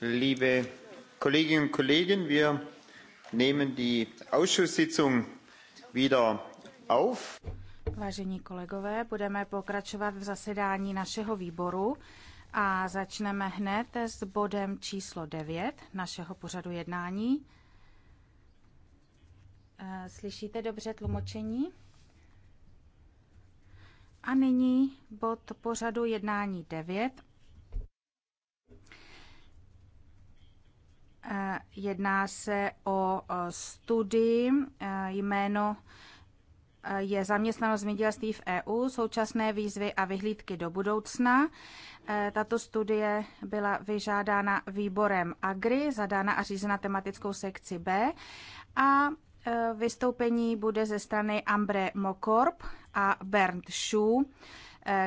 liebe Kolleginnen und Kollegen, wir nehmen die Ausschusssitzung wieder auf. Vážení kolegové, budeme pokračovat v zasedání našeho výboru a začneme hned s bodem číslo 9 našeho pořadu jednání. Eh, slyšíte dobře tlumočení? A nyní bod pořadu jednání 9 Eh, jedná se o eh, studii eh, jméno je zaměstnanost zemědělství v EU, současné výzvy a vyhlídky do budoucna. Tato studie byla vyžádána výborem AGRI, zadána a řízena tematickou sekci B a vystoupení bude ze strany Ambre Mokorp a Bernd Schu,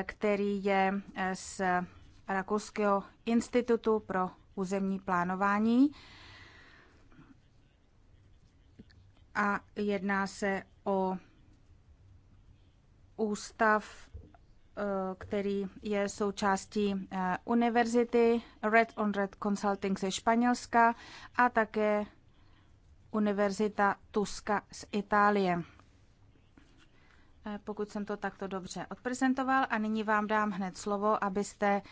který je z Rakouského institutu pro územní plánování. A jedná se o ústav, eh, který je součástí eh, univerzity Red on Red Consulting ze Španělska a také Univerzita Tuska z Itálie. Eh, pokud jsem to takto dobře odprezentoval a nyní vám dám hned slovo, abyste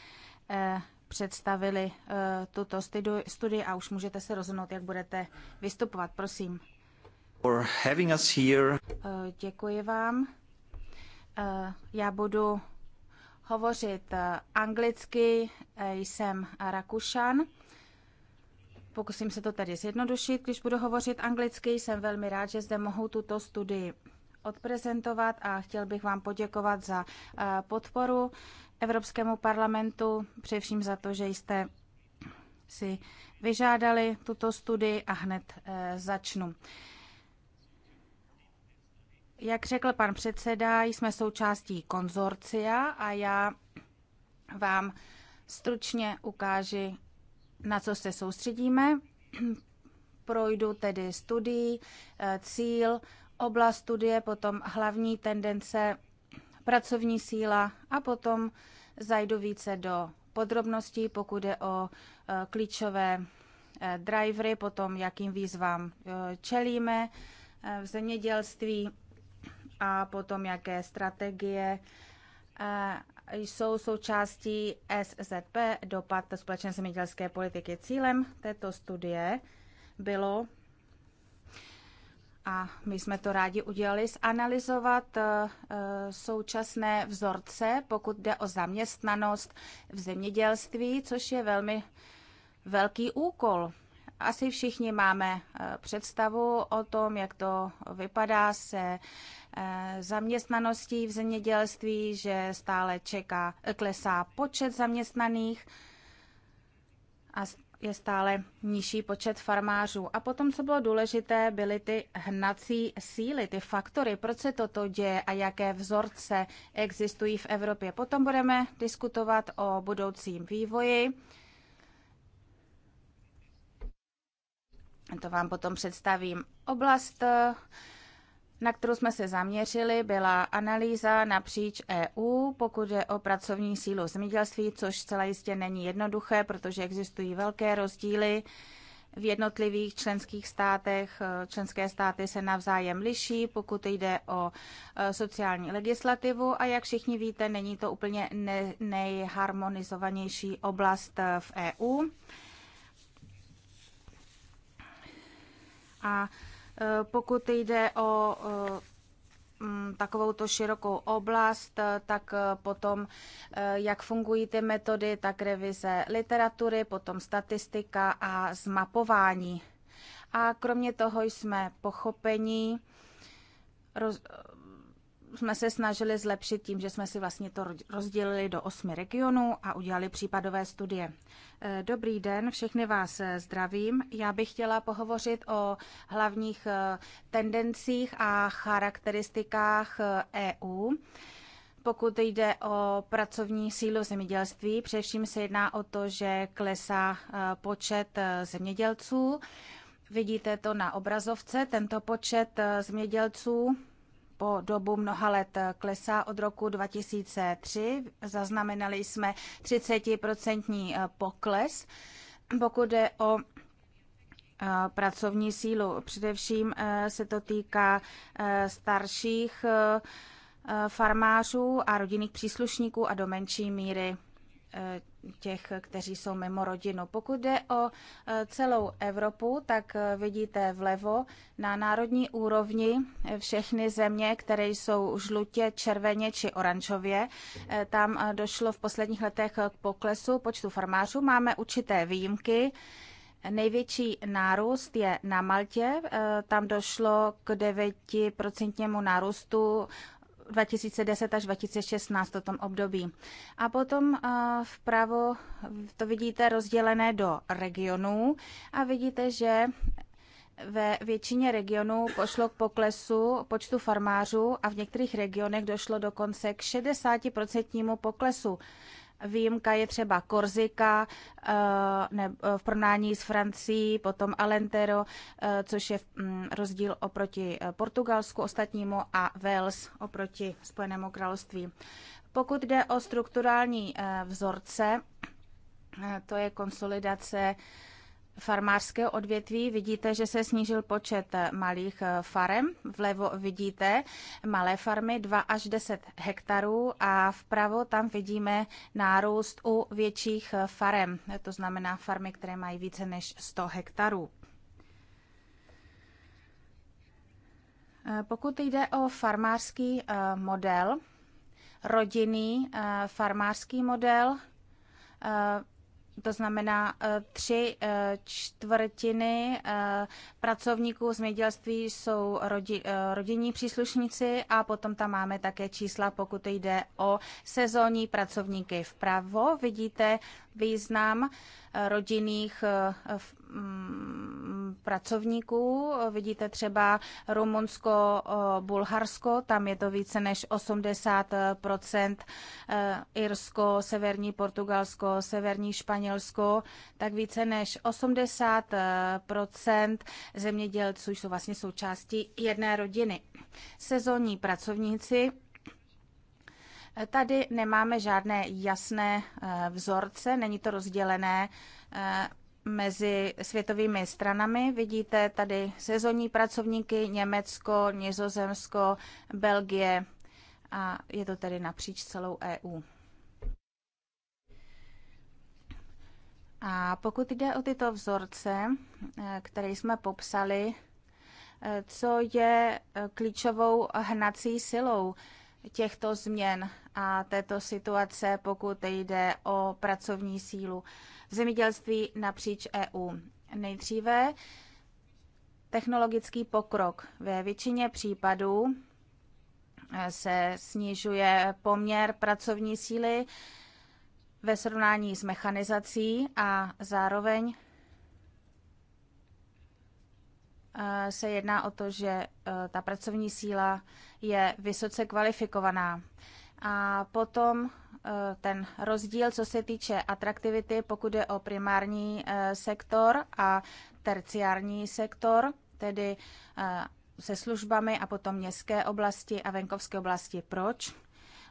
představili eh, tuto studii a už můžete se rozhodnout, jak budete vystupovat. Prosím. For having us here. Eh, děkuji vám. Eh, já budu hovořit anglicky, jsem Rakušan. Pokusím se to tedy zjednodušit. Když budu hovořit anglicky, jsem velmi rád, že zde mohu tuto studii odprezentovat a chtěl bych vám poděkovat za eh, podporu Evropskému parlamentu, především za to, že jste si vyžádali tuto studii a hned eh, začnu. Jak řekl pan předseda, jsme součástí konzorcia a já vám stručně ukáži, na co se soustředíme. Projdu tedy studii, eh, cíl, oblast studie, potom hlavní tendence, pracovní síla a potom zajdu více do podrobností, pokud je o e, klíčové e, drivery, potom jakým výzvám e, čelíme v zemědělství a potom jaké strategie jsou součástí SZP, dopad společné zemědělské politiky. Cílem této studie bylo a my jsme to rádi udělali, zanalizovat eh, eh, současné vzorce, pokud jde o zaměstnanost v zemědělství, což je velmi velký úkol. Asi všichni máme eh, představu o tom, jak to vypadá se zaměstnaností v zemědělství, že stále čeká, klesá počet zaměstnaných a je stále nižší počet farmářů. A potom, co bylo důležité, byly ty hnací síly, ty faktory, proč se toto děje a jaké vzorce existují v Evropě. Potom budeme diskutovat o budoucím vývoji. To vám potom představím oblast na kterou jsme se zaměřili, byla analýza napříč EU, pokud je o pracovní sílu zemědělství, což celá jistě není jednoduché, protože existují velké rozdíly v jednotlivých členských státech. Členské státy se navzájem liší, pokud jde o e, sociální legislativu a jak všichni víte, není to úplně ne- nejharmonizovanější oblast e, v EU. A Eh, pokud jde o eh, mm, takovouto širokou oblast, eh, tak potom, jak fungují ty metody, tak revize literatury, potom statistika a zmapování. A kromě toho jsme pochopení, roz, jsme se snažili zlepšit tím, že jsme si vlastně to rozdělili do osmi regionů a udělali případové studie. Eh, dobrý den, všechny vás eh, zdravím. Já bych chtěla pohovořit o hlavních eh, tendencích a charakteristikách EU e pokud jde o pracovní sílu zemědělství, především se jedná o to, že klesá počet zemědělců. Vidíte to na obrazovce, tento počet zemědělců po dobu mnoha let klesá od roku 2003. Zaznamenali jsme 30% eh, pokles. Pokud je o eh, pracovní sílu, především eh, se to týká starších farmářů a rodinných příslušníků a do menší míry těch, kteří jsou mimo rodinu. Pokud jde o e, celou Evropu, tak e, vidíte vlevo na národní úrovni všechny země, které jsou žlutě, červeně či oranžově. E, tam došlo v posledních letech k poklesu počtu farmářů. Máme určité výjimky. Největší nárůst je na Maltě. Tam došlo k 9% nárůstu 2010 až 2016, to tom období. A potom eh, vpravo to vidíte rozdělené do regionů a vidíte, že ve většině regionů pošlo k poklesu počtu farmářů a v některých regionech došlo dokonce k 60% poklesu Výjimka je třeba Korzika eh, ne, eh, v porovnání s Francií, potom Alentero, eh, což je mm, rozdíl oproti Portugalsku ostatnímu a Wales oproti Spojenému království. Pokud jde o strukturální vzorce, to je konsolidace farmářského odvětví vidíte, že se snížil počet malých eh, farem. Vlevo vidíte malé farmy 2 až 10 hektarů a vpravo tam vidíme nárůst u větších eh, farem, to znamená farmy, které mají více než 100 hektarů. Eh, pokud jde o farmářský model, rodinný farmářský model, to znamená eh, tři eh, čtvrtiny eh, pracovníků zemědělství jsou rodi, rodinní příslušníci a potom tam máme také čísla, pokud jde o sezónní pracovníky. Vpravo vidíte význam eh, rodinných eh, mm, pracovníků. Vidíte třeba Rumunsko, eh, Bulharsko, tam je to více než 80 Irsko, severní Portugalsko, severní Španělsko, tak více než 80 zemědělců jsou vlastně součástí jedné rodiny. Sezónní pracovníci Tady nemáme žádné jasné eh, vzorce, není to rozdělené eh, mezi světovými stranami. Vidíte tady sezónní pracovníky Německo, Nizozemsko, Belgie a je to tedy napříč celou EU. A pokud jde o tyto vzorce, eh, které jsme popsali, co je klíčovou hnací silou těchto změn a této situace, pokud jde o pracovní sílu v zemědělství napříč EU. Nejdříve technologický pokrok. Ve většině případů eh, se snižuje poměr pracovní síly ve srovnání s mechanizací a zároveň se jedná o to, že e, ta pracovní síla je vysoce kvalifikovaná. A potom e, ten rozdíl, co se týče atraktivity, pokud je o primární e, sektor a terciární sektor, tedy se službami a potom městské oblasti a venkovské oblasti. Proč?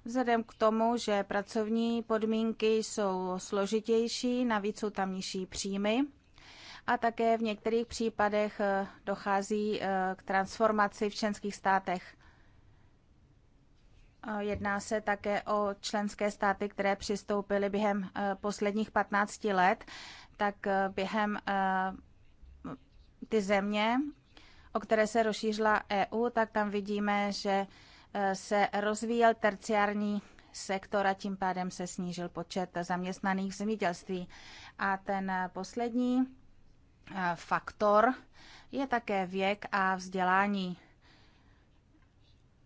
Vzhledem k tomu, že pracovní podmínky jsou složitější, navíc jsou tam nižší příjmy a také v některých případech eh, dochází eh, k transformaci v členských státech. Eh, jedná se také o členské státy, které přistoupily během posledních 15 let, tak během ty země, o které se rozšířila EU, tak tam vidíme, že se rozvíjel terciární sektor a tím pádem se snížil počet zaměstnaných v zemědělství. A ten poslední faktor je také věk a vzdělání.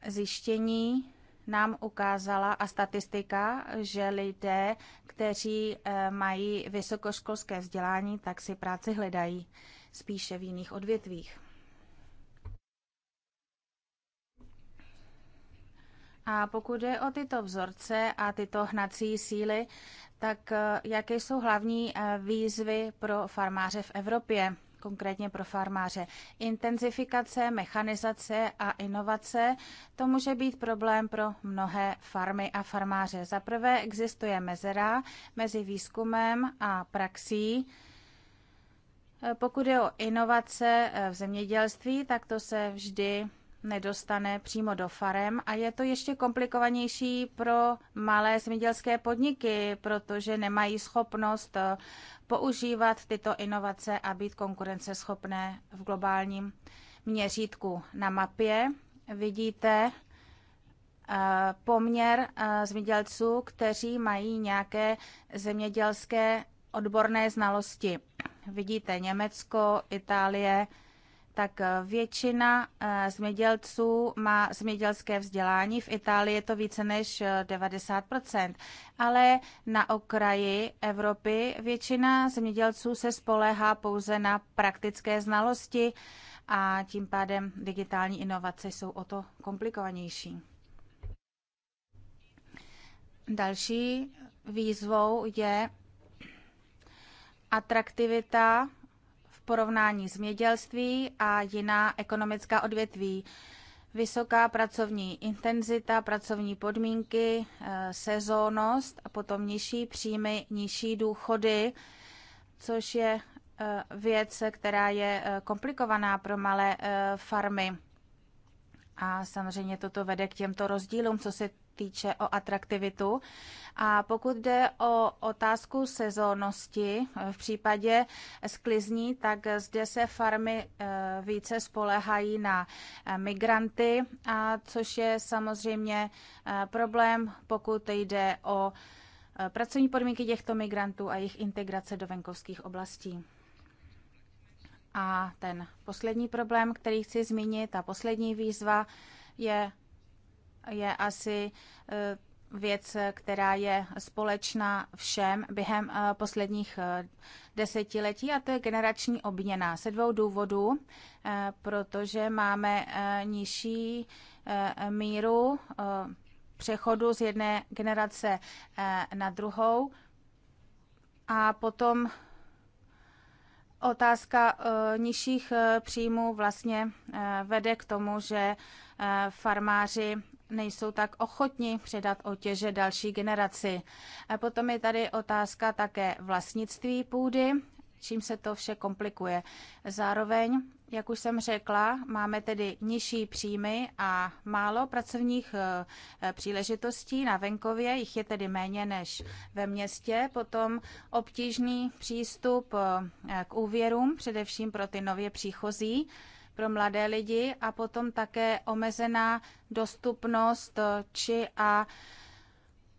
Zjištění nám ukázala a statistika, že lidé, kteří eh, mají vysokoškolské vzdělání, tak si práci hledají spíše v jiných odvětvích. A pokud je o tyto vzorce a tyto hnací síly, tak eh, jaké jsou hlavní eh, výzvy pro farmáře v Evropě? konkrétně pro farmáře. Intenzifikace, mechanizace a inovace, to může být problém pro mnohé farmy a farmáře. Za prvé existuje mezera mezi výzkumem a praxí. Eh, pokud je o inovace v zemědělství, tak to se vždy nedostane přímo do farem a je to ještě komplikovanější pro malé zemědělské podniky, protože nemají schopnost eh, používat tyto inovace a být konkurenceschopné v globálním měřítku. Na mapě vidíte eh, poměr eh, zemědělců, kteří mají nějaké zemědělské odborné znalosti. Vidíte Německo, Itálie, tak eh, většina eh, zemědělců má zemědělské vzdělání, v Itálii je to více než 90 eh, ale na okraji Evropy většina zemědělců se spoléhá pouze na praktické znalosti a tím pádem digitální inovace jsou o to komplikovanější. Další výzvou je atraktivita porovnání změdělství a jiná ekonomická odvětví. Vysoká pracovní intenzita, pracovní podmínky, eh, sezónnost a potom nižší příjmy, nižší důchody, což je eh, věc, která je eh, komplikovaná pro malé farmy. A samozřejmě toto vede k těmto rozdílům, co se týče o atraktivitu. A pokud jde o otázku sezónnosti, eh, v případě sklizní, tak zde se farmy eh, více spolehají na eh, migranty, a což je samozřejmě problém, pokud jde o pracovní podmínky těchto migrantů a jejich integrace do venkovských oblastí. A ten poslední problém, který chci zmínit, ta poslední výzva, je je asi eh, věc, která je společná všem během eh, posledních eh, desetiletí a to je generační obměna se dvou důvodů, protože máme nižší míru přechodu z jedné generace na druhou a potom Otázka nižších příjmů vlastně vede k tomu, že farmáři nejsou tak ochotní předat otěže další generaci. A potom je tady otázka také vlastnictví půdy, čím se to vše komplikuje. Zároveň, jak už jsem řekla, máme tedy nižší příjmy a málo pracovních eh, příležitostí na venkově, jich je tedy méně než ve městě. Potom obtížný přístup eh, k úvěrům, především pro ty nově příchozí pro mladé lidi a potom také omezená dostupnost eh, či a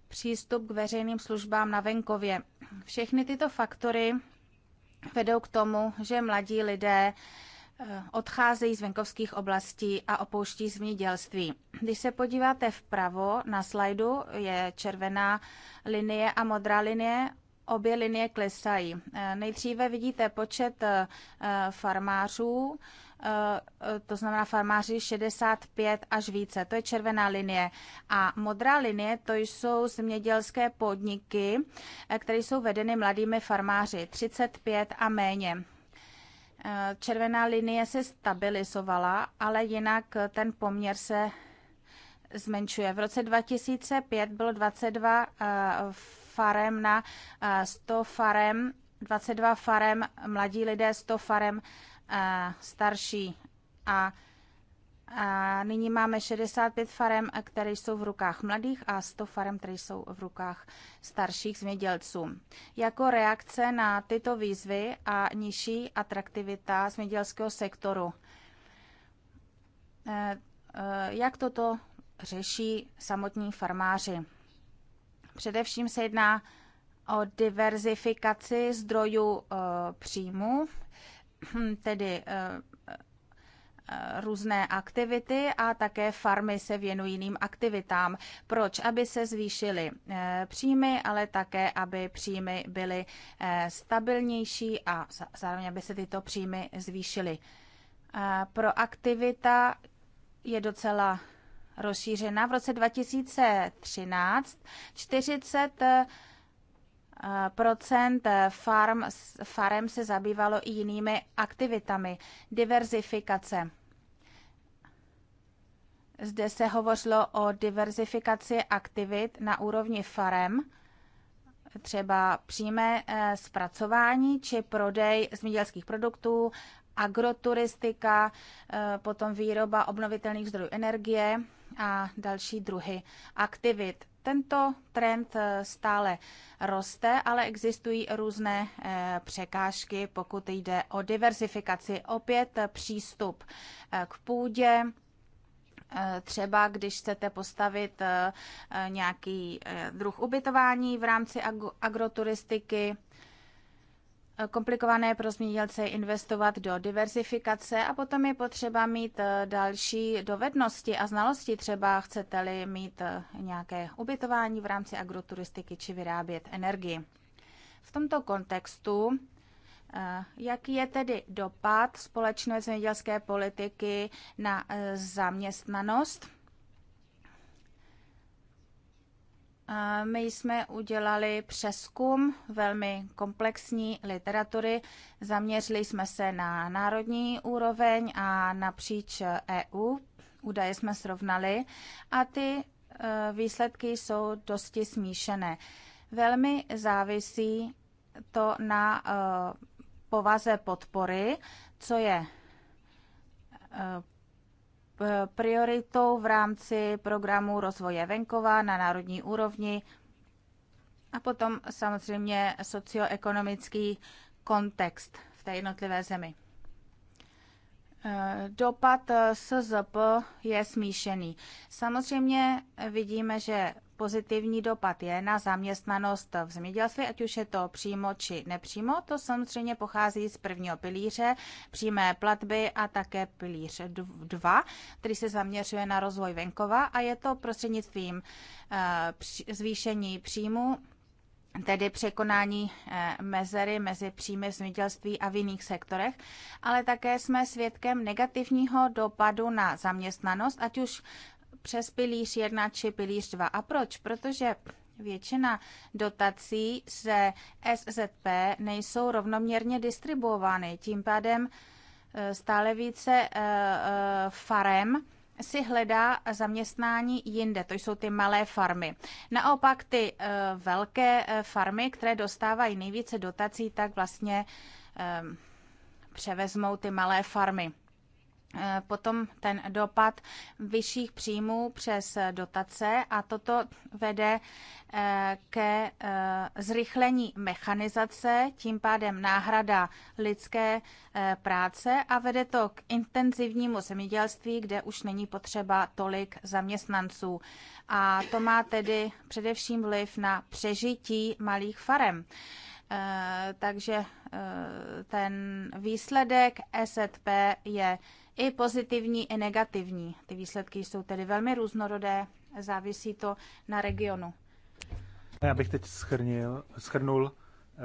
přístup k veřejným službám na venkově. Všechny tyto faktory vedou k tomu, že mladí lidé eh, odcházejí z venkovských oblastí a opouští zemědělství. Když se podíváte vpravo na slajdu, je červená linie a modrá linie. Obě linie klesají. Eh, nejdříve vidíte počet farmářů, Eh, eh, to znamená farmáři 65 až více, to je červená linie. A modrá linie, to jsou zemědělské podniky, eh, které jsou vedeny mladými farmáři 35 a méně. Červená linie se stabilizovala, ale jinak ten poměr se zmenšuje. V roce 2005 bylo 22 farem na 100 farem, 22 farem, mladí lidé 100 farem starší. A, a nyní máme 65 farem, které jsou v rukách mladých a 100 farem, které jsou v rukách starších změdělců. Jako reakce na tyto výzvy a nižší atraktivita zemědělského sektoru. Eh, eh, jak toto řeší samotní farmáři? Především se jedná o diverzifikaci zdrojů e, příjmů Hm, tedy eh, eh, různé aktivity a také farmy se věnují jiným aktivitám. Proč? Aby se zvýšily eh, příjmy, ale také, aby příjmy byly stabilnější a zároveň, aby se tyto příjmy zvýšily. Pro aktivita je docela rozšířena. V roce 2013 40 procent farm, farem se zabývalo i jinými aktivitami. Diverzifikace. Zde se hovořilo o diverzifikaci aktivit na úrovni farem, třeba přímé eh, zpracování či prodej zemědělských produktů, agroturistika, eh, potom výroba obnovitelných zdrojů energie a další druhy aktivit. Tento trend eh, stále roste, ale existují různé eh, překážky, pokud jde o diversifikaci. Opět eh, přístup k půdě, Třeba když chcete postavit nějaký druh ubytování v rámci agroturistiky, komplikované pro zemědělce investovat do diversifikace a potom je potřeba mít eh, další dovednosti a znalosti, třeba chcete-li mít eh, nějaké ubytování v rámci agroturistiky či vyrábět energii. V tomto kontextu eh, Jaký je tedy dopad společné zemědělské politiky na zaměstnanost? My jsme udělali přeskum velmi komplexní literatury. Zaměřili jsme se na národní úroveň a napříč EU. Údaje jsme srovnali a ty e, výsledky jsou dosti smíšené. Velmi závisí to na e, povaze podpory, co je e, Eh, prioritou v rámci programu rozvoje venkova na národní úrovni a potom samozřejmě socioekonomický kontext v té jednotlivé zemi. Eh, dopad eh, SZP je smíšený. Samozřejmě vidíme, že pozitivní dopad je na zaměstnanost v zemědělství, ať už je to přímo či nepřímo. To samozřejmě pochází z prvního pilíře, přímé platby a také pilíř 2, který se zaměřuje na rozvoj venkova a je to prostřednictvím eh, zvýšení příjmu tedy překonání eh, mezery mezi příjmy v zemědělství a v jiných sektorech, ale také jsme svědkem negativního dopadu na zaměstnanost, ať už přes pilíř 1 či pilíř 2. A proč? Protože Většina dotací ze SZP nejsou rovnoměrně distribuovány. Tím pádem eh, stále více eh, eh, farem si hledá zaměstnání jinde, to jsou ty malé farmy. Naopak ty velké farmy, které dostávají nejvíce dotací, tak vlastně převezmou ty malé farmy. Eh, potom ten dopad vyšších příjmů přes dotace a toto vede eh, ke eh, zrychlení mechanizace, tím pádem náhrada lidské práce a vede to k intenzivnímu zemědělství, kde už není potřeba tolik zaměstnanců. A to má tedy především vliv na přežití malých farem. Eh, takže eh, ten výsledek EZP je i pozitivní, i negativní. Ty výsledky jsou tedy velmi různorodé, závisí to na regionu. Já bych teď schrnil, schrnul eh,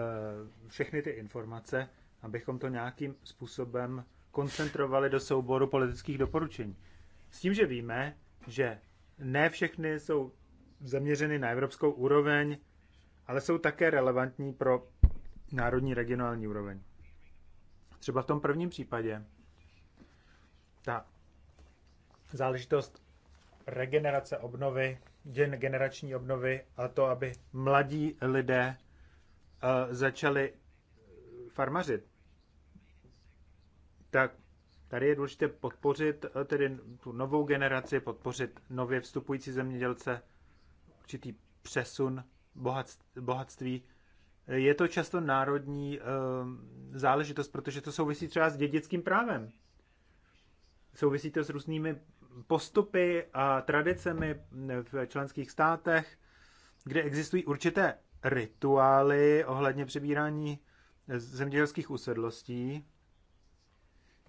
všechny ty informace, abychom to nějakým způsobem koncentrovali do souboru politických doporučení. S tím, že víme, že ne všechny jsou zaměřeny na evropskou úroveň, ale jsou také relevantní pro národní regionální úroveň. Třeba v tom prvním případě ta záležitost regenerace obnovy, generační obnovy a to, aby mladí lidé eh, začali farmařit, tak tady je důležité podpořit eh, tedy tu novou generaci, podpořit nově vstupující zemědělce, určitý přesun bohatství, je to často národní eh, záležitost, protože to souvisí třeba s dědickým právem. Souvisí to s různými postupy a tradicemi eh, v členských státech, kde existují určité rituály ohledně přebírání zemědělských usedlostí,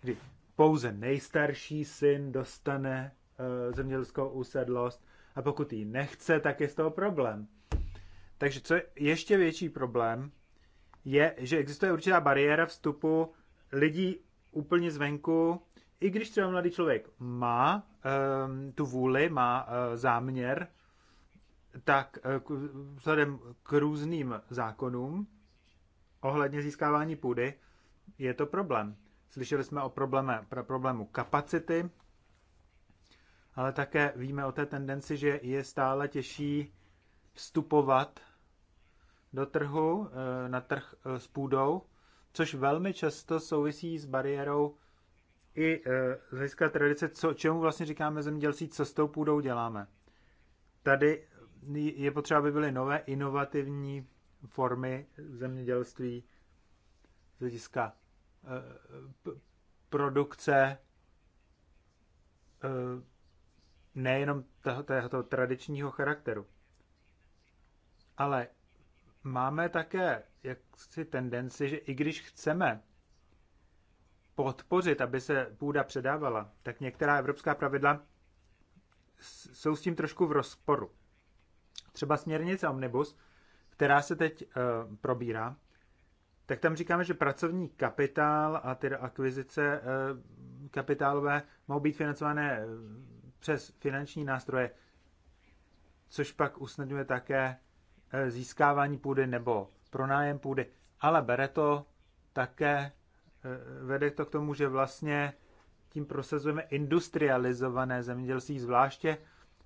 kdy pouze nejstarší syn dostane eh, zemědělskou usedlost a pokud ji nechce, tak je z toho problém. Takže co je ještě větší problém, je, že existuje určitá bariéra vstupu lidí úplně zvenku, i když třeba mladý člověk má um, tu vůli, má uh, záměr, tak eh, k, vzhledem k různým zákonům ohledně získávání půdy je to problém. Slyšeli jsme o probléme, pro problému kapacity, ale také víme o té tendenci, že je stále těžší vstupovat do trhu, eh, na trh eh, s půdou, což velmi často souvisí s bariérou i eh, z hlediska tradice, co, čemu vlastně říkáme zemědělcí, co s tou půdou děláme. Tady je potřeba, aby byly nové inovativní formy zemědělství z hlediska produkce nejenom toho, toho tradičního charakteru. Ale máme také jaksi tendenci, že i když chceme podpořit, aby se půda předávala, tak některá evropská pravidla jsou s tím trošku v rozporu. Třeba směrnice Omnibus, která se teď e, probírá, tak tam říkáme, že pracovní kapitál a ty akvizice e, kapitálové mohou být financované eh, přes finanční nástroje, což pak usnadňuje také Eh, získávání půdy nebo pronájem půdy, ale bere to také, eh, vede to k tomu, že vlastně tím prosazujeme industrializované zemědělství, zvláště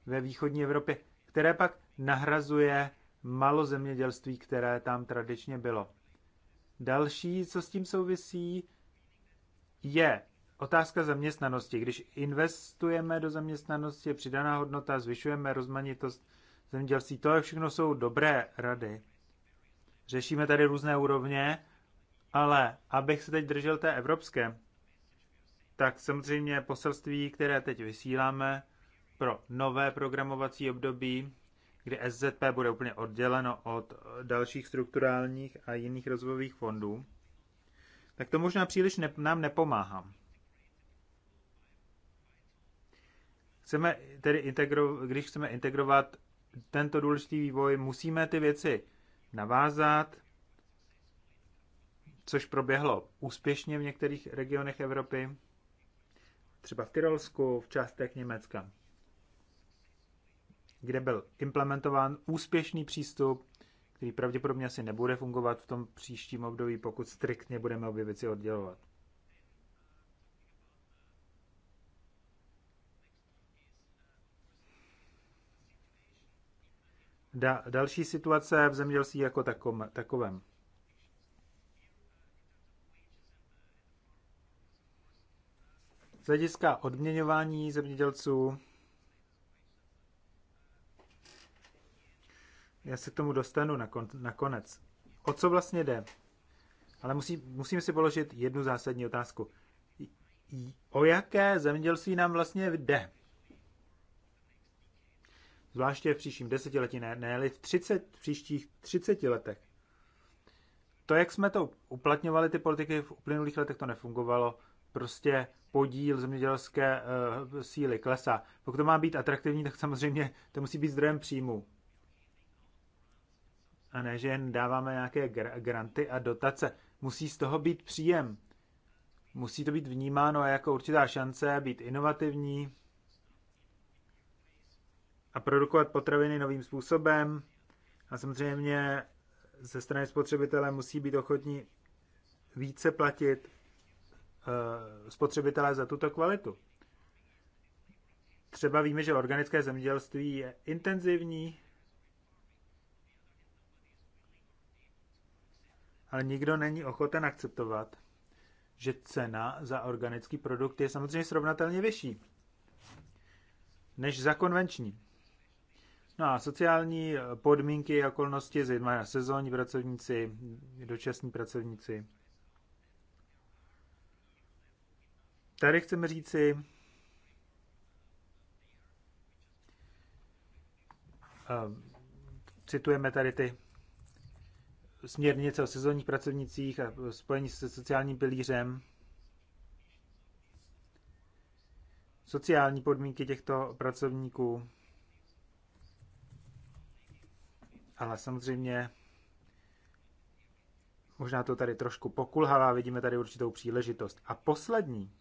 ve východní Evropě, které pak nahrazuje malo zemědělství, které tam tradičně bylo. Další, co s tím souvisí, je otázka zaměstnanosti. Když investujeme do zaměstnanosti, přidaná hodnota, zvyšujeme rozmanitost zemědělství. To všechno jsou dobré rady. Řešíme tady různé úrovně, ale abych se teď držel té evropské, tak samozřejmě poselství, které teď vysíláme pro nové programovací období, kdy SZP bude úplně odděleno od dalších strukturálních a jiných rozvojových fondů, tak to možná příliš ne, nám nepomáhá. Chceme tedy integro, když chceme integrovat tento důležitý vývoj, musíme ty věci navázat, což proběhlo úspěšně v některých regionech Evropy, třeba v Tyrolsku, v částech Německa, kde byl implementován úspěšný přístup, který pravděpodobně asi nebude fungovat v tom příštím období, pokud striktně budeme obě věci oddělovat. da, další situace v zemědělství jako takom, takovém. Z hlediska odměňování zemědělců, já se k tomu dostanu nakonec. O co vlastně jde? Ale musí, musím si položit jednu zásadní otázku. O jaké zemědělství nám vlastně jde? Zvláště v příštím desetiletí, ne, ne v 30, příštích 30 letech. To, jak jsme to uplatňovali, ty politiky v uplynulých letech, to nefungovalo. Prostě podíl zemědělské uh, síly klesá. Pokud to má být atraktivní, tak samozřejmě to musí být zdrojem příjmu. A ne, že jen dáváme nějaké gr- granty a dotace. Musí z toho být příjem. Musí to být vnímáno jako určitá šance být inovativní, a produkovat potraviny novým způsobem. A samozřejmě ze strany spotřebitele musí být ochotní více platit eh, spotřebitelé za tuto kvalitu. Třeba víme, že organické zemědělství je intenzivní, ale nikdo není ochoten akceptovat, že cena za organický produkt je samozřejmě srovnatelně vyšší než za konvenční. No a sociální eh, podmínky a okolnosti, zejména sezónní pracovníci, dočasní pracovníci. Tady chceme říci, eh, citujeme tady ty směrnice o sezónních pracovnicích a spojení se sociálním pilířem. Sociální podmínky těchto pracovníků Ale samozřejmě možná to tady trošku pokulhává, vidíme tady určitou příležitost. A poslední,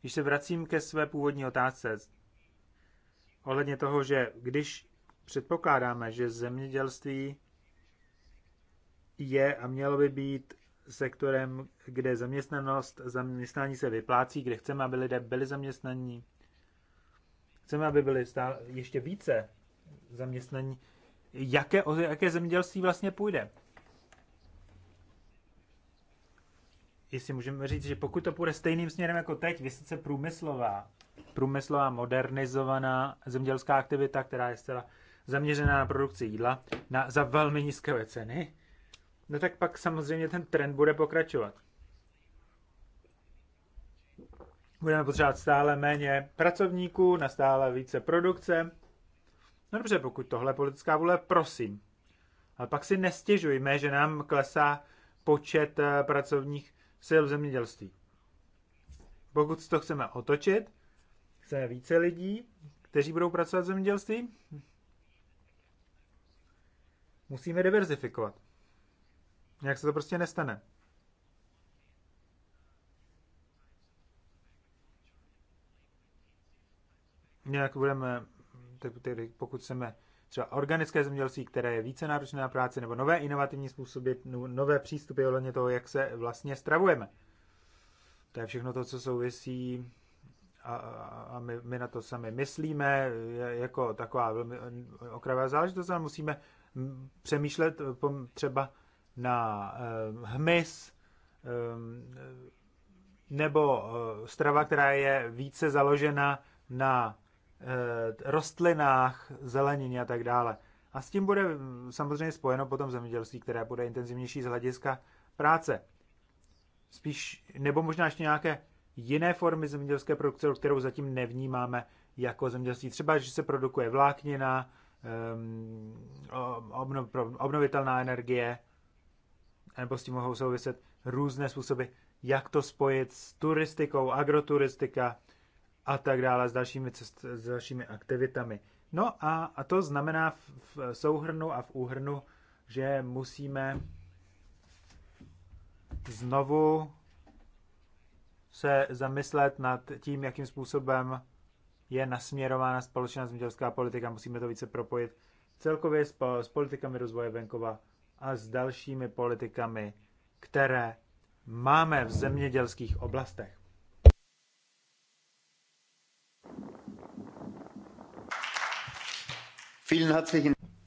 Když se vracím ke své původní otázce, ohledně toho, že když předpokládáme, že zemědělství je a mělo by být sektorem, kde zaměstnanost, zaměstnání se vyplácí, kde chceme, aby lidé byli zaměstnaní. Chceme, aby byli stále ještě více zaměstnaní. Jaké, o jaké zemědělství vlastně půjde? Jestli můžeme říct, že pokud to půjde stejným směrem jako teď, vysoce průmyslová, průmyslová modernizovaná zemědělská aktivita, která je zcela zaměřená na produkci jídla na, za velmi nízké ceny, no tak pak samozřejmě ten trend bude pokračovat. Budeme potřebovat stále méně pracovníků, na stále více produkce. No dobře, pokud tohle je politická vůle, prosím. Ale pak si nestěžujme, že nám klesá počet eh, pracovních sil v zemědělství. Pokud to chceme otočit, chceme více lidí, kteří budou pracovat v zemědělství, musíme diverzifikovat. Nějak se to prostě nestane. Nějak budeme, tedy pokud chceme třeba organické zemědělství, které je více náročné na práci, nebo nové inovativní způsoby, no, nové přístupy ohledně toho, jak se vlastně stravujeme. To je všechno to, co souvisí a, a my, my na to sami myslíme, jako taková eh, okravá záležitost, ale musíme přemýšlet eh, třeba na eh, hmyz eh, nebo eh, strava, která je více založena na rostlinách, zelenině a tak dále. A s tím bude mm, samozřejmě spojeno potom zemědělství, které bude intenzivnější z hlediska práce. Spíš, nebo možná ještě nějaké jiné formy zemědělské produkce, kterou zatím nevnímáme jako zemědělství. Třeba, že se produkuje vláknina, obnovitelná energie, nebo s tím mohou souviset různé způsoby, jak to spojit s turistikou, agroturistika a tak dále, s dalšími, cest, s dalšími aktivitami. No a, a to znamená v, v souhrnu a v úhrnu, že musíme znovu se zamyslet nad tím, jakým způsobem je nasměrována společná zemědělská politika. Musíme to více propojit celkově s, s politikami rozvoje venkova a s dalšími politikami, které máme v zemědělských oblastech.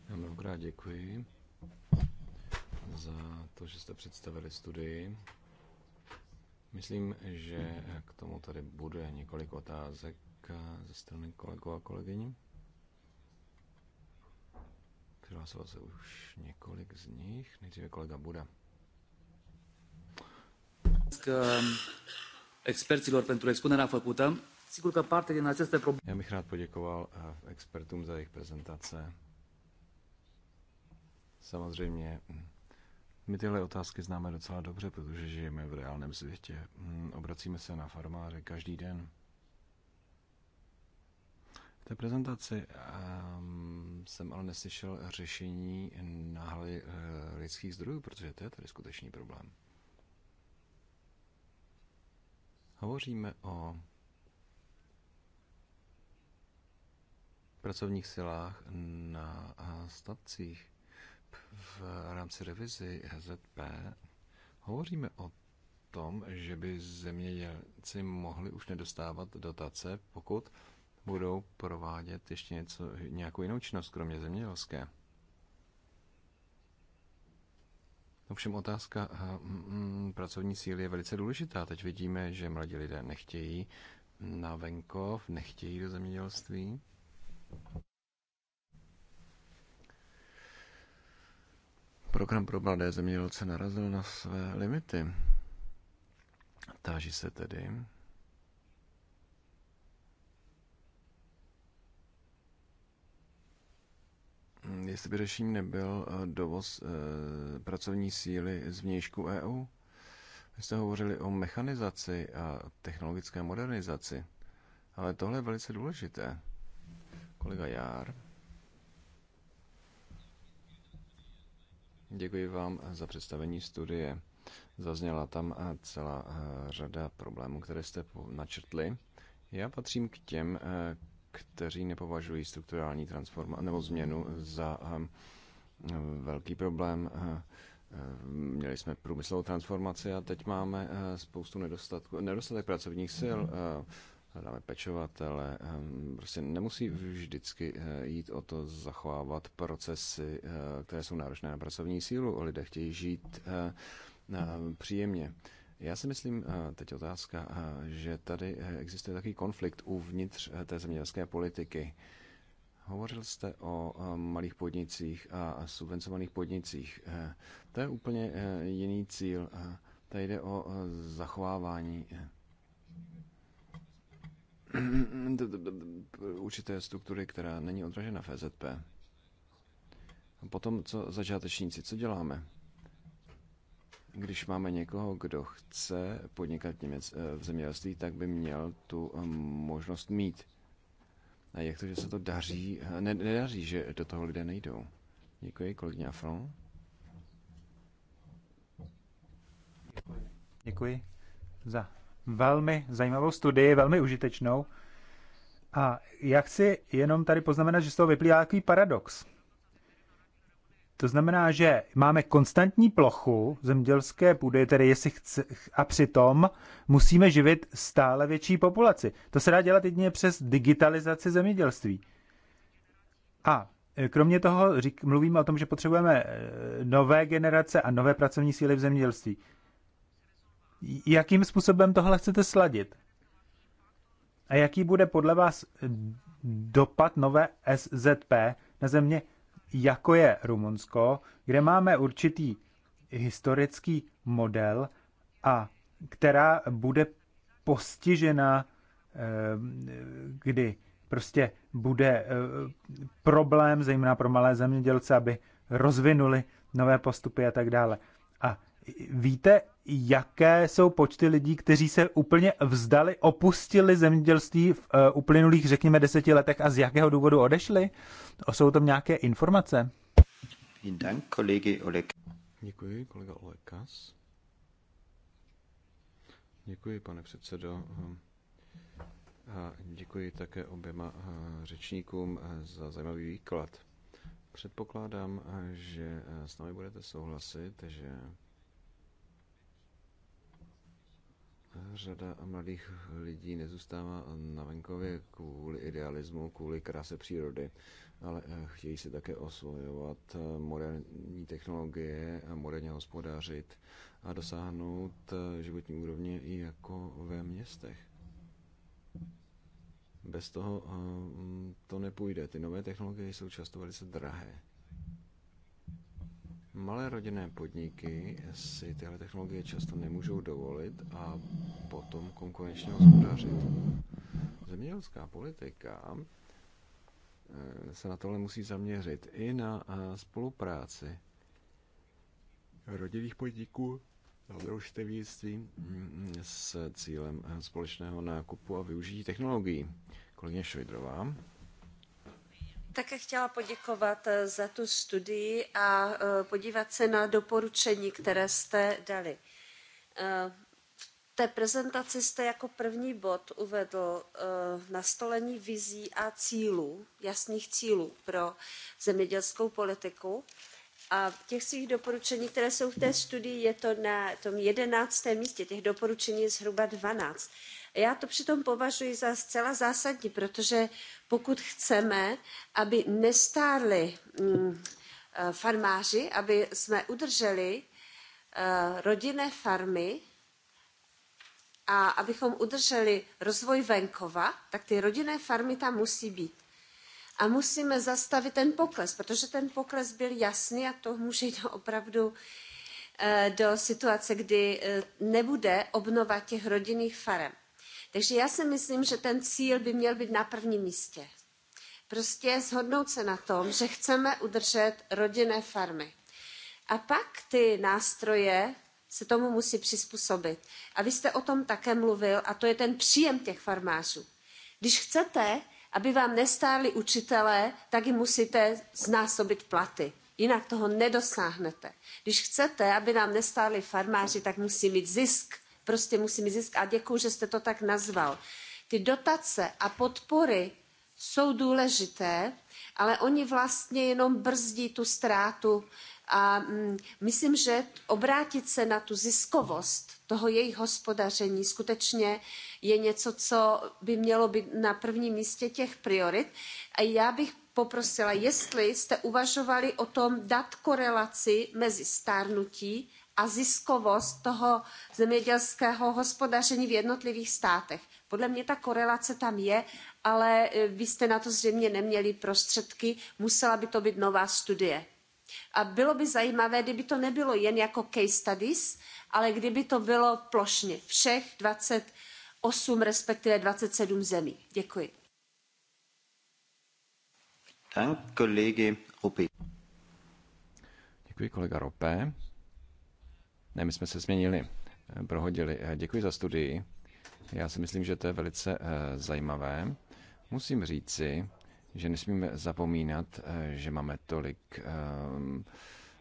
Mnohokrát děkuji za to, že jste představili studii. Myslím, že k tomu tady bude několik otázek ze strany kolegů a kolegyní. Přihlásilo se už několik z nich. Nejdříve kolega Buda. Um, experților pentru expunerea făcută. Sigur că parte din aceste probleme... Já bych rád poděkoval eh, expertům za jejich prezentace. Samozřejmě hm, my tyhle otázky známe docela dobře, protože žijeme v reálném světě. Hm, obracíme se na farmáře každý den. V té prezentaci um, jsem ale neslyšel řešení náhly uh, lidských zdrojů, protože to je tady skutečný problém. Hovoříme o pracovních silách na eh, stavcích v rámci revizi HZP hovoříme o tom, že by zemědělci mohli už nedostávat dotace, pokud budou provádět ještě něco, nějakou jinou činnost, kromě zemědělské. Ovšem otázka eh, mm, pracovní síly je velice důležitá. Teď vidíme, že mladí lidé nechtějí na venkov, nechtějí do zemědělství. Program pro mladé zemědělce narazil na své limity. Táží se tedy, Mm, jestli by řešením nebyl eh, dovoz eh, pracovní síly z vnějšku EU. Vy jste hovořili o mechanizaci a technologické modernizaci, ale tohle je velice důležité. Kolega Jár. Děkuji vám za představení studie. Zazněla tam eh, celá řada problémů, které jste načrtli. Já patřím k těm, kteří nepovažují strukturální transforma, nebo změnu za ehm, velký problém. Eh, ehm, měli jsme průmyslovou transformaci a teď máme eh, spoustu nedostatků. Nedostatek pracovních sil, mhm. eh, hledáme pečovatele, ehm, prostě nemusí vždycky jít o to zachovávat procesy, které jsou náročné na pracovní sílu. Lidé chtějí žít příjemně. Já si myslím, eh, teď otázka, eh, že tady eh, existuje takový konflikt uvnitř té zemědělské politiky. Hovořil jste o malých podnicích a subvencovaných podnicích. To je úplně jiný cíl. Tady jde o zachovávání určité struktury, která není odražena v EZP. Potom, co začátečníci, co děláme? Když máme někoho, kdo chce podnikat Němec, eh, v zemědělství, tak by měl tu eh, možnost mít. A jak to, že se to daří, eh, ne, nedaří, že do toho lidé nejdou? Děkuji, kolegyně Afron. Děkuji. za velmi zajímavou studii, velmi užitečnou. A já chci jenom tady poznamenat, že z toho vyplývá takový paradox. To znamená, že máme konstantní plochu zemědělské půdy, tedy jestli chce, a přitom musíme živit stále větší populaci. To se dá dělat jedině přes digitalizaci zemědělství. A e, kromě toho řík, mluvíme o tom, že potřebujeme e, nové generace a nové pracovní síly v zemědělství. Jakým způsobem tohle chcete sladit? A jaký bude podle vás dopad nové SZP na země jako je Rumunsko, kde máme určitý historický model a která bude postižena, eh, kdy prostě bude eh, problém, zejména pro malé zemědělce, aby rozvinuli nové postupy a tak dále. A víte, jaké jsou počty lidí, kteří se úplně vzdali, opustili zemědělství v eh, uplynulých, řekněme, deseti letech a z jakého důvodu odešli? Jsou tam nějaké informace? Děkuji, kolega Olekas. Děkuji, pane předsedo. Hm. A děkuji také oběma eh, řečníkům eh, za zajímavý výklad. Předpokládám, že s námi budete souhlasit, že Řada mladých lidí nezůstává na venkově kvůli idealismu, kvůli kráse přírody, ale eh, chtějí se také osvojovat eh, moderní technologie a moderně hospodářit a dosáhnout eh, životní úrovně i jako ve městech. Bez toho to nepůjde. Ty nové technologie jsou často velice drahé. Malé rodinné podniky si tyhle technologie často nemůžou dovolit a potom konkurenčně hospodařit. Zemědělská politika eh, se na tohle musí zaměřit i na eh, spolupráci rodinných podniků družstevnictví mm, s cílem eh, společného nákupu a využití technologií. Kolegyně Švidrová. Také chtěla poděkovat eh, za tu studii a eh, podívat se na doporučení, které jste dali. Eh, v té prezentaci jste jako první bod uvedl nastolení vizí a cílů, jasných cílů pro zemědělskou politiku. A v těch svých doporučení, které jsou v té studii, je to na tom jedenáctém místě. Těch doporučení je zhruba dvanáct já to přitom považuji za zcela zásadní protože pokud chceme aby nestárli mm, eh, farmáři abychom udrželi eh, rodinné farmy a abychom udrželi rozvoj venkova tak ty rodinné farmy tam musí být. a musíme zastavit ten pokles protože ten pokles byl jasný a to může jít opravdu eh, do situace kdy nebude obnova těch rodinných farem takže já si myslím, že ten cíl by měl být na prvním místě. Prostě shodnout se na tom, že chceme udržet rodinné farmy. A pak ty nástroje se tomu musí přizpůsobit. A vy jste o tom také mluvil, a to je ten příjem těch farmářů. Když chcete, aby vám nestáli učitelé, tak jim musíte znásobit platy. Jinak toho nedosáhnete. Když chcete, aby nám nestáli farmáři, tak musí mít zisk prostě musím mít a děkuji, že jste to tak nazval. Ty dotace a podpory jsou důležité, ale oni vlastně jenom brzdí tu ztrátu a mm, myslím, že obrátit se na tu ziskovost toho jejich hospodaření skutečně je něco, co by mělo být na prvním místě těch priorit. A já bych poprosila, jestli jste uvažovali o tom dát korelaci mezi stárnutí a ziskovost toho zemědělského hospodaření v jednotlivých státech. Podle mě ta korelace tam je, ale e, vy jste na to zřejmě neměli prostředky, musela by to být nová studie. A bylo by zajímavé, kdyby to nebylo jen jako case studies, ale kdyby to bylo plošně všech 28, respektive 27 zemí. Děkuji. Dank, kolegy Rupi. Děkuji, kolega Ropé. Ne, my jsme se změnili, eh, prohodili. Eh, děkuji za studii. Já si myslím, že to je velice eh, zajímavé. Musím říci, že nesmíme zapomínat, že máme tolik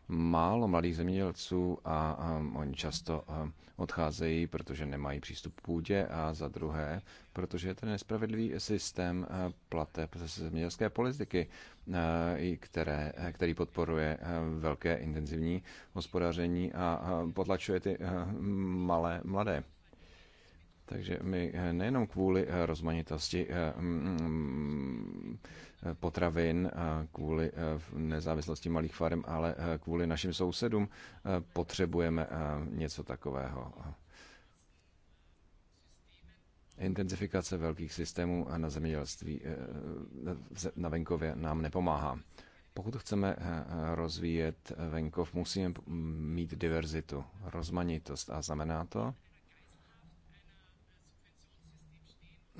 málo mladých zemědělců a um, oni často um, odcházejí, protože nemají přístup k půdě a za druhé, protože je ten nespravedlivý systém uh, plateb ze zemědělské politiky, uh, které, který podporuje uh, velké intenzivní hospodaření a uh, potlačuje ty uh, malé mladé. Takže my eh, nejenom kvůli eh, rozmanitosti eh, mm, mm, potravin, kvůli nezávislosti malých farm, ale kvůli našim sousedům potřebujeme něco takového. Intenzifikace velkých systémů na zemědělství na venkově nám nepomáhá. Pokud chceme rozvíjet venkov, musíme mít diverzitu, rozmanitost a znamená to,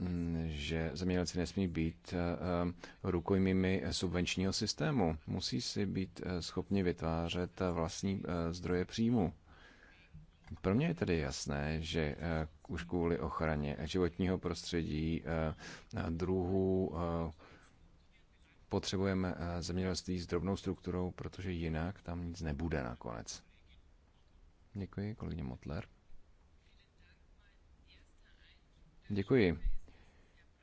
Mm, že zemědělci nesmí být eh, eh, rukojmými subvenčního systému. Musí si být eh, schopni vytvářet vlastní zdroje příjmu. Pro mě je tedy jasné, že už kvůli ochraně životního prostředí, druhů, potřebujeme zemědělství s drobnou strukturou, protože jinak tam nic nebude nakonec. Děkuji, kolegyně Motler. Děkuji.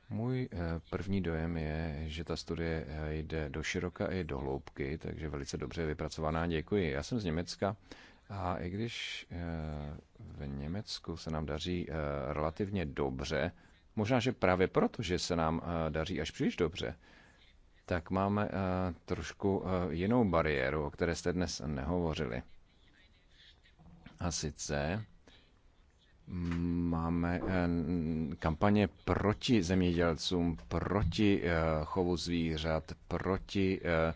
Můj eh, první dojem je, že ta studie eh, jde do široka i do hloubky, takže velice dobře vypracovaná. Děkuji. Já jsem z Německa a i když eh, v Německu se nám daří relativně dobře, možná, že právě proto, že se nám daří až příliš dobře, tak máme trošku jinou bariéru, o které jste dnes nehovořili. A sice Máme eh, kampaně proti zemědělcům, proti eh, chovu zvířat, proti eh,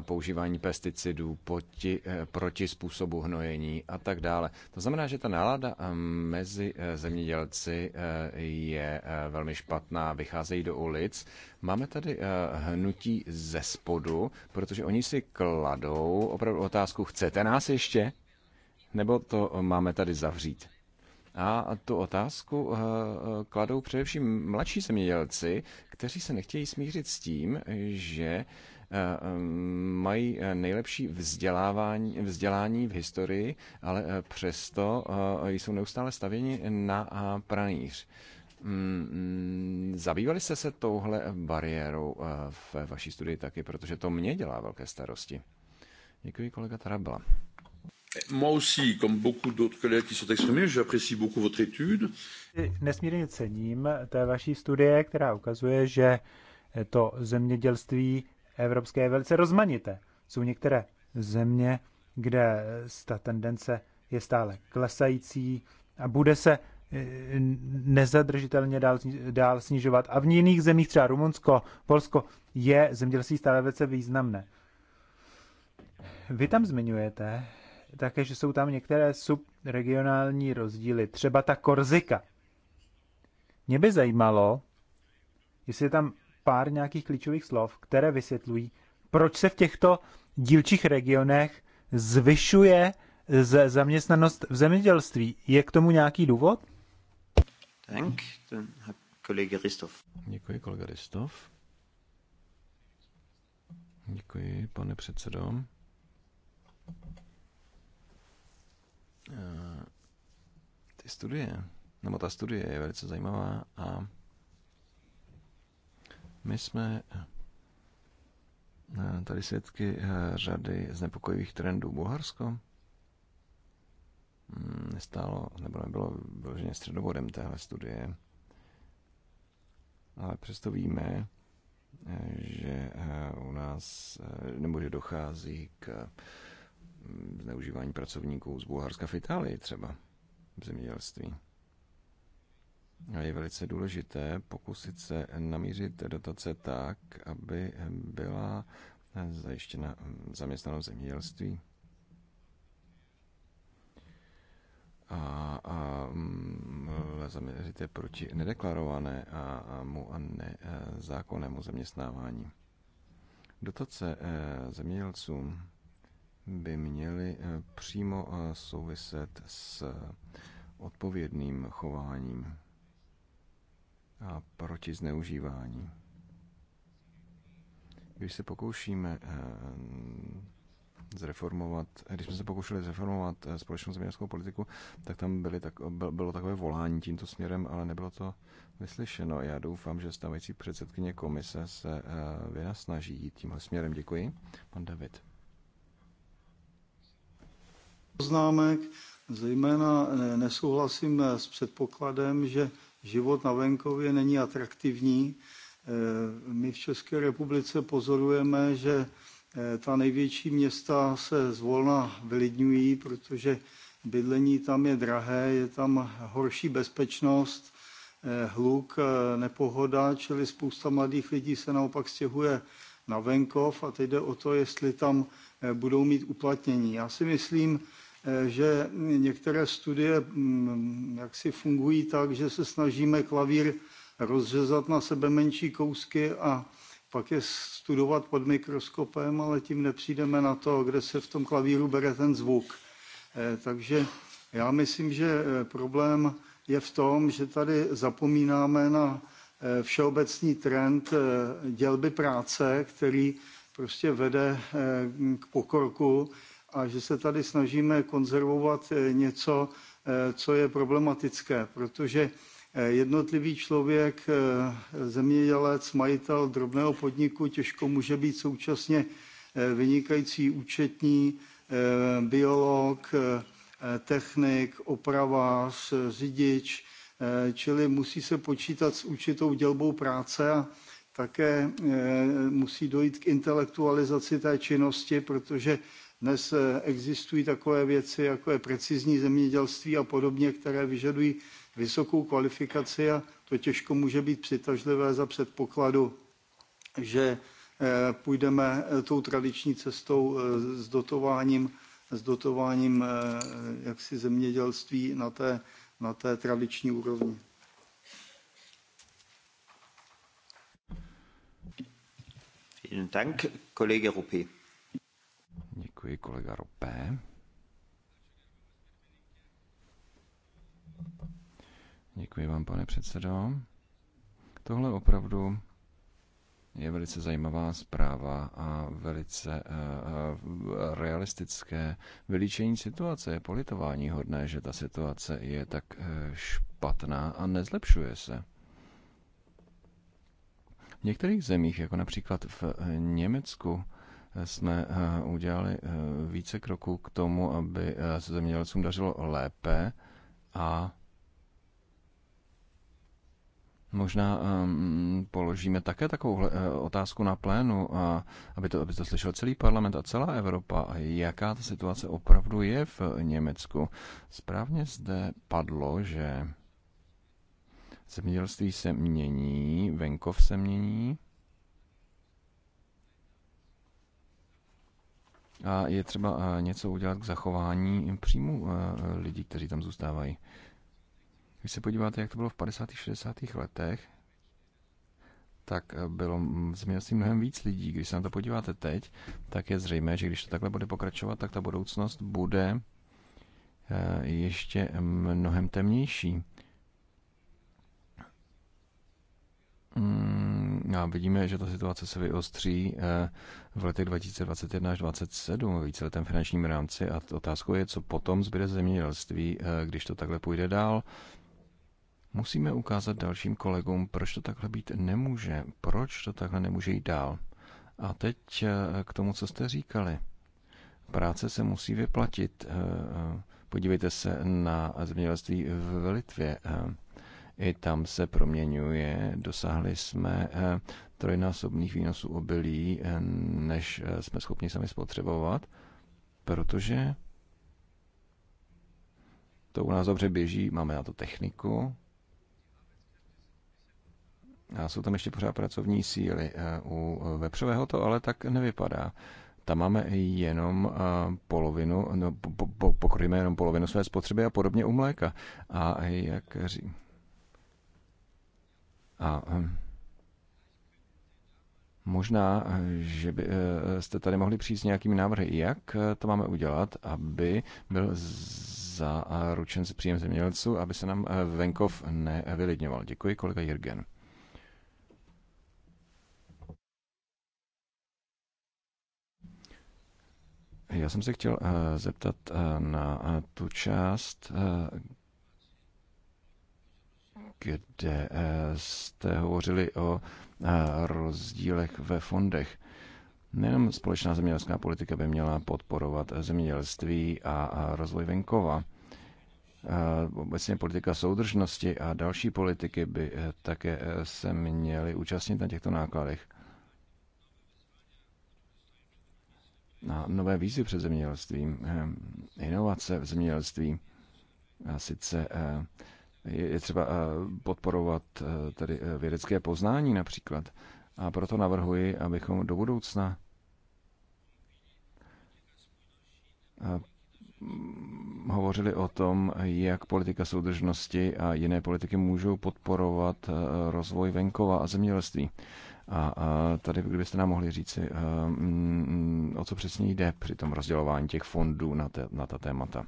používání pesticidů, proti, proti způsobu hnojení a tak dále. To znamená, že ta nálada mezi zemědělci je velmi špatná, vycházejí do ulic. Máme tady hnutí ze spodu, protože oni si kladou opravdu otázku, chcete nás ještě? Nebo to máme tady zavřít? A tu otázku eh, eh, kladou především mladší zemědělci, kteří se nechtějí smířit s tím, že eh, mají nejlepší vzdělávání, vzdělání v historii, ale přesto jsou neustále stavěni na pranýř. Mm, mm, zabývali jste se touhle bariérou v vaší studii taky, protože to mě dělá velké starosti. Děkuji, kolega Tarabla. Moi aussi, comme beaucoup d'autres collègues qui sont exprimés, j'apprécie beaucoup votre étude. Nesmírně cením té vaší studie, která ukazuje, že to zemědělství evropské je velice rozmanité. Jsou některé země, kde ta tendence je stále klesající a bude se eh, nezadržitelně dál, dál snižovat. A v jiných zemích, třeba Rumunsko, Polsko, je zemědělství stále velice významné. Vy tam zmiňujete, také, že jsou tam některé subregionální rozdíly, třeba ta Korzika. Mě by zajímalo, jestli je tam pár nějakých klíčových slov, které vysvětlují, proč se v těchto dílčích regionech zvyšuje zaměstnanost v zemědělství. Je k tomu nějaký důvod? Tak, ten kolega Ristov. Děkuji, kolega Ristov. Děkuji, pane předsedo. Eh, ty studie, nebo ta studie je velice zajímavá a my jsme eh, tady svědky eh, řady znepokojivých trendů. Bulharsko mm, nestálo, nebo nebylo vyloženě středobodem téhle studie, ale přesto víme, že u nás, nebo že dochází k zneužívání pracovníků z Bulharska v Itálii třeba v zemědělství. A je velice důležité pokusit se namířit dotace tak, aby byla zajištěna zaměstnanost zemědělství. a, a mm, zaměřit je proti nedeklarované a, a mu a nezákonnému e, zaměstnávání. Dotace e, zemědělcům by měly eh, přímo eh, souviset s eh, odpovědným chováním a proti zneužívání. Když se pokoušíme zreformovat, když jsme se pokoušeli zreformovat společnou zemědělskou politiku, tak tam byly tak, bylo takové volání tímto směrem, ale nebylo to vyslyšeno. Já doufám, že stávající předsedkyně komise se vynasnaží jít tímhle směrem. Děkuji. Pan David poznámek. Zejména eh, nesouhlasím eh, s předpokladem, že život na venkově není atraktivní. Eh, my v České republice pozorujeme, že ta největší města se zvolna vylidňují, protože bydlení tam je drahé, je tam horší bezpečnost, hluk, nepohoda, čili spousta mladých lidí se naopak stěhuje na venkov a teď jde o to, jestli tam budou mít uplatnění. Já si myslím, Eh, že některé studie mm, jaksi fungují tak, že se snažíme klavír rozřezat na sebe menší kousky a pak je studovat pod mikroskopem, ale tím nepřijdeme na to, kde se v tom klavíru bere ten zvuk. Eh, takže já myslím, že eh, problém je v tom, že tady zapomínáme na všeobecný trend dělby práce, který prostě vede k pokorku a že se tady snažíme konzervovat eh, něco, eh, co je problematické, protože eh, jednotlivý člověk, zemědělec, majitel drobného podniku těžko může být současně vynikající účetní, biolog, technik, opravář, řidič, čili musí se počítat s určitou dělbou práce a také musí dojít k intelektualizaci té činnosti, protože dnes eh, existují takové věci, jako je precizní zemědělství a podobně, které vyžadují vysokou kvalifikaci a to těžko může být přitažlivé za předpokladu, že eh, půjdeme eh, tou tradiční cestou s dotováním, s dotováním jaksi zemědělství na té, na té tradiční úrovni. Vielen Dank, Kollege Ruppi. Děkuji kolega Ropé. Děkuji vám, pane předsedo. Tohle opravdu je velice zajímavá zpráva a velice uh, realistické vylíčení situace. Je politování hodné, že ta situace je tak eh, špatná a nezlepšuje se. V některých zemích, jako například v Německu, jsme eh, udělali eh, více kroků k tomu, aby eh, se zemědělcům dařilo lépe a Možná um, položíme také takovou uh, otázku na plénu, uh, aby, to, aby to slyšel celý parlament a celá Evropa, jaká ta situace opravdu je v Německu. Správně zde padlo, že zemědělství se mění, venkov se mění A je třeba eh, něco udělat k zachování příjmu eh, lidí, kteří tam zůstávají. Když se podíváte, jak to bylo v 50. 60. letech, tak eh, bylo mm, zemědělství mnohem víc lidí. Když se na to podíváte teď, tak je zřejmé, že když to takhle bude pokračovat, tak ta budoucnost bude ještě mnohem temnější. Hmm a vidíme, že ta situace se vyostří eh, v letech 2021 až 2027 v víceletém finančním rámci a otázkou je, co potom zbyde zemědělství, eh, když to takhle půjde dál. Musíme ukázat dalším kolegům, proč to takhle být nemůže, proč to takhle nemůže jít dál. A teď eh, k tomu, co jste říkali. Práce se musí vyplatit. Podívejte se na zemědělství v Litvě i tam se proměňuje. Dosáhli jsme eh, trojnásobných výnosů obilí, eh, než eh, jsme schopni sami spotřebovat, protože to u nás dobře běží, máme na to techniku. A jsou tam ještě pořád pracovní síly. U vepřového to ale tak nevypadá tam máme jenom polovinu, no, po, po, pokryjeme jenom polovinu své spotřeby a podobně u mléka. A jak říkám, a ehm, možná, eh, že byste eh, tady mohli přijít s nějakými návrhy, jak eh, to máme udělat, aby byl zaručen příjem zemědělců, aby se nám venkov nevylidňoval. Děkuji, kolega Jirgen. Já jsem se chtěl zeptat na tu část, kde eh, jste hovořili o eh, rozdílech ve fondech. Nejenom společná zemědělská politika by měla podporovat zemědělství a rozvoj venkova. Eh, obecně politika soudržnosti a další politiky by také se měly účastnit na těchto nákladech. Na nové výzvy před zemědělstvím, inovace v zemědělství, a sice je třeba eh, podporovat eh, tedy eh, vědecké poznání například. A proto navrhuji, abychom do budoucna hovořili o tom, jak politika soudržnosti a jiné politiky můžou podporovat rozvoj venkova a zemědělství. A tady, kdybyste nám mohli říci, mm, o co přesně jde při tom rozdělování těch fondů na, te, na ta témata.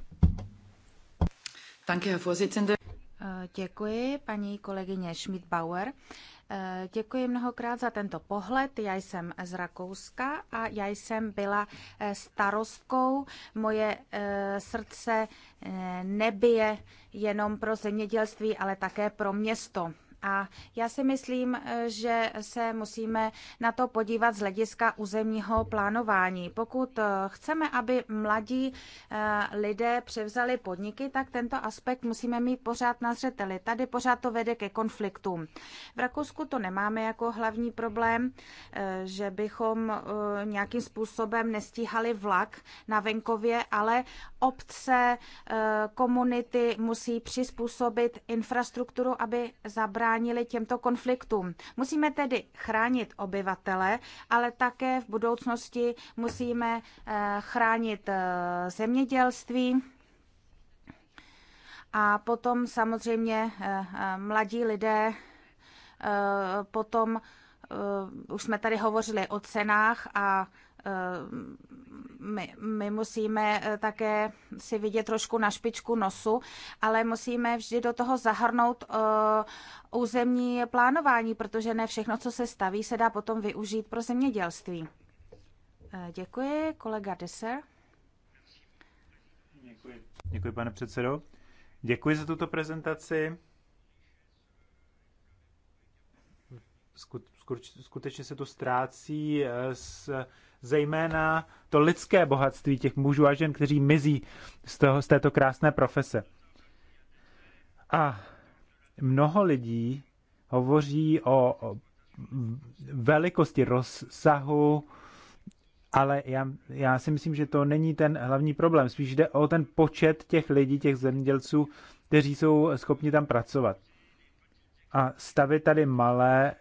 Děkuji, paní kolegyně Schmidt-Bauer. Děkuji mnohokrát za tento pohled. Já jsem z Rakouska a já jsem byla eh, starostkou. Moje eh, srdce eh, nebije jenom pro zemědělství, ale také pro město. A já si myslím, eh, že se musíme na to podívat z hlediska územního plánování. Pokud eh, chceme, aby mladí eh, lidé převzali podniky, tak tento aspekt musíme mít pořád na zřeteli. Tady pořád to vede ke konfliktům. V Rakousku to nemáme jako hlavní problém, že bychom nějakým způsobem nestíhali vlak na venkově, ale obce, komunity musí přizpůsobit infrastrukturu, aby zabránili zabránili těmto konfliktům. Musíme tedy chránit obyvatele, ale také v budoucnosti musíme eh, chránit eh, zemědělství. A potom samozřejmě eh, mladí lidé potom, už jsme tady hovořili o cenách a Eh, my, my musíme eh, také si vidět trošku na špičku nosu, ale musíme vždy do toho zahrnout eh, územní plánování, protože ne všechno, co se staví, se dá potom využít pro zemědělství. Děkuji, kolega Deser. Děkuji. Děkuji, pane předsedo. Děkuji za tuto prezentaci. Skutečně se to ztrácí s zejména to lidské bohatství těch mužů a žen, kteří mizí z, toho, z této krásné profese. A mnoho lidí hovoří o, o velikosti rozsahu, ale já, já si myslím, že to není ten hlavní problém. Spíš jde o ten počet těch lidí, těch zemědělců, kteří jsou schopni tam pracovat. A stavit tady malé e,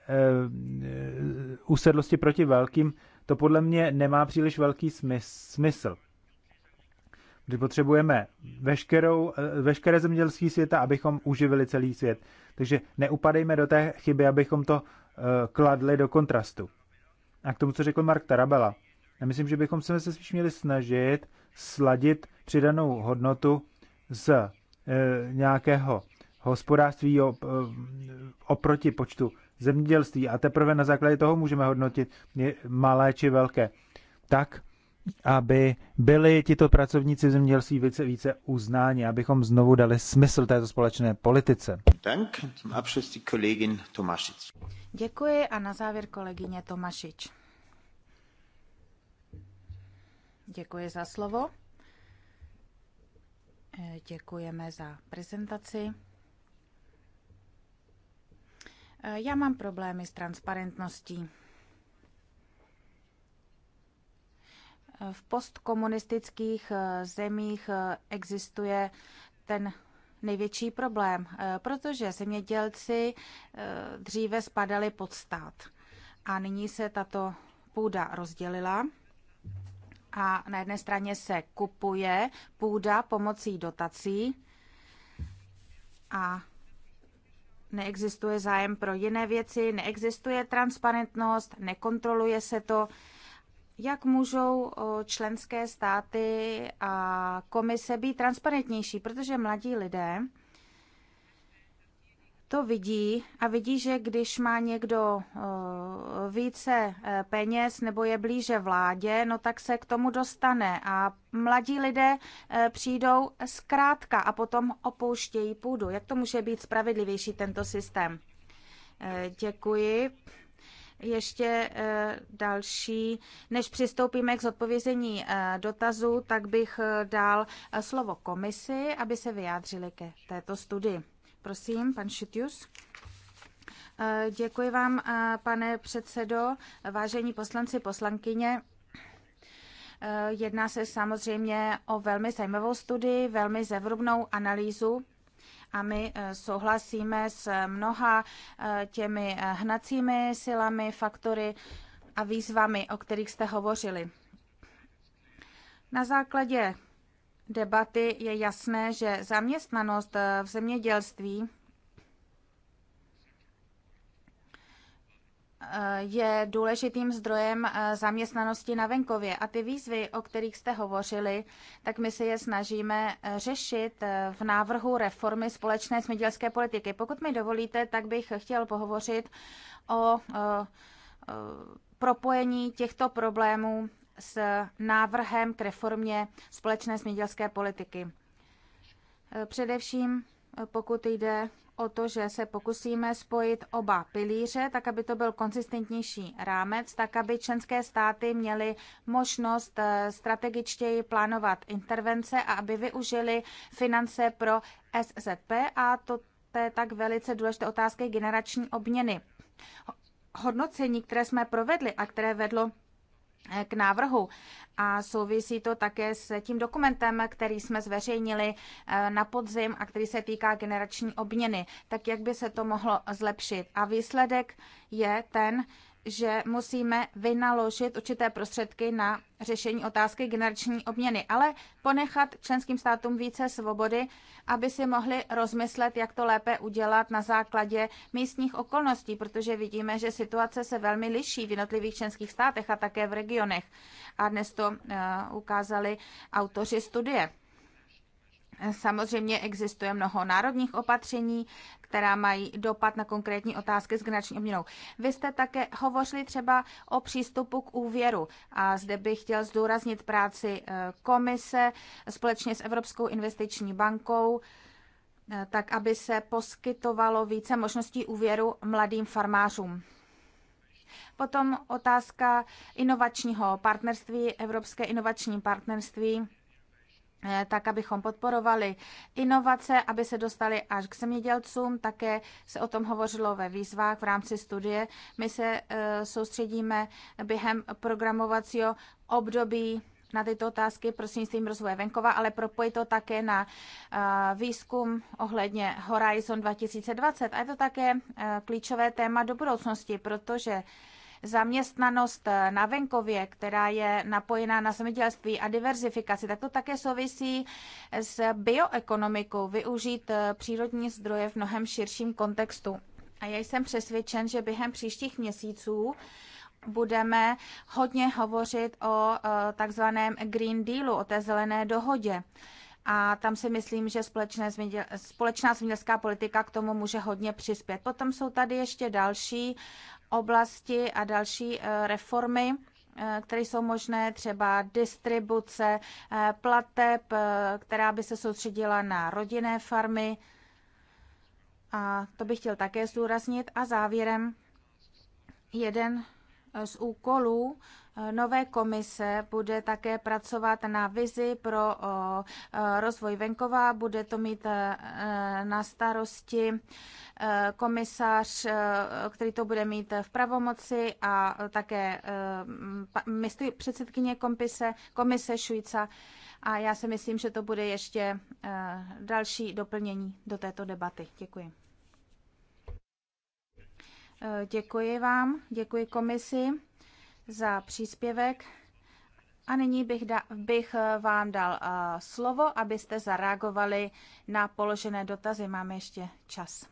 usedlosti proti velkým to podle mě nemá příliš velký smysl. když potřebujeme veškerou, eh, veškeré zemědělský světa, abychom uživili celý svět. Takže neupadejme do té chyby, abychom to eh, kladli do kontrastu. A k tomu, co řekl Mark Tarabella. Já myslím, že bychom se spíš měli snažit sladit přidanou hodnotu z eh, nějakého hospodářství op, oproti počtu zemědělství a teprve na základě toho můžeme hodnotit malé či velké. Tak, aby byli tito pracovníci v zemědělství více, více uznáni, abychom znovu dali smysl této společné politice. Děkuji a na závěr kolegyně Tomašič. Děkuji za slovo. Děkujeme za prezentaci. Eh, já mám problémy s transparentností. Eh, v postkomunistických eh, zemích existuje ten největší problém, protože zemědělci dříve spadali pod stát. A nyní se tato půda rozdělila a na jedné straně se kupuje půda pomocí dotací a neexistuje zájem pro jiné věci, neexistuje transparentnost, nekontroluje se to. Jak můžou členské státy a komise být transparentnější? Protože mladí lidé to vidí a vidí, že když má někdo eh, více eh, peněz nebo je blíže vládě, no tak se k tomu dostane a mladí lidé eh, přijdou zkrátka a potom opouštějí půdu. Jak to může být spravedlivější tento systém? Děkuji. Ještě další, než přistoupíme k zodpovězení dotazu, tak bych dal slovo komisi, aby se vyjádřili ke této studii. Prosím, pan Šitius. Eh, děkuji vám, eh, pane předsedo, vážení poslanci, poslankyně. Eh, jedná se samozřejmě o velmi zajímavou studii, velmi zevrubnou analýzu a my souhlasíme s mnoha těmi hnacími silami, faktory a výzvami, o kterých jste hovořili. Na základě debaty je jasné, že zaměstnanost eh, v zemědělství eh, je důležitým zdrojem eh, zaměstnanosti na venkově. A ty výzvy, o kterých jste hovořili, tak my se je snažíme řešit v návrhu reformy společné zemědělské politiky. Pokud mi dovolíte, tak bych chtěl pohovořit o propojení těchto problémů s návrhem k reformě společné zemědělské politiky. E, především e, pokud jde o to, že se pokusíme spojit oba pilíře, tak aby to byl konsistentnější rámec, tak aby členské státy měly možnost e, strategičtěji plánovat intervence a aby využili finance pro SZP a to, to je tak velice důležité otázky generační obměny. Hodnocení, které jsme provedli a které vedlo k návrhu. A souvisí to také s tím dokumentem, který jsme zveřejnili eh, na podzim a který se týká generační obměny. Tak jak by se to mohlo zlepšit? A výsledek je ten, že musíme vynaložit určité prostředky na řešení otázky generační obměny, ale ponechat členským státům více svobody, aby si mohli rozmyslet, jak to lépe udělat na základě místních okolností, protože vidíme, že situace se velmi liší v jednotlivých členských státech a také v regionech. A dnes to eh, ukázali autoři studie. Samozřejmě existuje mnoho národních opatření, která mají dopad na konkrétní otázky s generační obměnou. Vy jste také hovořili třeba o přístupu k úvěru a zde bych chtěl zdůraznit práci eh, komise společně s Evropskou investiční bankou, eh, tak aby se poskytovalo více možností úvěru mladým farmářům. Potom otázka inovačního partnerství, Evropské inovační partnerství Eh, tak abychom podporovali inovace, aby se dostali až k zemědělcům. Také se o tom hovořilo ve výzvách v rámci studie. My se eh, soustředíme během programovacího období na tyto otázky prostřednictvím rozvoje venkova, ale propojit to také na eh, výzkum ohledně Horizon 2020. A je to také klíčové téma do budoucnosti, protože zaměstnanost eh, na venkově, která je napojená na zemědělství a diverzifikaci, tak to také souvisí s bioekonomikou, využít eh, přírodní zdroje v mnohem širším kontextu. A já jsem přesvědčen, že během příštích měsíců budeme hodně hovořit o eh, takzvaném Green Dealu, o té zelené dohodě. A tam si myslím, že společné změděl, společná zemědělská politika k tomu může hodně přispět. Potom jsou tady ještě další oblasti a další eh, reformy, eh, které jsou možné, třeba distribuce eh, plateb, která by se soustředila na rodinné farmy. A to bych chtěl také zdůraznit. A závěrem jeden z úkolů eh, nové komise bude také pracovat na vizi pro eh, eh, rozvoj venkova. Bude to mít na starosti komisař, který to bude mít v pravomoci a také předsedkyně komise, komise Šujca. A já si myslím, že to bude ještě další doplnění do této debaty. Děkuji. Eh, děkuji vám, děkuji komisi za příspěvek. A nyní bych, da, bych eh, vám dal uh, slovo, abyste zareagovali na položené dotazy. Máme ještě čas.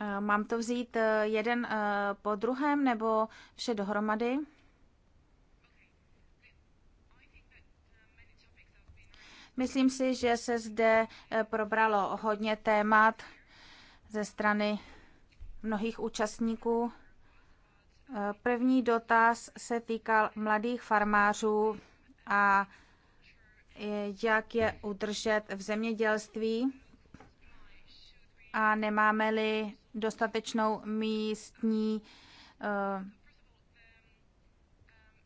Uh, mám to vzít uh, jeden uh, po druhém nebo vše dohromady? Myslím si, že se zde eh, probralo hodně témat ze strany mnohých účastníků. Eh, první dotaz se týkal mladých farmářů a eh, jak je udržet v zemědělství a nemáme-li dostatečnou místní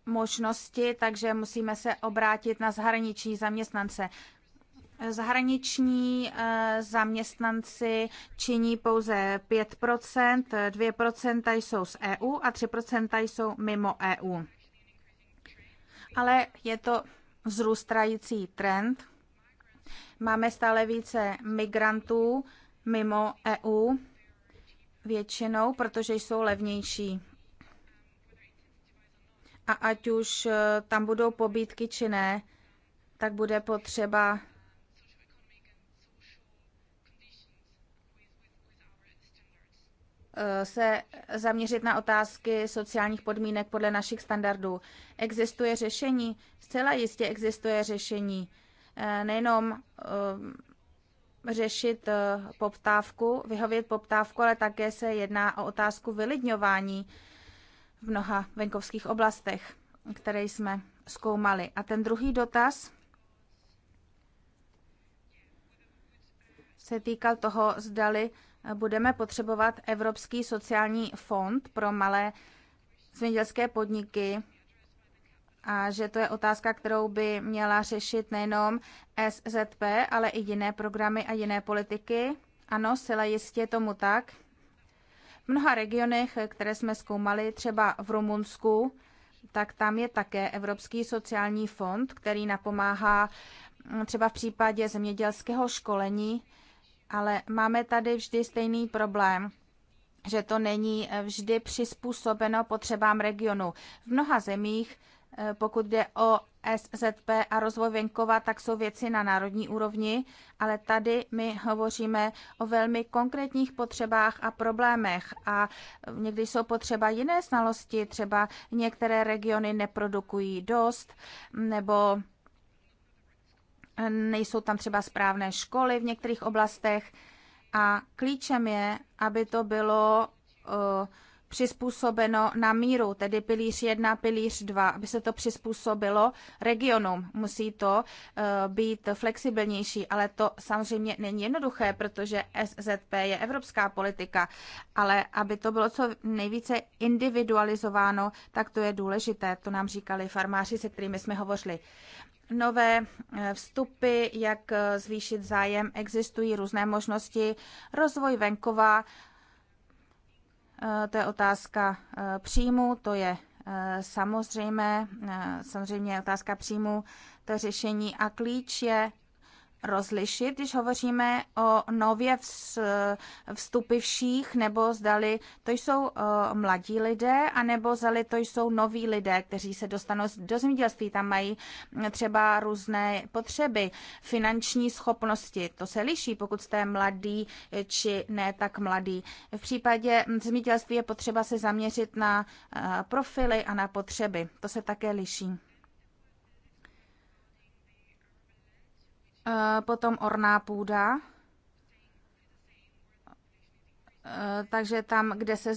možnosti, takže musíme se obrátit na zahraniční zaměstnance. Zahraniční eh, zaměstnanci činí pouze 5 2 jsou z EU a 3 jsou mimo EU. Ale je to vzrůstající trend. Máme stále více migrantů mimo EU většinou, protože jsou levnější a ať už eh, tam budou pobídky či ne, tak bude potřeba eh, se zaměřit na otázky sociálních podmínek podle našich standardů. Existuje řešení? Zcela jistě existuje řešení. Eh, nejenom řešit poptávku, vyhovět poptávku, ale také se jedná o otázku vylidňování v mnoha venkovských oblastech, které jsme zkoumali. A ten druhý dotaz se týkal toho, zdali budeme potřebovat Evropský sociální fond pro malé zemědělské podniky a že to je otázka, kterou by měla řešit nejenom SZP, ale i jiné programy a jiné politiky. Ano, sila jistě tomu tak. V mnoha regionech, které jsme zkoumali, třeba v Rumunsku, tak tam je také Evropský sociální fond, který napomáhá mm, třeba v případě zemědělského školení, ale máme tady vždy stejný problém že to není eh, vždy přizpůsobeno potřebám regionu. V mnoha zemích Eh, pokud jde o SZP a rozvoj venkova, tak jsou věci na národní úrovni, ale tady my hovoříme o velmi konkrétních potřebách a problémech a eh, někdy jsou potřeba jiné znalosti, třeba některé regiony neprodukují dost nebo eh, nejsou tam třeba správné školy v některých oblastech a klíčem je, aby to bylo uh, přizpůsobeno na míru, tedy pilíř 1, pilíř 2, aby se to přizpůsobilo regionům. Musí to eh, být flexibilnější, ale to samozřejmě není jednoduché, protože SZP je evropská politika, ale aby to bylo co nejvíce individualizováno, tak to je důležité. To nám říkali farmáři, se kterými jsme hovořili nové eh, vstupy, jak eh, zvýšit zájem, existují různé možnosti. Rozvoj venkova Eh, to je otázka eh, příjmu, to je eh, samozřejmé, samozřejmě otázka příjmu, to je řešení a klíč je rozlišit, když hovoříme o nově vstupivších, nebo zdali to jsou eh, mladí lidé, anebo zdali to jsou noví lidé, kteří se dostanou do zemědělství. Tam mají hm, třeba různé potřeby, finanční schopnosti. To se liší, pokud jste mladý eh, či ne tak mladý. V případě hm, zemědělství je potřeba se zaměřit na eh, profily a na potřeby. To se také liší. Eh, potom orná půda, eh, takže tam, kde se,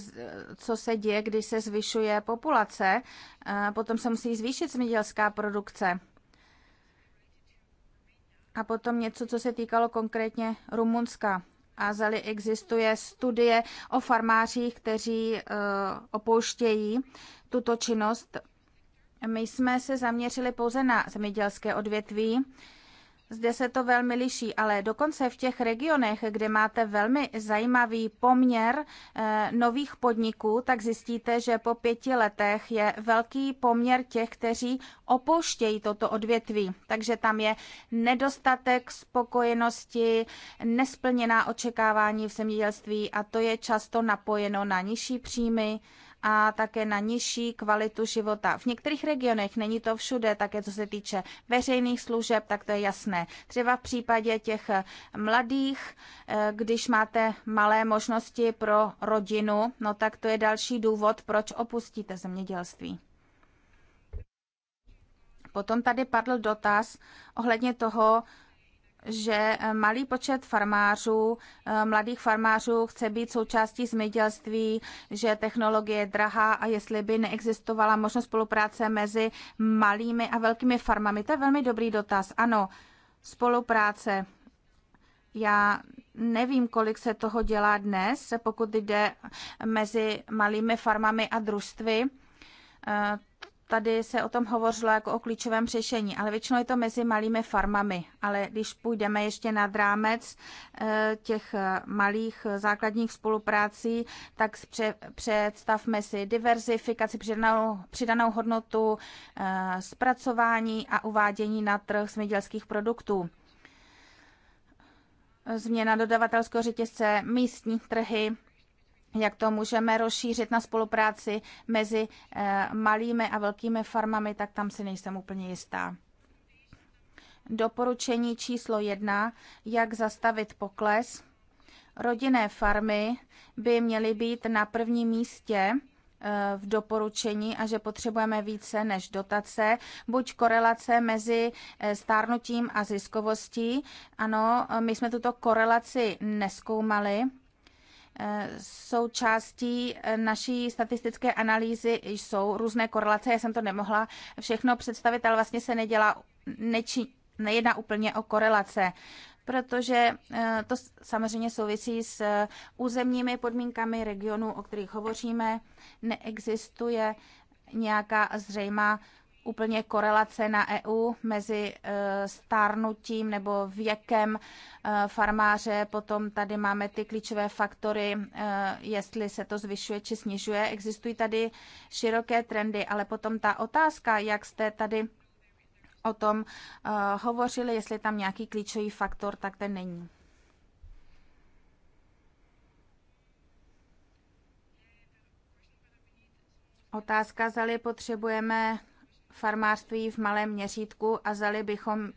co se děje, když se zvyšuje populace, eh, potom se musí zvýšit zemědělská produkce. A potom něco, co se týkalo konkrétně Rumunska. A zali existuje studie o farmářích, kteří opouštějí tuto činnost. My jsme se zaměřili pouze na zemědělské odvětví zde se to velmi liší, ale dokonce v těch regionech, kde máte velmi zajímavý poměr eh, nových podniků, tak zjistíte, že po pěti letech je velký poměr těch, kteří opouštějí toto odvětví. Takže tam je nedostatek spokojenosti, nesplněná očekávání v zemědělství a to je často napojeno na nižší příjmy a také na nižší kvalitu života. V některých regionech není to všude, také co se týče veřejných služeb, tak to je jasné. Třeba v případě těch eh, mladých, eh, když máte malé možnosti pro rodinu, no tak to je další důvod, proč opustíte zemědělství. Potom tady padl dotaz ohledně toho, že eh, malý počet farmářů, eh, mladých farmářů chce být součástí zemědělství, že technologie je drahá a jestli by neexistovala možnost spolupráce mezi malými a velkými farmami. To je velmi dobrý dotaz. Ano, spolupráce. Já nevím, kolik se toho dělá dnes, pokud jde mezi malými farmami a družstvy eh, tady se o tom hovořilo jako o klíčovém řešení, ale většinou je to mezi malými farmami. Ale když půjdeme ještě nad rámec eh, těch eh, malých eh, základních spoluprácí, tak představme si diverzifikaci, přidanou, přidanou hodnotu, zpracování a uvádění na trh zemědělských produktů. Změna dodavatelského řetězce, místní trhy, jak to můžeme rozšířit na spolupráci mezi eh, malými a velkými farmami, tak tam si nejsem úplně jistá. Doporučení číslo jedna, jak zastavit pokles. Rodinné farmy by měly být na prvním místě eh, v doporučení a že potřebujeme více než dotace, buď korelace mezi eh, stárnutím a ziskovostí. Ano, my jsme tuto korelaci neskoumali, Součástí eh, naší statistické analýzy jsou různé korelace. Já jsem to nemohla všechno představit, ale vlastně se nedělá, neči, nejedná úplně o korelace, protože eh, to samozřejmě souvisí s eh, územními podmínkami regionu, o kterých hovoříme. Neexistuje nějaká zřejmá úplně korelace na EU mezi eh, stárnutím nebo věkem eh, farmáře. Potom tady máme ty klíčové faktory, eh, jestli se to zvyšuje či snižuje. Existují tady široké trendy, ale potom ta otázka, jak jste tady o tom hovořili, jestli je tam nějaký klíčový faktor, tak ten není. Otázka, zali potřebujeme farmářství v malém měřítku a zali bychom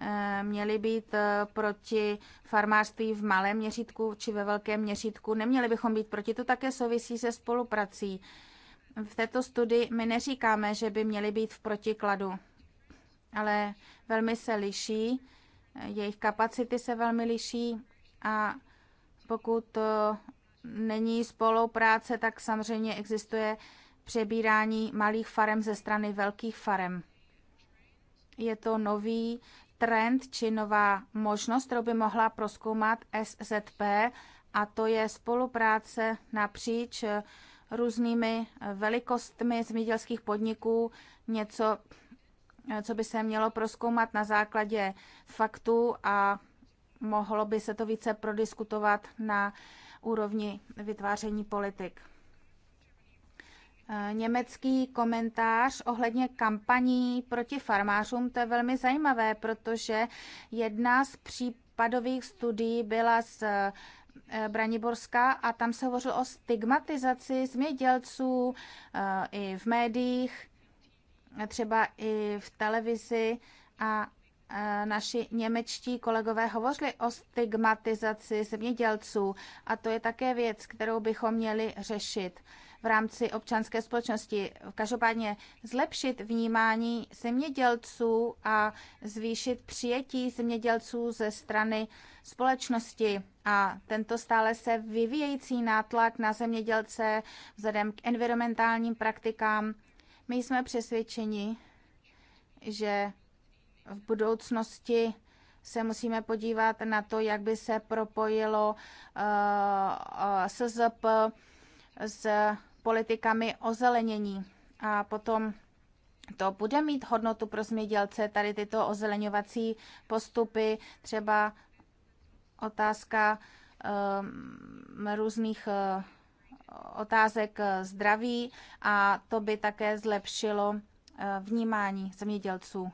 eh, měli být eh, proti farmářství v malém měřítku či ve velkém měřítku. Neměli bychom být proti, to také souvisí se spoluprací. V této studii my neříkáme, že by měli být v protikladu, ale velmi se liší, eh, jejich kapacity se velmi liší a pokud není spolupráce, tak samozřejmě existuje přebírání malých farem ze strany velkých farem. Je to nový trend či nová možnost, kterou by mohla proskoumat SZP, a to je spolupráce napříč různými velikostmi zemědělských podniků, něco, co by se mělo proskoumat na základě faktů a mohlo by se to více prodiskutovat na úrovni vytváření politik. Eh, německý komentář ohledně kampaní proti farmářům. To je velmi zajímavé, protože jedna z případových studií byla z eh, Braniborska a tam se hovořilo o stigmatizaci změdělců eh, i v médiích, třeba i v televizi a Eh, naši němečtí kolegové hovořili o stigmatizaci zemědělců a to je také věc, kterou bychom měli řešit v rámci občanské společnosti. Každopádně zlepšit vnímání zemědělců a zvýšit přijetí zemědělců ze strany společnosti. A tento stále se vyvíjející nátlak na zemědělce vzhledem k environmentálním praktikám. My jsme přesvědčeni, že v budoucnosti se musíme podívat na to, jak by se propojilo eh, eh, SZP s politikami ozelenění. A potom to bude mít hodnotu pro smědělce, tady tyto ozeleňovací postupy, třeba otázka ehm, různých eh, otázek zdraví a to by také zlepšilo vnímání zemědělců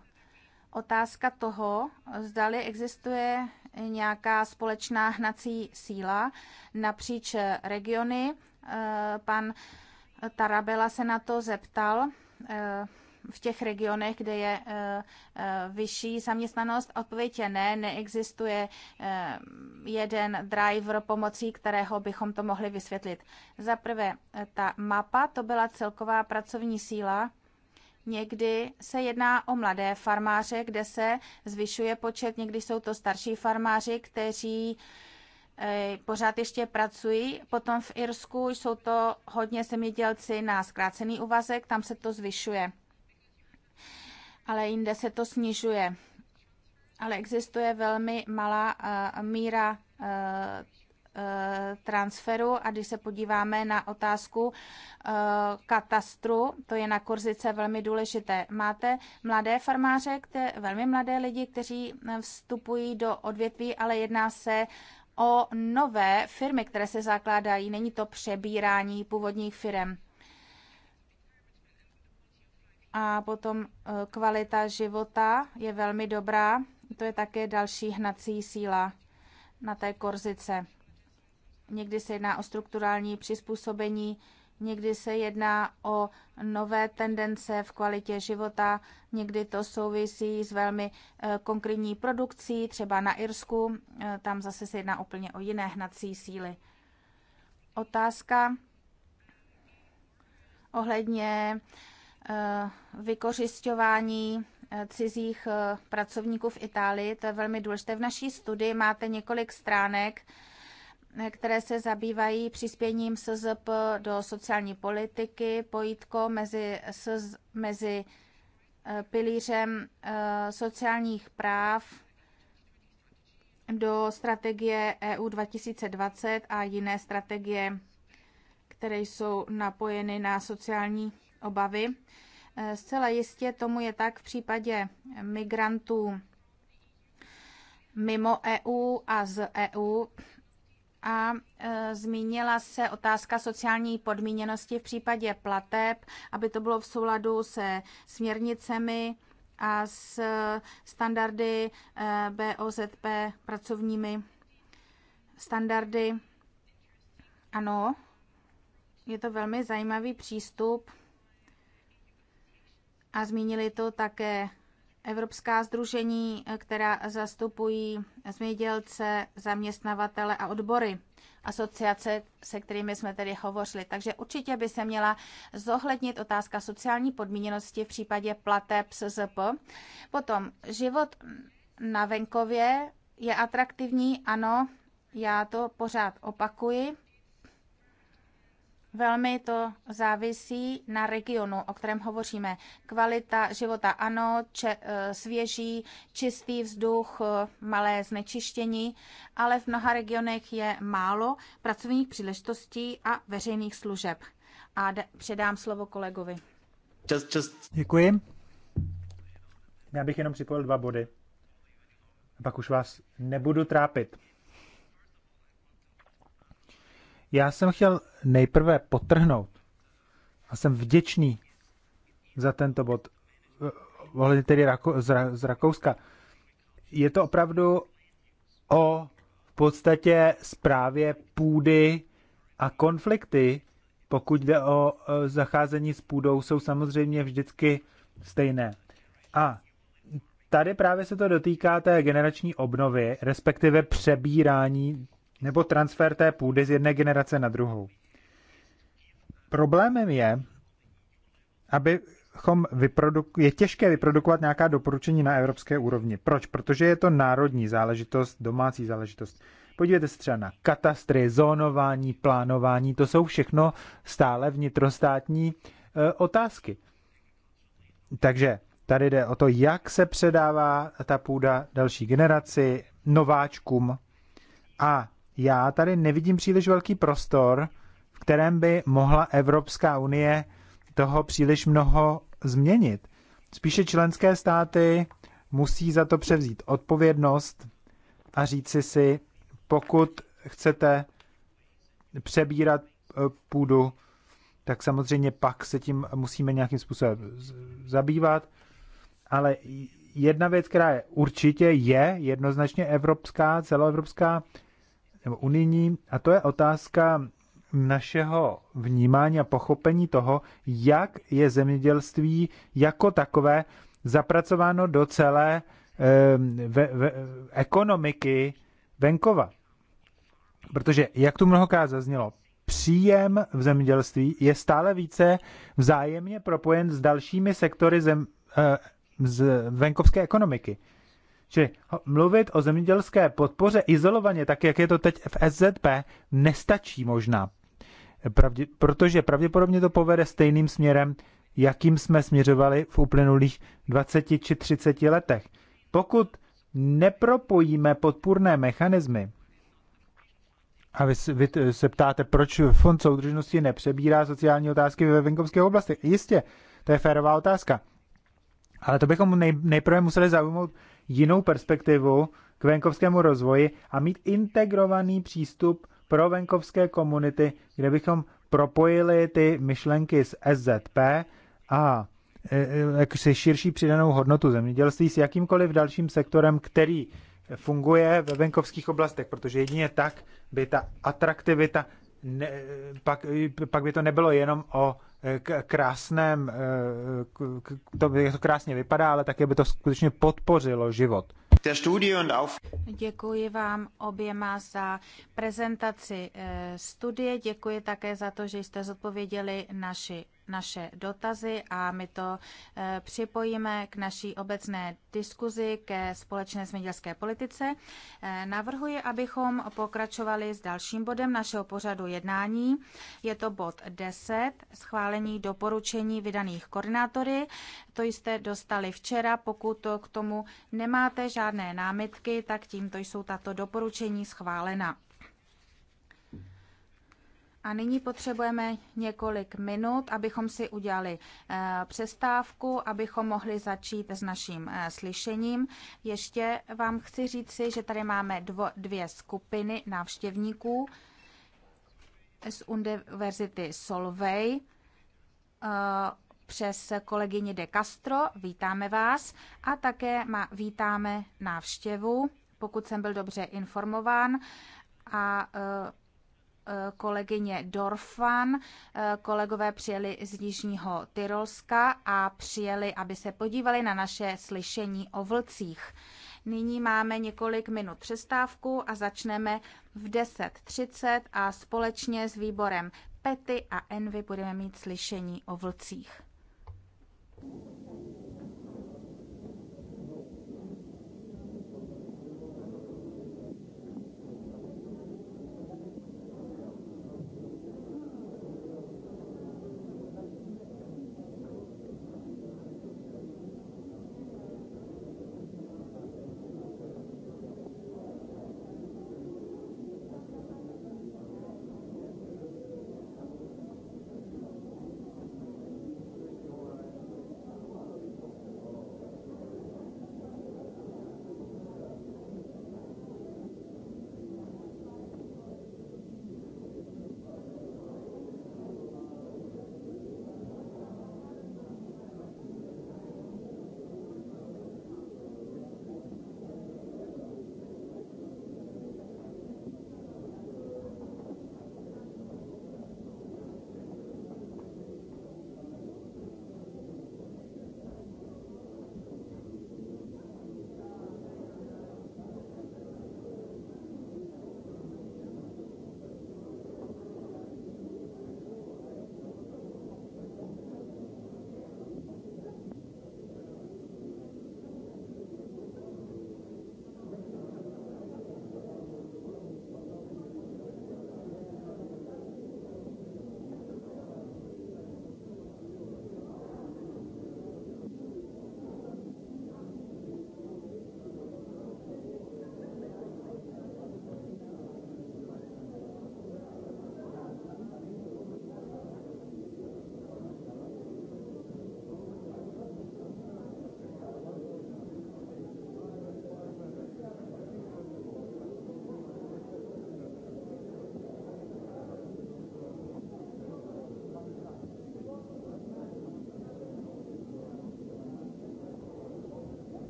otázka toho, zdali existuje nějaká společná hnací síla napříč regiony. Eh, pan Tarabela se na to zeptal eh, v těch regionech, kde je eh, vyšší zaměstnanost. Odpověď je ne, neexistuje jeden driver pomocí, kterého bychom to mohli vysvětlit. Za prvé, ta mapa, to byla celková pracovní síla Někdy se jedná o mladé farmáře, kde se zvyšuje počet, někdy jsou to starší farmáři, kteří eh, pořád ještě pracují. Potom v Irsku jsou to hodně zemědělci na zkrácený úvazek, tam se to zvyšuje. Ale jinde se to snižuje. Ale existuje velmi malá eh, míra eh, Eh, transferu a když se podíváme na otázku eh, katastru, to je na kurzice velmi důležité. Máte mladé farmáře, které, velmi mladé lidi, kteří eh, vstupují do odvětví, ale jedná se o nové firmy, které se zakládají. Není to přebírání původních firm. A potom kvalita života je velmi dobrá. To je také další hnací síla na té korzice. Někdy se jedná o strukturální přizpůsobení, někdy se jedná o nové tendence v kvalitě života, někdy to souvisí s velmi eh, konkrétní produkcí, třeba na Irsku, eh, tam zase se jedná úplně o jiné hnací síly. Otázka ohledně eh, vykořišťování cizích pracovníků v Itálii. To je velmi důležité. V naší studii máte několik stránek, které se zabývají přispěním SZP do sociální politiky, pojítko mezi, SZ, mezi eh, pilířem eh, sociálních práv do strategie EU 2020 a jiné strategie, které jsou napojeny na sociální obavy. Eh, zcela jistě tomu je tak v případě migrantů mimo EU a z EU a e, zmínila se otázka sociální podmíněnosti v případě plateb, aby to bylo v souladu se směrnicemi a s e, standardy e, BOZP, pracovními standardy. Ano, je to velmi zajímavý přístup a zmínili to také Evropská združení, eh, která zastupují zemědělce, zaměstnavatele a odbory, asociace, se kterými jsme tedy hovořili. Takže určitě by se měla zohlednit otázka sociální podmíněnosti v případě plateb SZP. Potom život na venkově je atraktivní, ano, já to pořád opakuji. Velmi to závisí na regionu, o kterém hovoříme. Kvalita života ano, če, eh, svěží, čistý vzduch, eh, malé znečištění, ale v mnoha regionech je málo pracovních příležitostí a veřejných služeb. A předám slovo kolegovi. Just, just... Děkuji. Já bych jenom připojil dva body. A pak už vás nebudu trápit. Já jsem chtěl nejprve potrhnout a jsem vděčný za tento bod eh, ohledně tedy Rako, z, z Rakouska. Je to opravdu o v podstatě zprávě půdy a konflikty, pokud jde o eh, zacházení s půdou, jsou samozřejmě vždycky stejné. A tady právě se to dotýká té generační obnovy, respektive přebírání nebo transfer té půdy z jedné generace na druhou. Problémem je, aby vyproduku... je těžké vyprodukovat nějaká doporučení na evropské úrovni. Proč? Protože je to národní záležitost, domácí záležitost. Podívejte se třeba na katastry, zónování, plánování, to jsou všechno stále vnitrostátní e, otázky. Takže tady jde o to, jak se předává ta půda další generaci, nováčkům a já tady nevidím příliš velký prostor, v kterém by mohla Evropská unie toho příliš mnoho změnit. Spíše členské státy musí za to převzít odpovědnost a říci si, pokud chcete přebírat e, půdu, tak samozřejmě pak se tím musíme nějakým způsobem zabývat. Ale jedna věc, která je určitě je jednoznačně evropská, celoevropská, nebo unijní, a to je otázka našeho vnímání a pochopení toho, jak je zemědělství jako takové zapracováno do celé ve, ve, ekonomiky venkova. Protože, jak tu mnohokrát zaznělo, příjem v zemědělství je stále více vzájemně propojen s dalšími sektory zem, eh, z venkovské ekonomiky. Čili mluvit o zemědělské podpoře izolovaně, tak jak je to teď v SZP, nestačí možná. Pravdě, protože pravděpodobně to povede stejným směrem, jakým jsme směřovali v uplynulých 20 či 30 letech. Pokud nepropojíme podpůrné mechanismy, a vy, vy se ptáte, proč Fond soudržnosti nepřebírá sociální otázky ve venkovské oblasti, Jistě, to je férová otázka. Ale to bychom nej, nejprve museli zaujmout jinou perspektivu k venkovskému rozvoji a mít integrovaný přístup pro venkovské komunity, kde bychom propojili ty myšlenky z SZP a se e, širší přidanou hodnotu zemědělství s jakýmkoliv dalším sektorem, který funguje ve venkovských oblastech, protože jedině tak by ta atraktivita, ne, pak, pak by to nebylo jenom o krásném, eh, to, jak to krásně vypadá, ale také by to skutečně podpořilo život. Děkuji vám oběma za prezentaci eh, studie, děkuji také za to, že jste zodpověděli naši naše dotazy a my to eh, připojíme k naší obecné diskuzi ke společné zemědělské politice. Eh, navrhuji, abychom pokračovali s dalším bodem našeho pořadu jednání. Je to bod 10, schválení doporučení vydaných koordinátory. To jste dostali včera. Pokud to k tomu nemáte žádné námitky, tak tímto jsou tato doporučení schválena. A nyní potřebujeme několik minut, abychom si udělali eh, přestávku, abychom mohli začít s naším eh, slyšením. Ještě vám chci říci, že tady máme dvo, dvě skupiny návštěvníků z Univerzity Solvay eh, přes kolegyni De Castro. Vítáme vás a také má, vítáme návštěvu, pokud jsem byl dobře informován. A kolegyně Dorfan. Kolegové přijeli z Jižního Tyrolska a přijeli, aby se podívali na naše slyšení o vlcích. Nyní máme několik minut přestávku a začneme v 10.30 a společně s výborem Pety a Envy budeme mít slyšení o vlcích.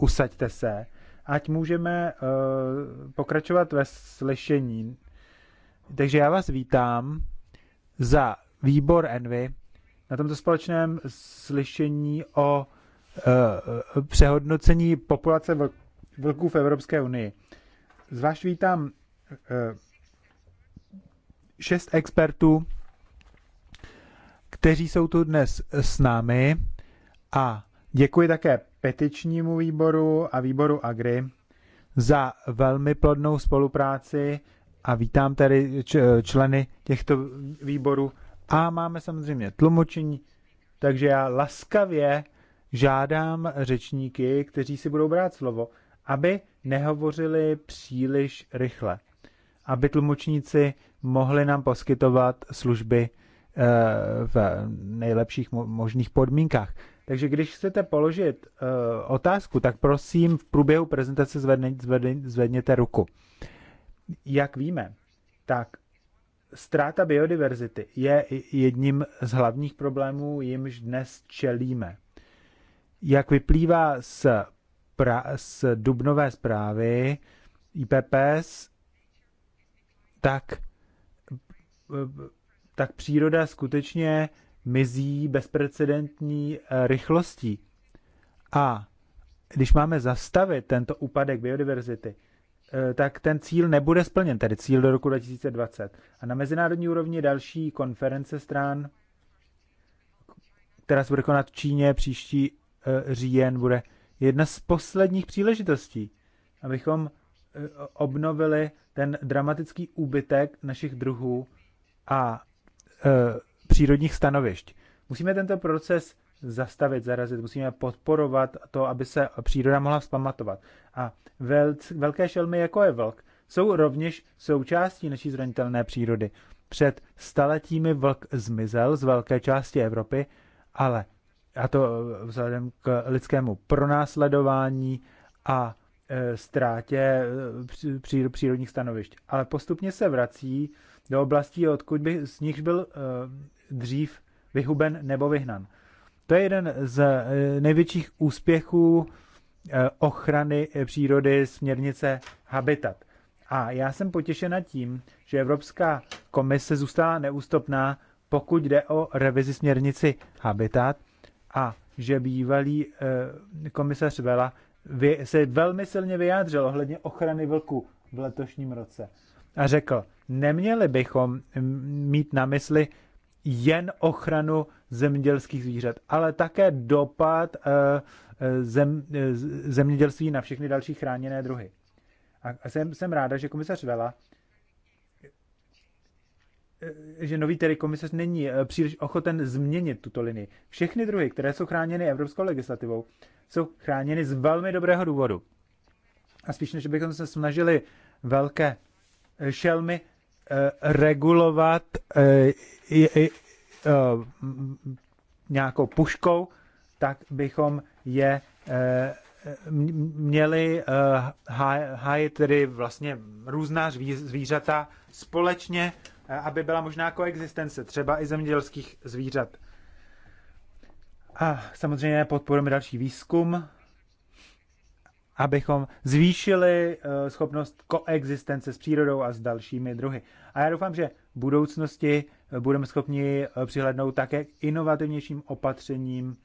Usaďte se, ať můžeme uh, pokračovat ve slyšení. Takže já vás vítám za výbor Envy na tomto společném slyšení o uh, přehodnocení populace vlk, vlků v Evropské unii. Zvlášť vítám uh, šest expertů kteří jsou tu dnes s námi a děkuji také petičnímu výboru a výboru Agri za velmi plodnou spolupráci a vítám tady členy těchto výborů a máme samozřejmě tlumočení, takže já laskavě žádám řečníky, kteří si budou brát slovo, aby nehovořili příliš rychle, aby tlumočníci mohli nám poskytovat služby v nejlepších možných podmínkách. Takže když chcete položit eh, otázku, tak prosím v průběhu prezentace zvedne, zvedne, zvedněte ruku. Jak víme, tak ztráta biodiverzity je jedním z hlavních problémů, jimž dnes čelíme. Jak vyplývá z, pra, z dubnové zprávy IPPS, tak eh, tak příroda skutečně mizí bezprecedentní eh, rychlostí. A když máme zastavit tento úpadek biodiverzity, eh, tak ten cíl nebude splněn, tedy cíl do roku 2020. A na mezinárodní úrovni další konference stran, která se bude konat v Číně příští eh, říjen, bude jedna z posledních příležitostí, abychom obnovili ten dramatický úbytek našich druhů a Eh, přírodních stanovišť. Musíme tento proces zastavit, zarazit, musíme podporovat to, aby se příroda mohla vzpamatovat. A velc, velké šelmy, jako je vlk, jsou rovněž součástí naší zranitelné přírody. Před staletími vlk zmizel z velké části Evropy, ale a to vzhledem k lidskému pronásledování a eh, ztrátě eh, přírodních stanovišť. Ale postupně se vrací do oblastí, odkud by z nich byl eh, dřív vyhuben nebo vyhnan. To je jeden z eh, největších úspěchů eh, ochrany přírody směrnice Habitat. A já jsem potěšena tím, že Evropská komise zůstala neústupná, pokud jde o revizi směrnici Habitat a že bývalý komisař Vela se velmi silně vyjádřil ohledně ochrany vlku v letošním roce a řekl, neměli bychom mm, mít na mysli jen ochranu zemědělských zvířat, ale také dopad eh, eh, zem, eh, zemědělství na všechny další chráněné druhy. A jsem, jsem ráda, že komisař Vela, že nový tedy komisař není příliš ochoten změnit tuto linii. Všechny druhy, které jsou chráněny evropskou legislativou, jsou chráněny z velmi dobrého důvodu. A spíš než bychom se snažili velké šelmy Eh, regulovat eh, eh, nějakou puškou, tak bychom je měli hájit tedy vlastně různá zvířata společně, aby byla možná koexistence třeba i zemědělských zvířat. A samozřejmě podporujeme další výzkum abychom zvýšili eh, schopnost koexistence s přírodou a s dalšími druhy. A já doufám, že v budoucnosti eh, budeme schopni eh, přihlednout také k inovativnějším opatřením,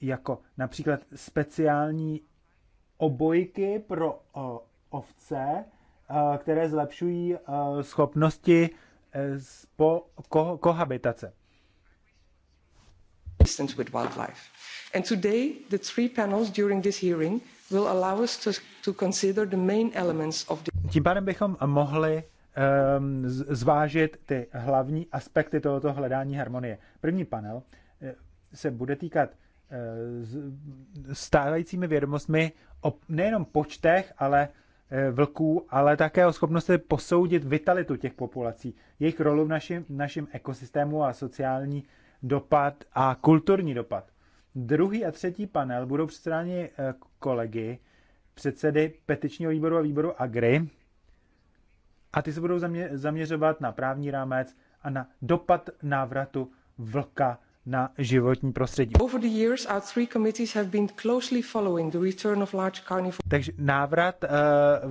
jako například speciální obojky pro ovce, které zlepšují schopnosti po ko- kohabitace. With wildlife. And today, the three panels during this hearing tím pádem bychom mohli um, zvážit ty hlavní aspekty tohoto hledání harmonie. První panel eh, se bude týkat eh, stávajícími vědomostmi o nejenom počtech, ale eh, vlků, ale také o schopnosti posoudit vitalitu těch populací, jejich rolu v našem, našem ekosystému a sociální dopad a kulturní dopad. Druhý a třetí panel budou předstráni eh, kolegy, předsedy petičního výboru a výboru AGRI a ty se budou zaměřovat na právní rámec a na dopad návratu vlka na životní prostředí. Takže návrat uh,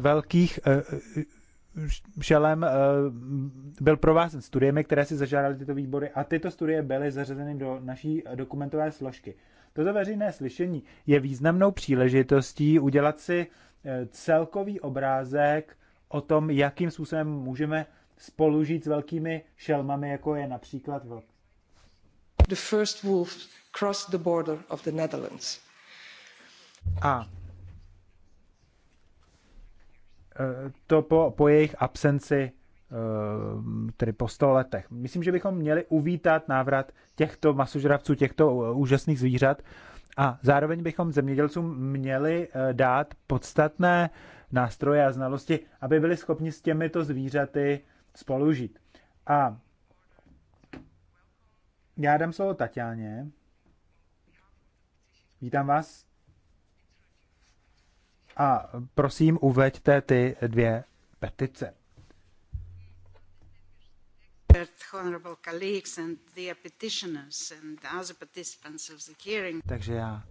velkých uh, šelem uh, byl provázen studiemi, které si zažádaly tyto výbory a tyto studie byly zařazeny do naší dokumentové složky. Toto veřejné slyšení je významnou příležitostí udělat si eh, celkový obrázek o tom, jakým způsobem můžeme spolužít s velkými šelmami, jako je například vlk. The first wolf crossed the border of the Netherlands. A eh, to po, po jejich absenci Ehm, tedy po 100 letech. Myslím, že bychom měli uvítat návrat těchto masožravců, těchto eh, úžasných zvířat a zároveň bychom zemědělcům měli eh, dát podstatné nástroje a znalosti, aby byli schopni s těmito zvířaty spolužit. A já dám slovo Tatianě. Vítám vás. A prosím, uveďte ty dvě petice. Takže já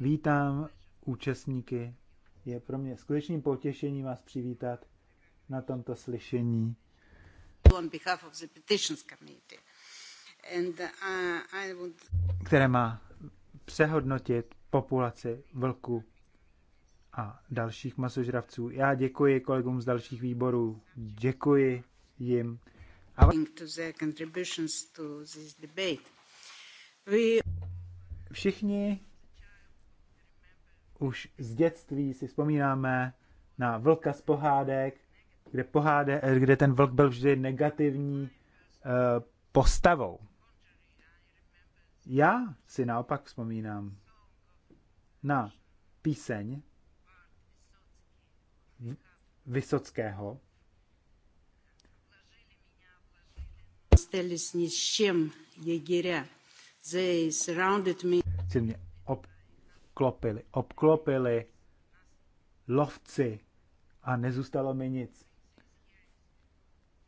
vítám účastníky. Je pro mě skutečným potěšením vás přivítat na tomto slyšení. Které má přehodnotit populaci vlku a dalších masožravců. Já děkuji kolegům z dalších výborů, děkuji jim Všichni už z dětství si vzpomínáme na vlka z pohádek, kde, poháde, kde ten vlk byl vždy negativní eh, postavou. Já si naopak vzpomínám na píseň Vysockého, Стелис Нишим Егире. They surrounded me. mě obklopili, obklopili lovci a nezůstalo mi nic.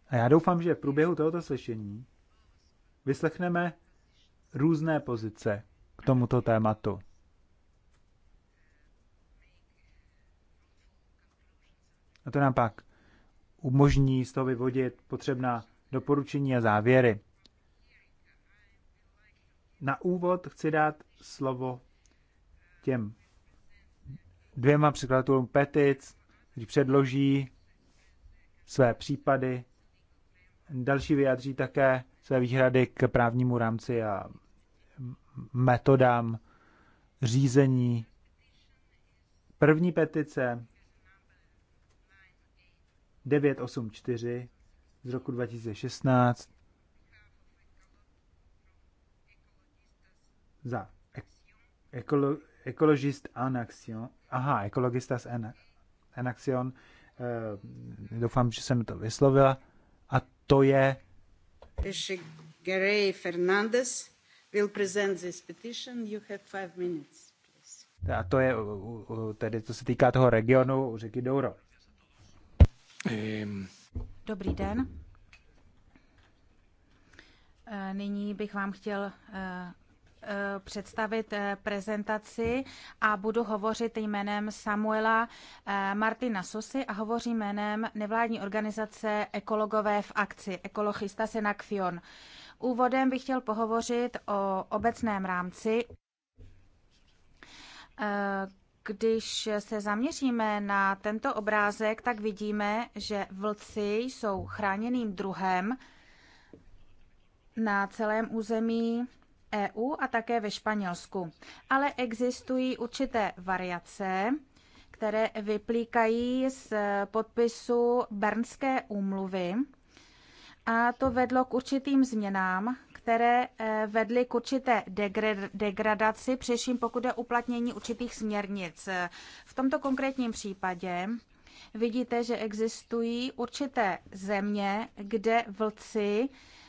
A já doufám, že v průběhu tohoto slyšení vyslechneme různé pozice k tomuto tématu. A to nám pak umožní z toho vyvodit potřebná doporučení a závěry. Na úvod chci dát slovo těm dvěma překladatelům petic, kteří předloží své případy. Další vyjádří také své výhrady k právnímu rámci a metodám řízení. První petice 984 z roku 2016 za ekolo, ekologist en action. Aha, ekologistas en, en action. Uh, eh, doufám, že jsem to vyslovila. A to je... Gary Fernandez will present this petition. You have five minutes. A to je, tedy to se týká toho regionu řeky Douro. Um. Dobrý den. Eh, nyní bych vám chtěl eh, eh, představit prezentaci a budu hovořit jménem Samuela Martina Sosy a hovoří jménem nevládní organizace Ekologové v akci, ekologista Senakfion. Úvodem bych chtěl pohovořit o obecném rámci když se zaměříme na tento obrázek, tak vidíme, že vlci jsou chráněným druhem na celém území EU a také ve Španělsku. Ale existují určité variace, které vyplýkají z podpisu Bernské úmluvy. A to vedlo k určitým změnám které eh, vedly k určité degradaci, přeším pokud je uplatnění určitých směrnic. V tomto konkrétním případě vidíte, že existují určité země, kde vlci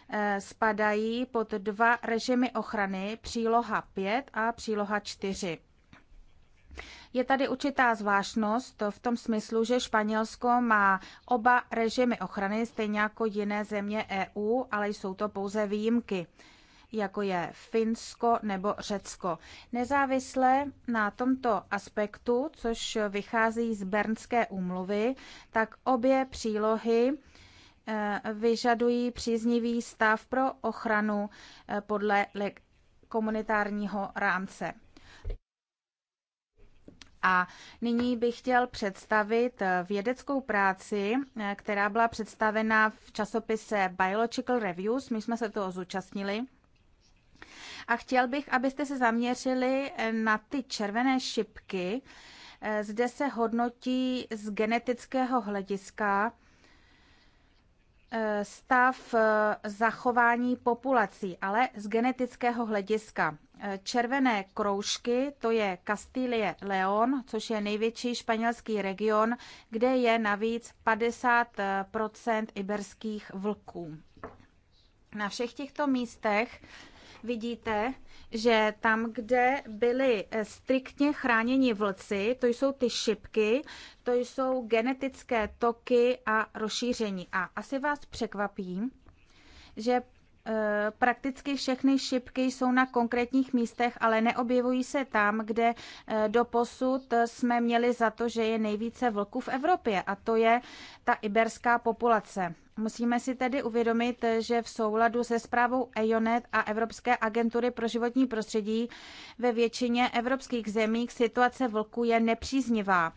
eh, spadají pod dva režimy ochrany, příloha 5 a příloha 4. Je tady určitá zvláštnost v tom smyslu, že Španělsko má oba režimy ochrany, stejně jako jiné země EU, ale jsou to pouze výjimky jako je Finsko nebo Řecko. Nezávisle na tomto aspektu, což vychází z Bernské úmluvy, tak obě přílohy eh, vyžadují příznivý stav pro ochranu eh, podle komunitárního rámce. A nyní bych chtěl představit eh, vědeckou práci, eh, která byla představena v časopise Biological Reviews. My jsme se toho zúčastnili. A chtěl bych, abyste se zaměřili eh, na ty červené šipky. Zde se hodnotí z genetického hlediska stav zachování populací, ale z genetického hlediska. Eh, červené kroužky, to je Castilie León, což je největší španělský region, kde je navíc 50 eh, iberských vlků. Na všech těchto místech vidíte, že tam, kde byly eh, striktně chráněni vlci, to jsou ty šipky, to jsou genetické toky a rozšíření. A asi vás překvapí, že Eh, prakticky všechny šipky jsou na konkrétních místech, ale neobjevují se tam, kde eh, do posud jsme měli za to, že je nejvíce vlků v Evropě a to je ta iberská populace. Musíme si tedy uvědomit, že v souladu se zprávou EONET a Evropské agentury pro životní prostředí ve většině evropských zemí situace vlků je nepříznivá.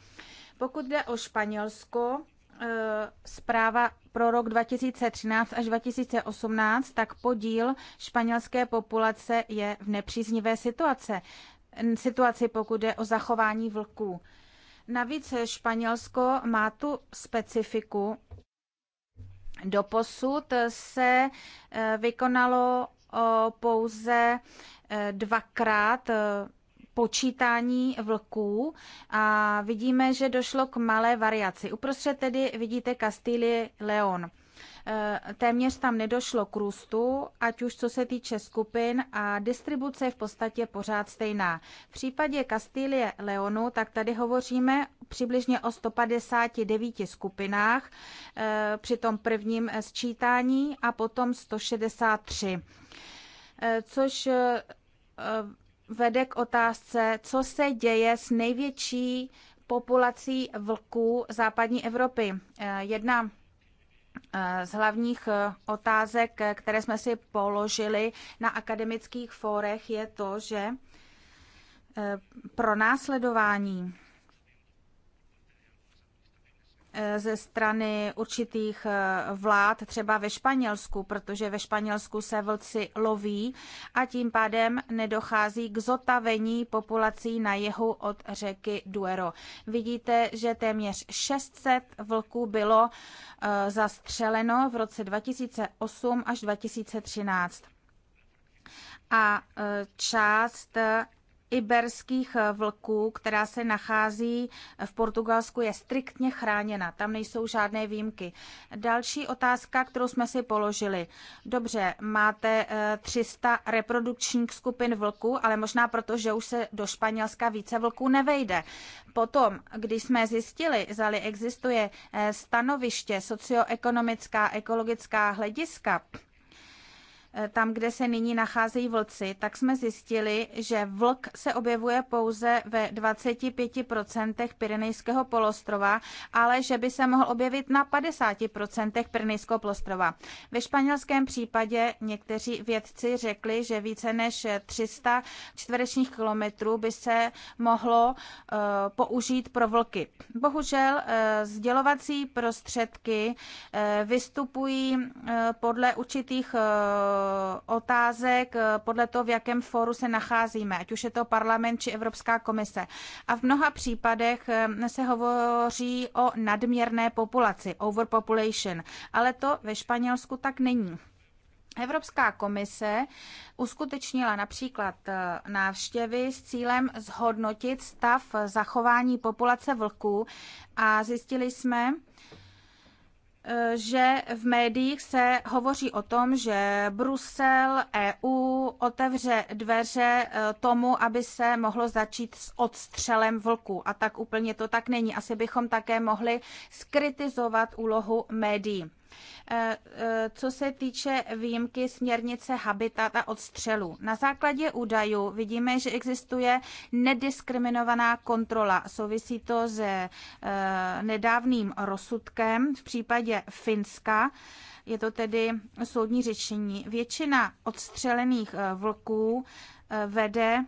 Pokud jde o Španělsko, Eh, zpráva pro rok 2013 až 2018, tak podíl španělské populace je v nepříznivé situace. Situaci, pokud jde o zachování vlků. Navíc Španělsko má tu specifiku. Doposud se eh, vykonalo pouze eh, dvakrát počítání vlků a vidíme, že došlo k malé variaci. Uprostřed tedy vidíte Kastílie Leon. E, téměř tam nedošlo k růstu, ať už co se týče skupin a distribuce je v podstatě pořád stejná. V případě Kastilie Leonu, tak tady hovoříme přibližně o 159 skupinách e, při tom prvním sčítání a potom 163, e, což vede k otázce, co se děje s největší populací vlků západní Evropy. Eh, jedna eh, z hlavních eh, otázek, které jsme si položili na akademických fórech, je to, že pro následování Eh, ze strany určitých eh, vlád, třeba ve Španělsku, protože ve Španělsku se vlci loví a tím pádem nedochází k zotavení populací na jihu od řeky Duero. Vidíte, že téměř 600 vlků bylo eh, zastřeleno v roce 2008 až 2013. A část iberských eh, vlků, která se nachází eh, v Portugalsku, je striktně chráněna. Tam nejsou žádné výjimky. Další otázka, kterou jsme si položili. Dobře, máte 300 eh, reprodukčních skupin vlků, ale možná proto, že už se do Španělska více vlků nevejde. Potom, když jsme zjistili, zali existuje stanoviště socioekonomická, ekologická hlediska, Eh, tam, kde se nyní nacházejí vlci, tak jsme zjistili, že vlk se objevuje pouze ve 25% Pyrenejského polostrova, ale že by se mohl objevit na 50% Pyrenejského polostrova. Ve španělském případě někteří vědci řekli, že více než 300 čtverečních kilometrů by se mohlo uh, použít pro vlky. Bohužel uh, sdělovací prostředky uh, vystupují podle určitých Eh, otázek eh, podle toho, v jakém fóru se nacházíme, ať už je to parlament či Evropská komise. A v mnoha případech eh, se hovoří o nadměrné populaci, overpopulation, ale to ve Španělsku tak není. Evropská komise uskutečnila například návštěvy s cílem zhodnotit stav zachování populace vlků a zjistili jsme, že v médiích se hovoří o tom, že Brusel, EU otevře dveře e, tomu, aby se mohlo začít s odstřelem vlku. A tak úplně to tak není. Asi bychom také mohli skritizovat úlohu médií. Eh, eh, co se týče výjimky směrnice habitat a odstřelů. Na základě údajů vidíme, že existuje nediskriminovaná kontrola. Souvisí to s eh, nedávným rozsudkem v případě Finska. Je to tedy soudní řešení. Většina odstřelených vlků vede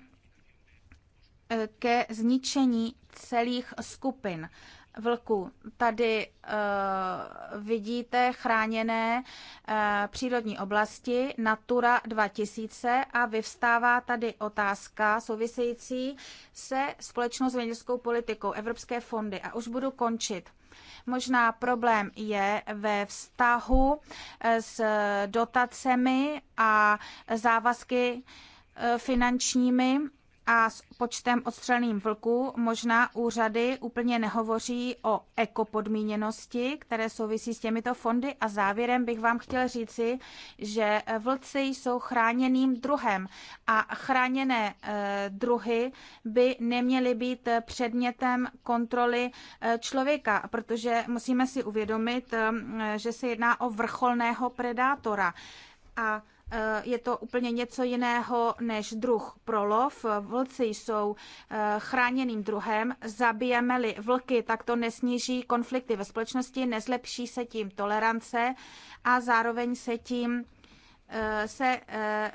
ke zničení celých skupin. Vlku, Tady uh, vidíte chráněné uh, přírodní oblasti Natura 2000 a vyvstává tady otázka související se společnou zemědělskou politikou, evropské fondy. A už budu končit. Možná problém je ve vztahu eh, s dotacemi a závazky finančními a s počtem odstřelných vlků možná úřady úplně nehovoří o ekopodmíněnosti, které souvisí s těmito fondy a závěrem bych vám chtěl říci, že vlci jsou chráněným druhem a chráněné eh, druhy by neměly být předmětem kontroly eh, člověka, protože musíme si uvědomit, eh, že se jedná o vrcholného predátora. A Eh, je to úplně něco jiného než druh pro lov. Vlci jsou eh, chráněným druhem. Zabijeme-li vlky, tak to nesníží konflikty ve společnosti, nezlepší se tím tolerance a zároveň se tím eh, se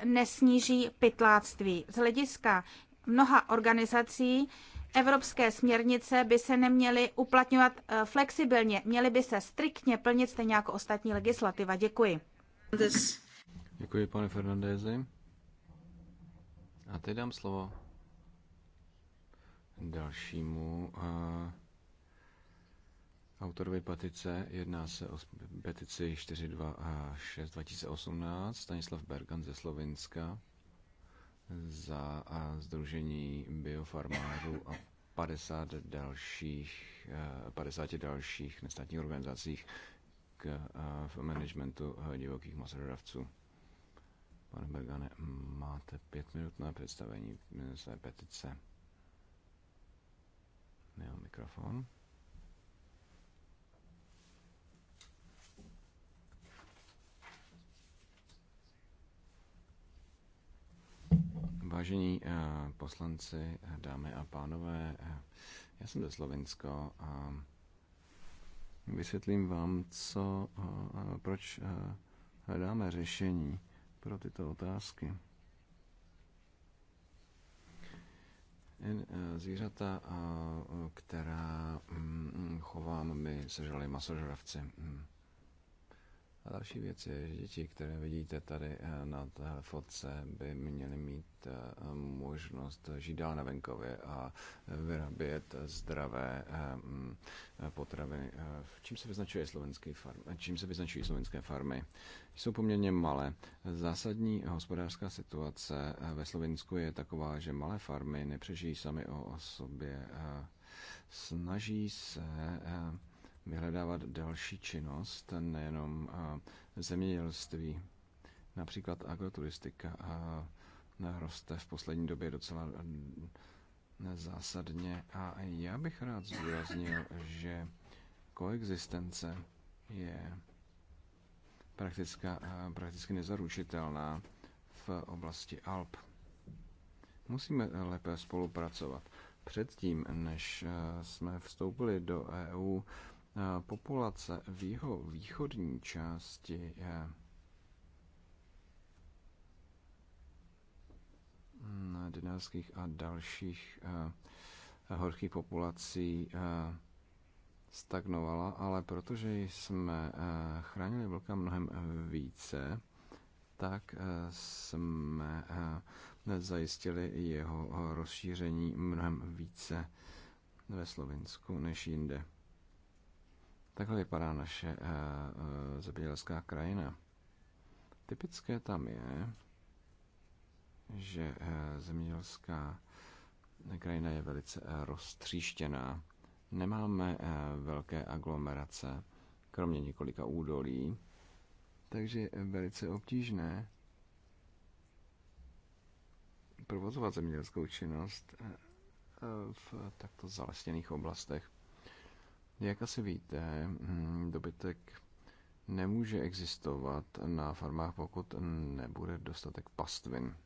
nesníží pytláctví. Z hlediska mnoha organizací evropské směrnice by se neměly uplatňovat flexibilně, měly by se striktně plnit stejně jako ostatní legislativa. Děkuji. This Děkuji, pane Fernandézi. A teď dám slovo dalšímu uh, autorovi petice. Jedná se o petici 426 2018 Stanislav Bergan ze Slovenska za uh, eh, Združení biofarmářů a 50 dalších, uh, eh, 50 dalších nestátních organizacích k uh, managementu uh, divokých masožravců. Pane Bergane, máte pět minut na představení své petice. Jeho mikrofon. Vážení eh, poslanci, dámy a pánové, eh, já jsem ze Slovensko a vysvětlím vám, co, eh, proč hledáme řešení pro tyto otázky. Eh, zvířata, eh, která mm, chovám my, sežrali masožravci. Mm. A další věc je, že děti, které vidíte tady eh, na té fotce, by měly mít eh, možnost žít dál na venkově a vyrábět zdravé eh, mm, potraviny. Čím se, vyznačuje slovenský farm, čím se vyznačují slovenské farmy? Jsou poměrně malé. Zásadní hospodářská situace ve Slovensku je taková, že malé farmy nepřežijí sami o sobě. Snaží se vyhledávat další činnost, nejenom zemědělství. Například agroturistika roste v poslední době docela zásadně a já bych rád zdůraznil, že koexistence je praktická, prakticky nezaručitelná v oblasti Alp. Musíme lépe spolupracovat. Předtím, než jsme vstoupili do EU, Eh, populace v jeho východní části eh, dinarských a dalších eh, horkých populací stagnovala, ale protože jsme chránili vlka mnohem více, tak jsme zajistili jeho rozšíření mnohem více ve Slovinsku než jinde. Takhle vypadá naše eh, eh, zemědělská krajina. Typické tam je, že eh, zemědělská krajina je velice roztříštěná. Nemáme velké aglomerace, kromě několika údolí, takže je velice obtížné provozovat zemědělskou činnost v takto zalesněných oblastech. Jak asi víte, mm, dobytek nemůže existovat na farmách, pokud nebude dostatek pastvin.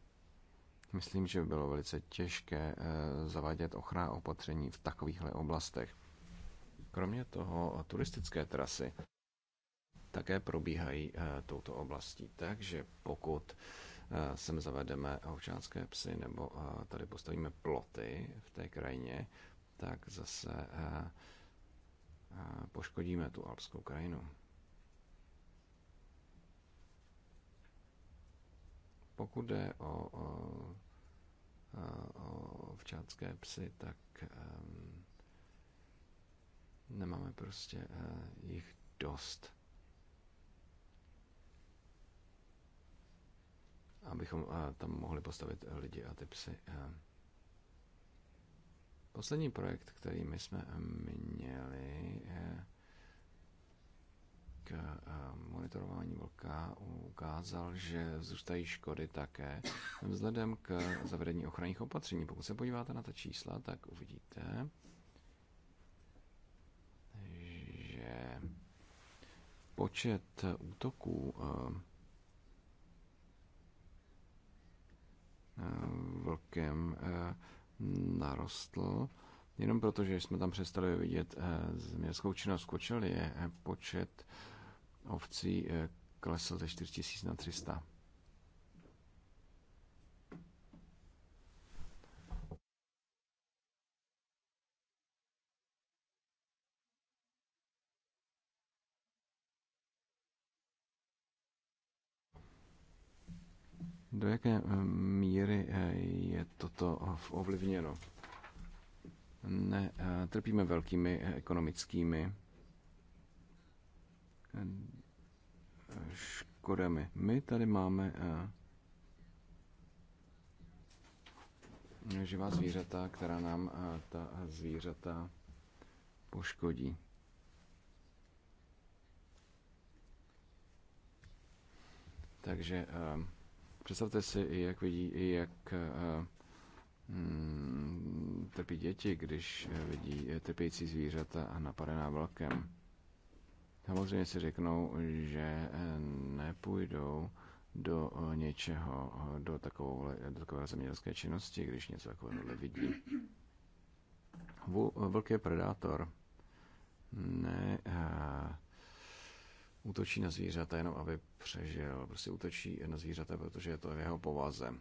Myslím, že by bylo velice těžké eh, zavádět ochranná opatření v takovýchhle oblastech. Kromě toho turistické trasy také probíhají eh, touto oblastí. Takže pokud eh, sem zavedeme ovčánské psy nebo tady postavíme ploty v té krajině, tak zase poškodíme tu alpskou krajinu. Pokud jde o, o, o včátské psy, tak um, nemáme prostě uh, jich dost. Abychom uh, tam mohli postavit lidi a ty psy. Uh. Poslední projekt, který my jsme měli eh, k eh, monitorování vlka, ukázal, že zůstají škody také vzhledem k zavedení ochranných opatření. Pokud se podíváte na ta čísla, tak uvidíte, že počet útoků eh, vlkem narostl. Jenom proto, že jsme tam přestali vidět eh, městskou činnost, skočil je eh, počet ovcí eh, klesl ze 4000 na 300. Do jaké eh, míry eh, je toto eh, ovlivněno? Ne, trpíme velkými ekonomickými škodami. My tady máme živá zvířata, která nám ta zvířata poškodí. Takže Představte si, jak vidí, jak eh, mm, trpí děti, když eh, vidí eh, trpějící zvířata a napadená vlkem. Samozřejmě si řeknou, že nepůjdou do něčeho, do, takovou, do takové zemědělské činnosti, když něco takového vidí. Vlk je predátor. Ne útočí na zvířata jenom, aby přežil. Prostě útočí na zvířata, protože je to v jeho povaze.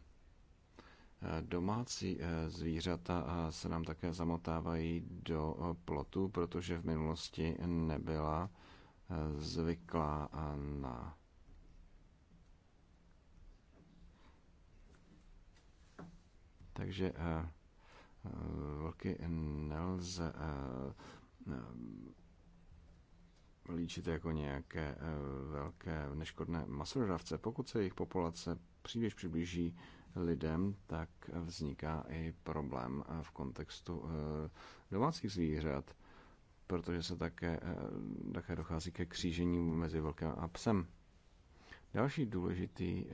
Domácí eh, zvířata eh, se nám také zamotávají do eh, plotu, protože v minulosti nebyla zvyklá na Takže vlky nelze líčit jako nějaké eh, velké neškodné masožravce. Pokud se jejich populace příliš přiblíží lidem, tak vzniká i problém eh, v kontextu eh, domácích zvířat, protože se také, také dochází ke křížení mezi velkým a psem. Další důležitý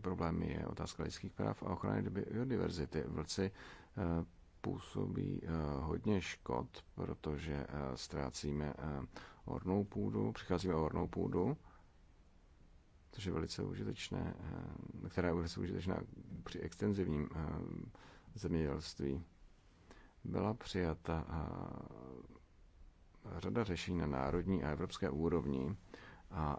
problém je otázka lidských práv a ochrany biodiverzity. Vlci působí hodně škod, protože ztrácíme hornou půdu, přicházíme o hornou půdu, což je velice užitečné, eh, která je velice užitečná při extenzivním eh, zemědělství. Byla přijata eh, řada řešení na národní a evropské úrovni a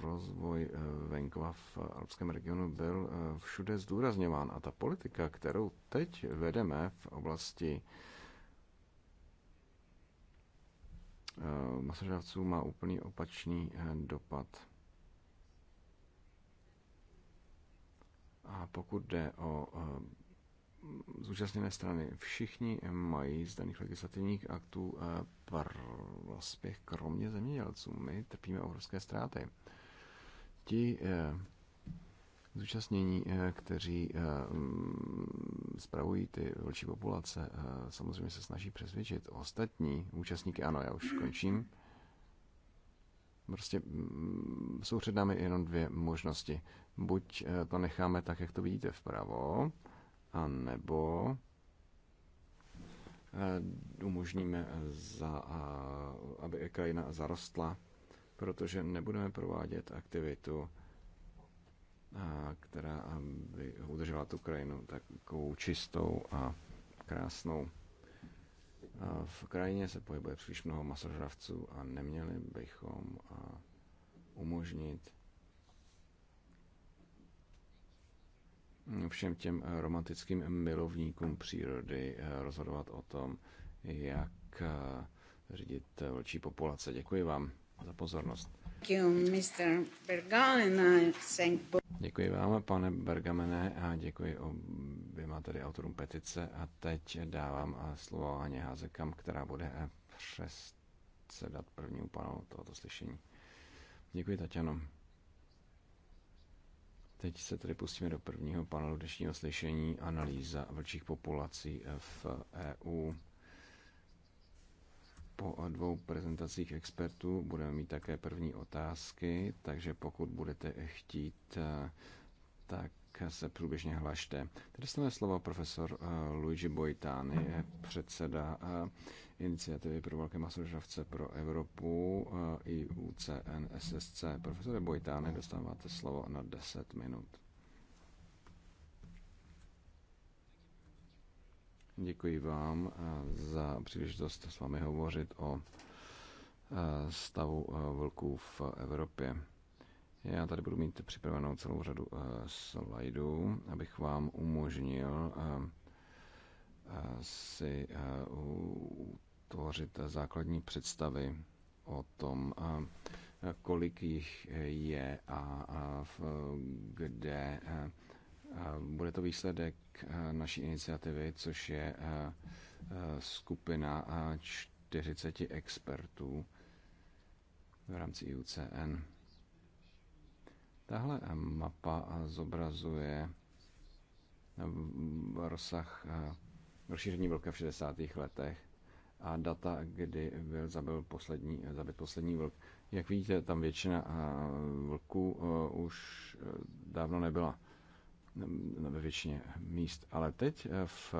rozvoj venkova v alpském regionu byl všude zdůrazněván. A ta politika, kterou teď vedeme v oblasti Eh, masožravců má úplný opačný eh, dopad. A pokud jde o eh, zúčastněné strany, všichni mají z daných legislativních aktů prospěch, kromě zemědělců. My trpíme obrovské ztráty. Ti zúčastnění, eh, kteří eh, mm, spravují ty vlčí populace, eh, samozřejmě se snaží přesvědčit ostatní účastníky. Ano, já už končím. Prostě mm, jsou před námi jenom dvě možnosti. Buď to necháme tak, jak to vidíte vpravo, a nebo umožníme, za, aby krajina zarostla, protože nebudeme provádět aktivitu která by udržela tu krajinu takovou čistou a krásnou. V krajině se pohybuje příliš mnoho masožravců a neměli bychom umožnit všem těm romantickým milovníkům přírody e, rozhodovat o tom, jak e, řídit e, vlčí populace. Děkuji vám za pozornost. Děkuji vám, pane Bergamene, a děkuji oběma tady autorům petice. A teď dávám eh, slovo Aně Házekam, která bude eh, předsedat prvnímu panelu tohoto slyšení. Děkuji, Tatiano. Teď se tedy pustíme do prvního panelu dnešního slyšení analýza vlčích populací eh, v EU. Po dvou prezentacích expertů budeme mít také první otázky, takže pokud budete chtít, eh, tak se průběžně hlašte. Tady dostane slovo profesor eh, Luigi Boitani, předseda eh, iniciativy pro velké masožravce pro Evropu i UCNSSC. Profesore Boitani, dostáváte slovo na 10 minut. Děkuji vám eh, za příležitost s vámi hovořit o eh, stavu eh, vlků v Evropě. Já tady budu mít připravenou celou řadu slajdů, abych vám umožnil si utvořit základní představy o tom, kolik jich je a kde bude to výsledek eh, naší iniciativy, což je eh, eh, skupina 40 expertů v rámci IUCN. Tahle mapa zobrazuje rozsah rozšíření vlka v 60. letech a data, kdy byl zabil poslední, zabit poslední vlk. Jak vidíte, tam většina vlků už dávno nebyla ve většině míst. Ale teď eh, v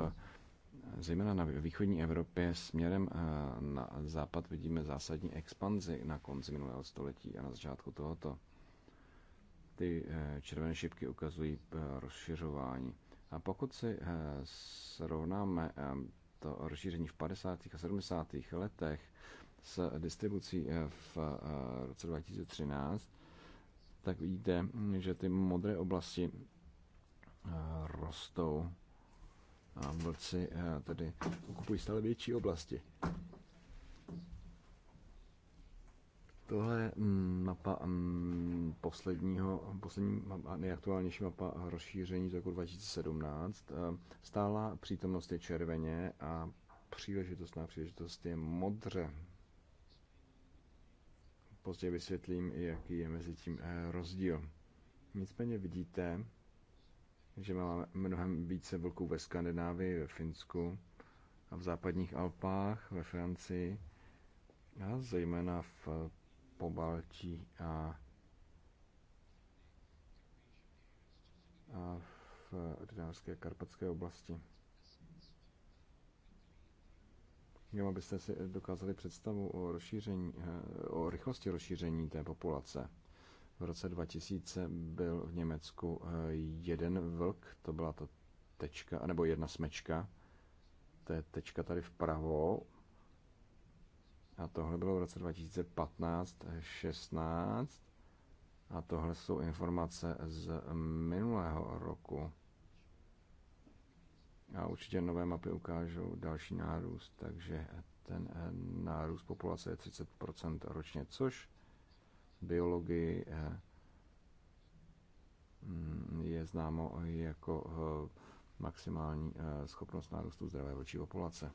zejména na východní Evropě směrem eh, na západ vidíme zásadní expanzi na konci minulého století a na začátku tohoto. Ty eh, červené šipky ukazují rozšiřování. A pokud si srovnáme to rozšíření v 50. a 70. letech s distribucí v roce 2013, tak vidíte, že ty modré oblasti Eh, rostou a vlci eh, tedy okupují stále větší oblasti. Tohle je mm, mapa mm, posledního, poslední a nejaktuálnější mapa rozšíření z roku 2017. Eh, Stála přítomnost je červeně a příležitostná příležitost je modře. Později vysvětlím, jaký je mezi tím rozdíl. Nicméně vidíte, že máme mnohem více vlků ve Skandinávii, ve Finsku a v západních Alpách, ve Francii a zejména v Pobaltí a, a v Dinárské karpatské oblasti. Jo, abyste si dokázali představu o rozšíření, eh, o rychlosti rozšíření té populace. V roce 2000 byl v Německu eh, jeden vlk, to byla ta tečka, nebo jedna smečka. To je tečka tady vpravo. A tohle bylo v roce 2015 16 eh, A tohle jsou informace z minulého roku. A určitě nové mapy ukážou další nárůst, takže ten eh, nárůst populace je 30% ročně, což biologii eh, mm, je známo jako eh, maximální eh, schopnost nárůstu zdravé vlčí populace.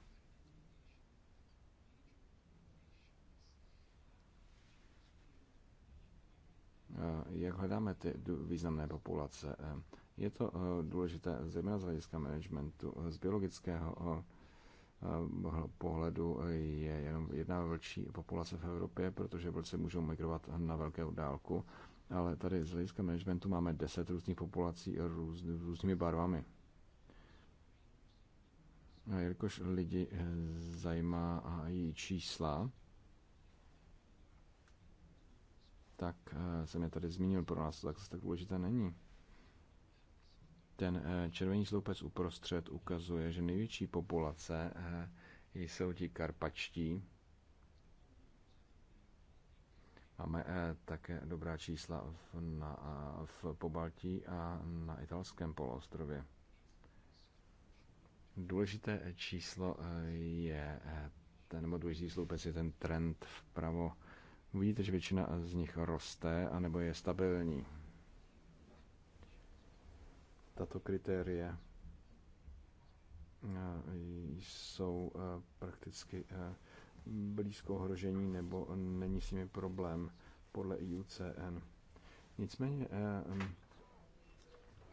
Jak hledáme ty významné populace? Je to důležité zejména z hlediska managementu, z biologického Eh, pohledu eh, je jenom jedna vlčí populace v Evropě, protože vlci můžou migrovat na velkou dálku, ale tady z hlediska managementu máme 10 různých populací růz, různými barvami. A jelikož lidi eh, zajímá její čísla, tak jsem je tady zmínil, pro nás to tak, tak důležité není. Ten eh, červený sloupec uprostřed ukazuje, že největší populace eh, jsou ti karpačtí. Máme eh, také dobrá čísla v, na, v Pobaltí a na italském poloostrově. Důležité číslo je ten, nebo důležitý sloupec je ten trend vpravo. Vidíte, že většina z nich roste, anebo je stabilní tato kritéria eh, jsou eh, prakticky eh, blízko ohrožení nebo není s nimi problém podle IUCN. Nicméně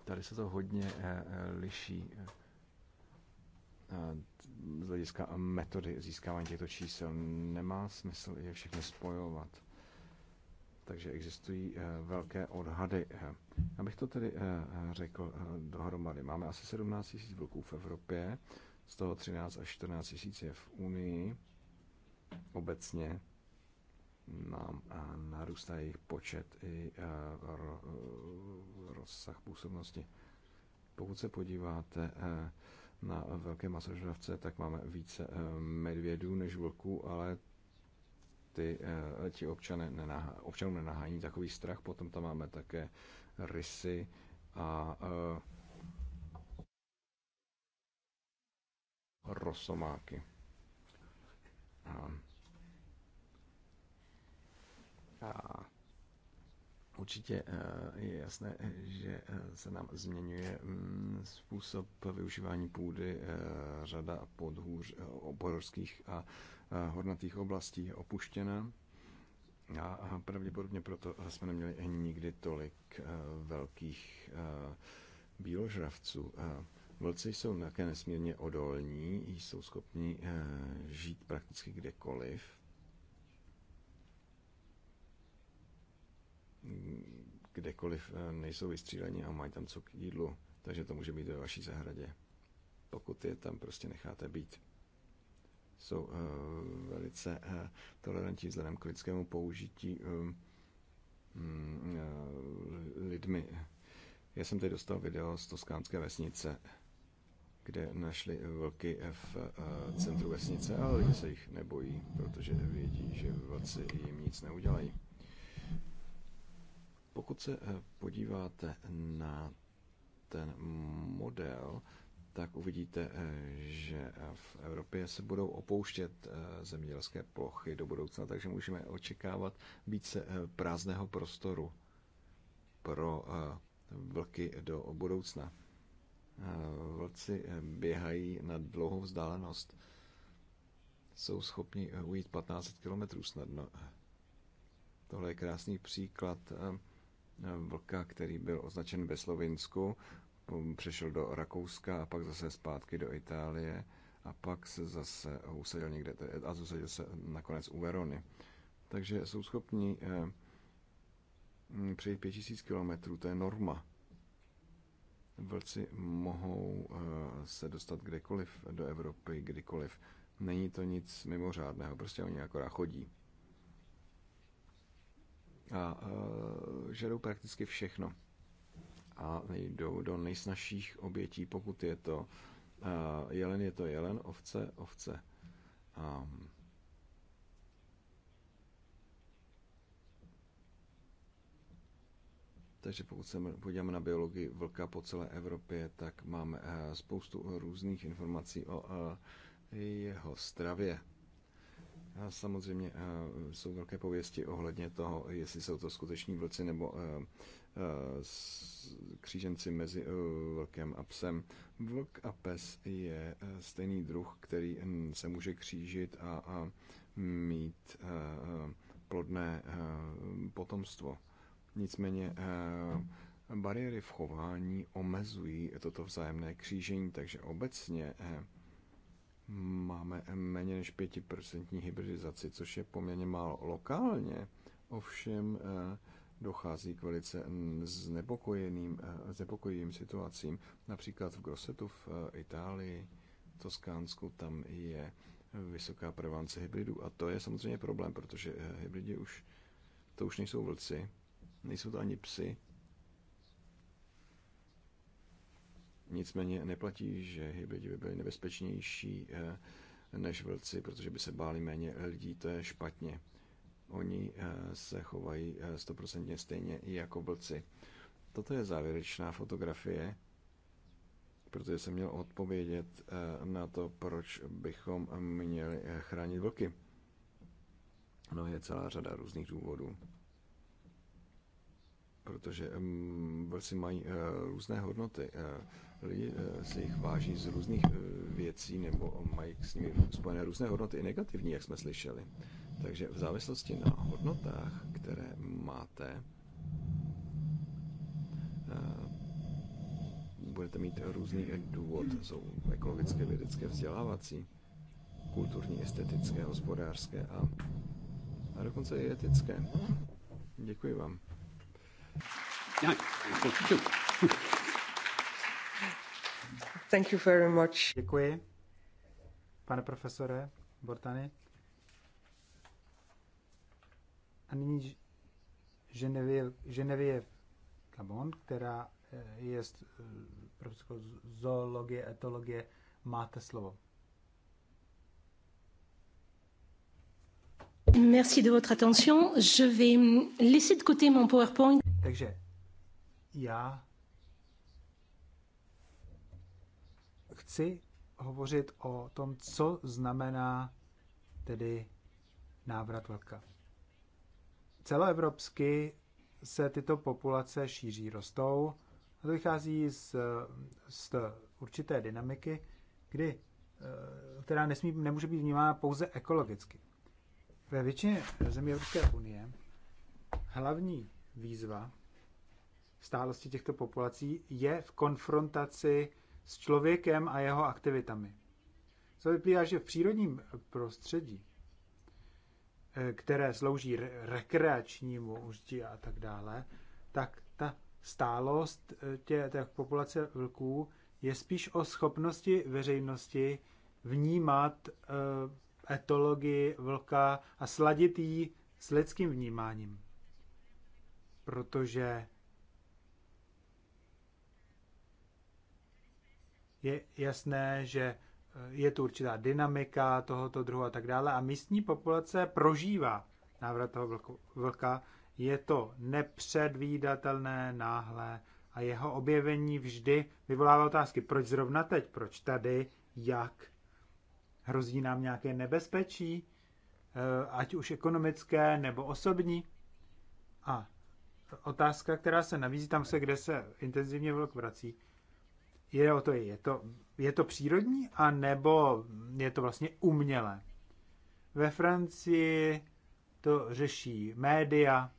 tady se to hodně liší z hlediska metody získávání těchto čísel. Nemá smysl je všechny spojovat takže existují eh, velké odhady. Eh, abych to tedy eh, řekl dohromady, máme asi 17 000 bloků v Evropě, z toho 13 až 14 000 je v Unii. Obecně nám narůstá jejich počet i rozsah působnosti. Pokud se podíváte na velké masožravce, tak máme více medvědů než vlků, ale ty, eh, ti občané nenahá, občanům nenahání takový strach. Potom tam máme také rysy a eh, rosomáky. A, a určitě eh, je jasné, že se nám změňuje mm, způsob využívání půdy, řada podhůř, oborských a Eh, hornatých oblastí je opuštěna. A pravděpodobně proto jsme neměli nikdy tolik eh, velkých eh, bíložravců. Vlci jsou také nesmírně odolní, jsou schopni žít prakticky kdekoliv. Kdekoliv nejsou vystříleni a mají tam co k jídlu, takže to může být ve vaší zahradě, pokud je tam prostě necháte být jsou eh, velice eh, tolerantní vzhledem k lidskému použití eh, mm, lidmi. Já jsem teď dostal video z toskánské vesnice, kde našli vlky v centru vesnice, ale lidi se jich nebojí, protože vědí, že vlci jim nic neudělají. Pokud se podíváte na ten model, tak uvidíte, eh, že eh, v Evropě se budou opouštět eh, zemědělské plochy do budoucna, takže můžeme očekávat více prázdného prostoru pro vlky do budoucna. Vlci běhají na dlouhou vzdálenost. Jsou schopni ujít 15 km snadno. Tohle je krásný příklad vlka, který byl označen ve Slovinsku Ehm, přešel do Rakouska a pak zase zpátky do Itálie a pak se zase usadil někde a usadil se nakonec u Verony. Takže jsou schopni ehm, přejít 5000 kilometrů, to je norma. Vlci mohou ehm, se dostat kdekoliv do Evropy, kdykoliv. Není to nic mimořádného, prostě oni akorát chodí. A žerou prakticky všechno a jdou do nejsnažších obětí, pokud je to jelen, je to jelen, ovce, ovce. Um. Takže pokud se podíváme na biologii vlka po celé Evropě, tak máme spoustu různých informací o jeho stravě. A samozřejmě jsou velké pověsti ohledně toho, jestli jsou to skuteční vlci nebo Eh, kříženci mezi eh, vlkem a psem. Vlk a pes je eh, stejný druh, který mm, se může křížit a, a mít plodné potomstvo. Nicméně bariéry v chování omezují toto vzájemné křížení, takže obecně máme méně než 5% hybridizaci, což je poměrně málo lokálně. Ovšem dochází k velice znepokojeným, eh, znepokojivým situacím. Například v Grossetu v eh, Itálii, Toskánsku, tam je vysoká prevance hybridů. A to je samozřejmě problém, protože eh, hybridi už, to už nejsou vlci, nejsou to ani psy. Nicméně neplatí, že hybridi by byly nebezpečnější než vlci, protože by se báli méně lidí, to je špatně oni eh, se chovají eh, stoprocentně stejně i jako vlci. Toto je závěrečná fotografie, protože jsem měl odpovědět eh, na to, proč bychom měli chránit vlky. No je celá řada různých důvodů. Protože mm, vlci mají různé hodnoty. Lidi si jich váží z různých věcí nebo mají s nimi spojené různé hodnoty i negativní, jak jsme slyšeli. Takže v závislosti na hodnotách, které máte, eh, budete mít různý důvod. Jsou ekologické, vědecké, vzdělávací, kulturní, estetické, hospodářské a, a dokonce i etické. Děkuji vám. Thank you very much. Děkuji, pane profesore Bortany. A nyní Ženevie, Gabon, která eh, je eh, profesorkou zoologie, etologie. Máte slovo. Merci de votre attention. Je vais laisser de côté mon PowerPoint. Takže já chci hovořit o tom, co znamená tedy návrat vlka celoevropsky se tyto populace šíří, rostou. A to vychází z, z určité dynamiky, kdy, eh, která nesmí, nemůže být vnímána pouze ekologicky. Ve většině zemí Evropské unie hlavní výzva stálosti těchto populací je v konfrontaci s člověkem a jeho aktivitami. Co vyplývá, že v přírodním prostředí které slouží rekreačnímu užití a tak dále, tak ta stálost eh, tě, té populace vlků je spíš o schopnosti veřejnosti vnímat eh, etologii vlka a sladit ji s lidským vnímáním. Protože je jasné, že je tu určitá dynamika tohoto druhu a tak dále a místní populace prožívá návrat toho vlka. Je to nepředvídatelné, náhlé a jeho objevení vždy vyvolává otázky, proč zrovna teď, proč tady, jak, hrozí nám nějaké nebezpečí, eh, ať už ekonomické nebo osobní. A otázka, která se navízí tam se, kde se intenzivně vlk vrací, je o to, je to, je to přírodní, a nebo je to vlastně umělé. Ve Francii to řeší média,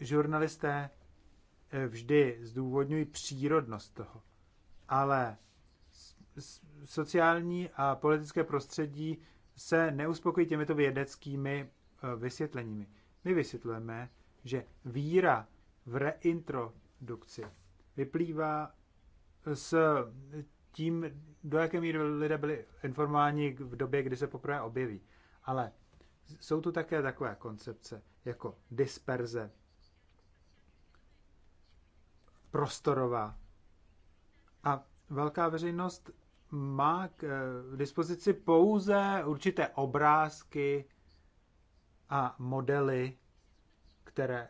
žurnalisté eh, vždy zdůvodňují přírodnost toho. Ale sociální a politické prostředí se neuspokojí těmito vědeckými eh, vysvětleními. My vysvětlujeme, že víra v reintrodukci vyplývá s tím, do jaké míry lidé byli informováni v době, kdy se poprvé objeví. Ale jsou tu také takové koncepce jako disperze, prostorová. A velká veřejnost má k eh, dispozici pouze určité obrázky a modely, které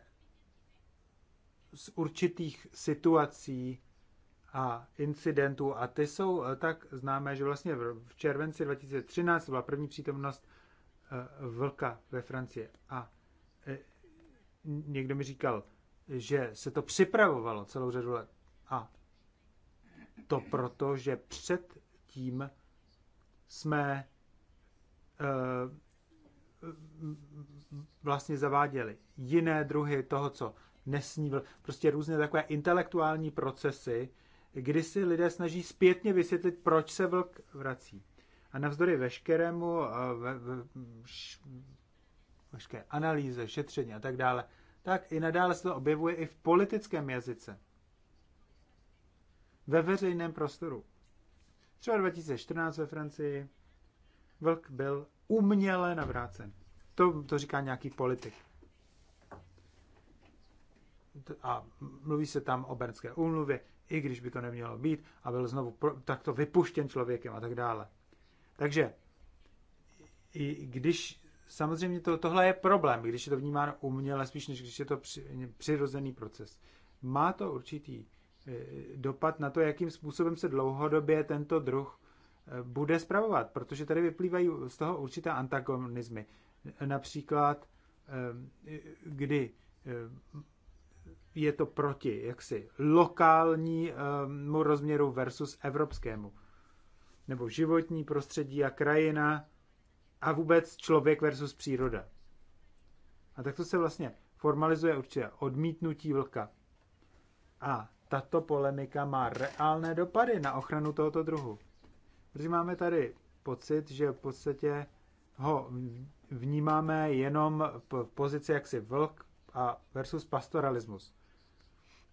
z určitých situací a incidentů a ty jsou eh, tak známé, že vlastně v červenci 2013 byla první přítomnost eh, vlka ve Francii a eh, někdo mi říkal, že se to připravovalo celou řadu let a to proto, že před tím jsme vlastně zaváděli jiné druhy toho, co nesní vlk. Prostě různé takové intelektuální procesy, kdy si lidé snaží zpětně vysvětlit, proč se vlk vrací. A navzdory veškerému eh, ve, ve, veškeré analýze, šetření a tak dále, tak i nadále se to objevuje i v politickém jazyce. Ve veřejném prostoru. Třeba 2014 ve Francii vlk byl uměle navrácen. To, to říká nějaký politik. A mluví se tam o Bernské úmluvě i když by to nemělo být, a byl znovu pro, takto vypuštěn člověkem a tak dále. Takže, i když samozřejmě to, tohle je problém, když je to vnímáno uměle, spíš než když je to při, přirozený proces. Má to určitý e, dopad na to, jakým způsobem se dlouhodobě tento druh e, bude spravovat, protože tady vyplývají z toho určité antagonizmy. Například, e, kdy je to proti jaksi lokálnímu rozměru versus evropskému. Nebo životní prostředí a krajina a vůbec člověk versus příroda. A tak to se vlastně formalizuje určitě odmítnutí vlka. A tato polemika má reálné dopady na ochranu tohoto druhu. Protože máme tady pocit, že v podstatě ho vnímáme jenom v pozici jaksi vlk a versus pastoralismus.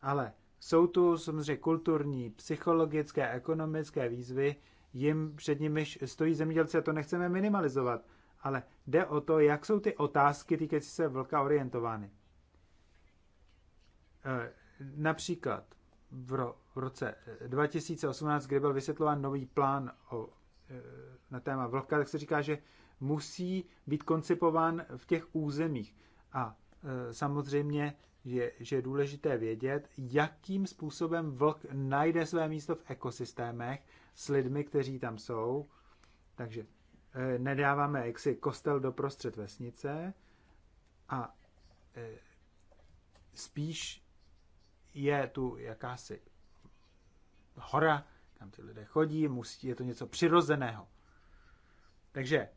Ale jsou tu samozřejmě kulturní, psychologické, ekonomické výzvy, jim před nimi stojí zemědělci a to nechceme minimalizovat. Ale jde o to, jak jsou ty otázky týkající se vlka orientovány. E, například v roce 2018, e, kdy byl vysvětlován nový plán o, e, na téma vlka, tak se říká, že musí být koncipován v těch územích. A samozřejmě je, že je důležité vědět, jakým způsobem vlk najde své místo v ekosystémech s lidmi, kteří tam jsou. Takže e, nedáváme jaksi kostel doprostřed vesnice a e, spíš je tu jakási hora, kam ty lidé chodí, musí, je to něco přirozeného. Takže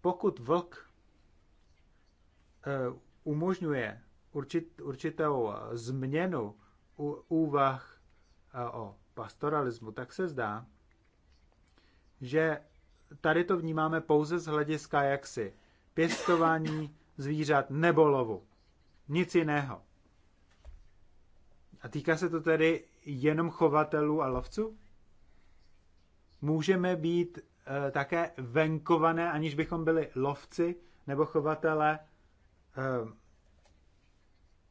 pokud vlk e, umožňuje určit, určitou změnu u, úvah eh, o pastoralismu, tak se zdá, že tady to vnímáme pouze z hlediska jaksi pěstování zvířat nebo lovu. Nic jiného. A týká se to tedy jenom chovatelů a lovců? Můžeme být e, také venkované, aniž bychom byli lovci nebo chovatele e, eh,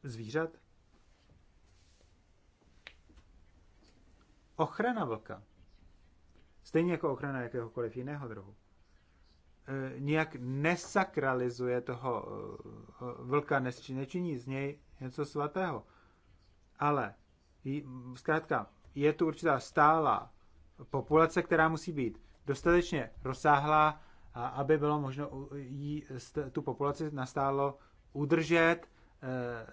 zvířat. Ochrana vlka. Stejně jako ochrana jakéhokoliv jiného druhu. E, nijak nesakralizuje toho e, vlka, nečiní z něj něco svatého. Ale zkrátka, je tu určitá stála populace, která musí být dostatečně rozsáhlá, a aby bylo možno jí, tu populaci nastálo udržet, e,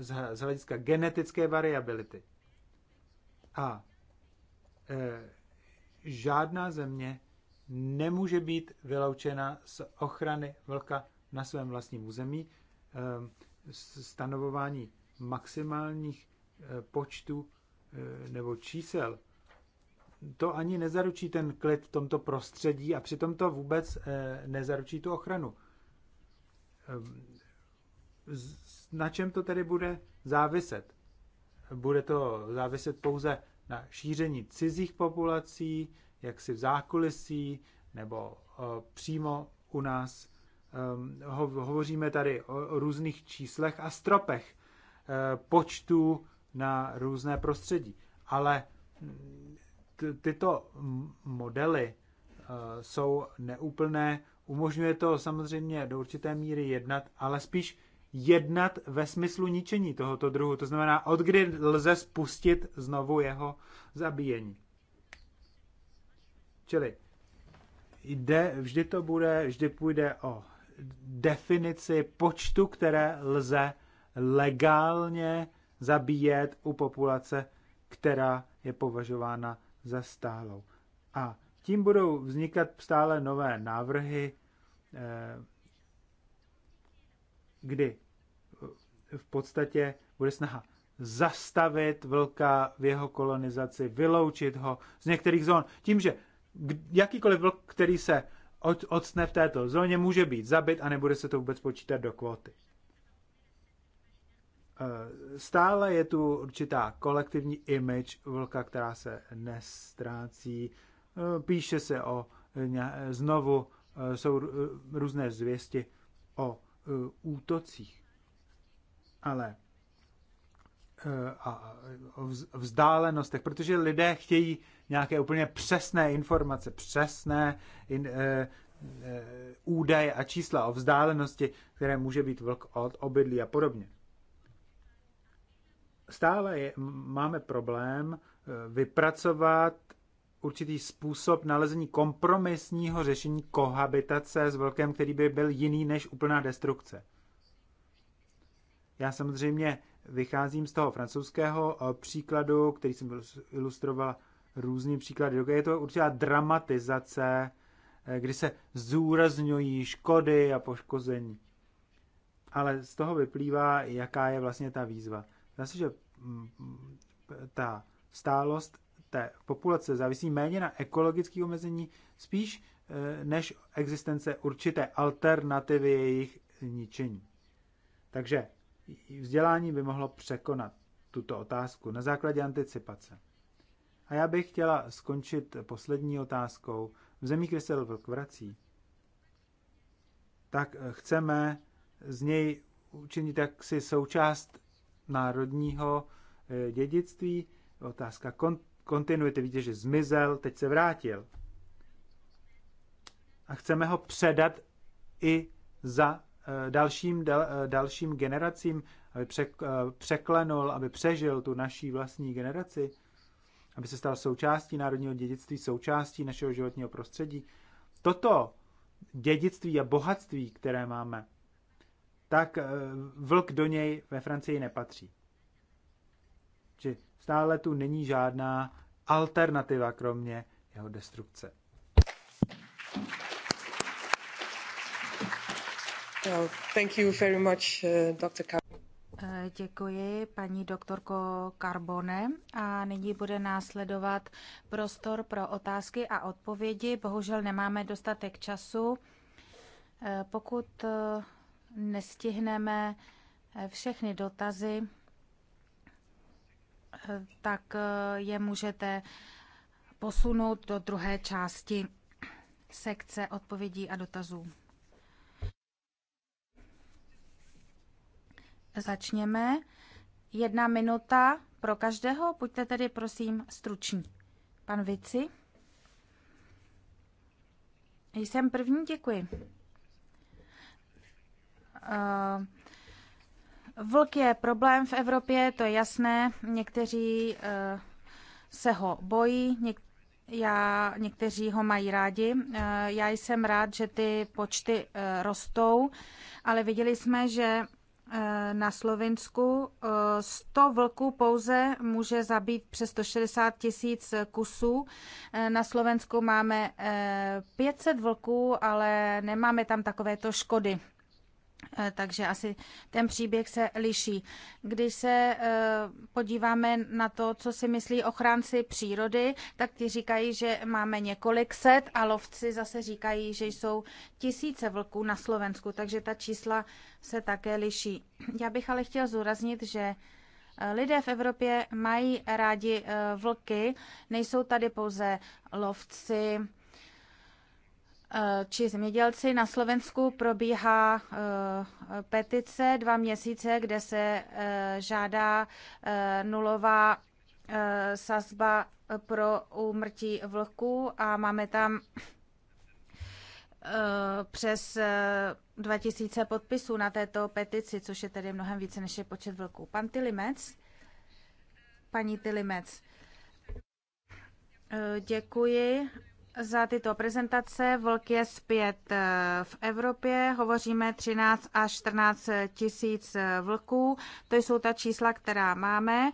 z hlediska genetické variability. A e, žádná země nemůže být vyloučena z ochrany vlka na svém vlastním území. E, stanovování maximálních e, počtů e, nebo čísel to ani nezaručí ten klid v tomto prostředí a přitom to vůbec e, nezaručí tu ochranu. Ehm, na čem to tedy bude záviset? Bude to záviset pouze na šíření cizích populací, jak si v zákulisí, nebo eh, přímo u nás. Ehm, hovoříme tady o různých číslech a stropech eh, počtů na různé prostředí. Ale mm, tyto modely eh, jsou neúplné, umožňuje to samozřejmě do určité míry jednat, ale spíš jednat ve smyslu ničení tohoto druhu, to znamená, od kdy lze spustit znovu jeho zabíjení. Čili jde, vždy to bude, vždy půjde o definici počtu, které lze legálně zabíjet u populace, která je považována za stálou. A tím budou vznikat stále nové návrhy, eh, kdy v podstatě bude snaha zastavit vlka v jeho kolonizaci, vyloučit ho z některých zón. Tím, že jakýkoliv vlk, který se od, odstne v této zóně, může být zabit a nebude se to vůbec počítat do kvóty. Eh, stále je tu určitá kolektivní image vlka, která se nestrácí. Eh, píše se o, eh, znovu jsou různé zvěsti o útocích ale eh, a vzdálenostech, protože lidé chtějí nějaké úplně přesné informace, přesné in, e, e, údaje a čísla o vzdálenosti, které může být vlk od obydlí a podobně. Stále je, máme problém vypracovat určitý způsob nalezení kompromisního řešení kohabitace s vlkem, který by byl jiný než úplná destrukce. Já samozřejmě vycházím z toho francouzského eh, příkladu, který jsem ilustroval různým příklady. Je to určitá dramatizace, eh, kdy se zúrazňují škody a poškození. Ale z toho vyplývá, jaká je vlastně ta výzva. Zase, že mm, mm, ta stálost té populace závisí méně na ekologických omezení, spíš eh, než existence určité alternativy jejich ničení. Takže vzdělání by mohlo překonat tuto otázku na základě anticipace. A já bych chtěla skončit poslední otázkou. V zemí, kde se vlk vrací, tak chceme z něj učinit jaksi součást národního eh, dědictví. Otázka kontinuity. Víte, že zmizel, teď se vrátil. A chceme ho předat i za dalším, dalším generacím, aby eh, překlenul, aby přežil tu naší vlastní generaci, aby se stal součástí národního dědictví, součástí našeho životního prostředí. Toto dědictví a bohatství, které máme, tak eh, vlk do něj ve Francii nepatří. Či stále tu není žádná alternativa kromě jeho destrukce. Uh, eh, děkuji paní doktorko Carbone a nyní bude následovat prostor pro otázky a odpovědi. Bohužel nemáme dostatek času. Eh, pokud eh, nestihneme všechny dotazy, tak je můžete posunout do druhé části sekce odpovědí a dotazů. začněme. Jedna minuta pro každého. Buďte tedy prosím struční. Pan Vici. Jsem první, děkuji. Uh, Vlk je problém v Evropě, to je jasné. Někteří uh, se ho bojí, něk- já, někteří ho mají rádi. Uh, já jsem rád, že ty počty uh, rostou, ale viděli jsme, že Eh, na Slovensku 100 eh, vlků pouze může zabít přes 160 tisíc kusů. Eh, na Slovensku máme 500 vlků, ale nemáme tam takovéto škody. Eh, takže asi ten příběh se liší. Když se eh, podíváme na to, co si myslí ochránci přírody, tak ti říkají, že máme několik set a lovci zase říkají, že jsou tisíce vlků na Slovensku, takže ta čísla se také liší. Já bych ale chtěl zúraznit, že eh, lidé v Evropě mají rádi vlky, nejsou tady pouze lovci, Eh, či zemědělci. Na Slovensku probíhá eh, petice dva měsíce, kde se eh, žádá nulová sazba pro úmrtí vlhků a máme tam přes 2000 podpisů na této petici, což je tedy mnohem více než je počet vlků. Pan Tilimec, paní Tilimec, děkuji za tyto prezentace. Vlk je zpět eh, v Evropě. Hovoříme 13 až 14 tisíc eh, vlků. To jsou ta čísla, která máme.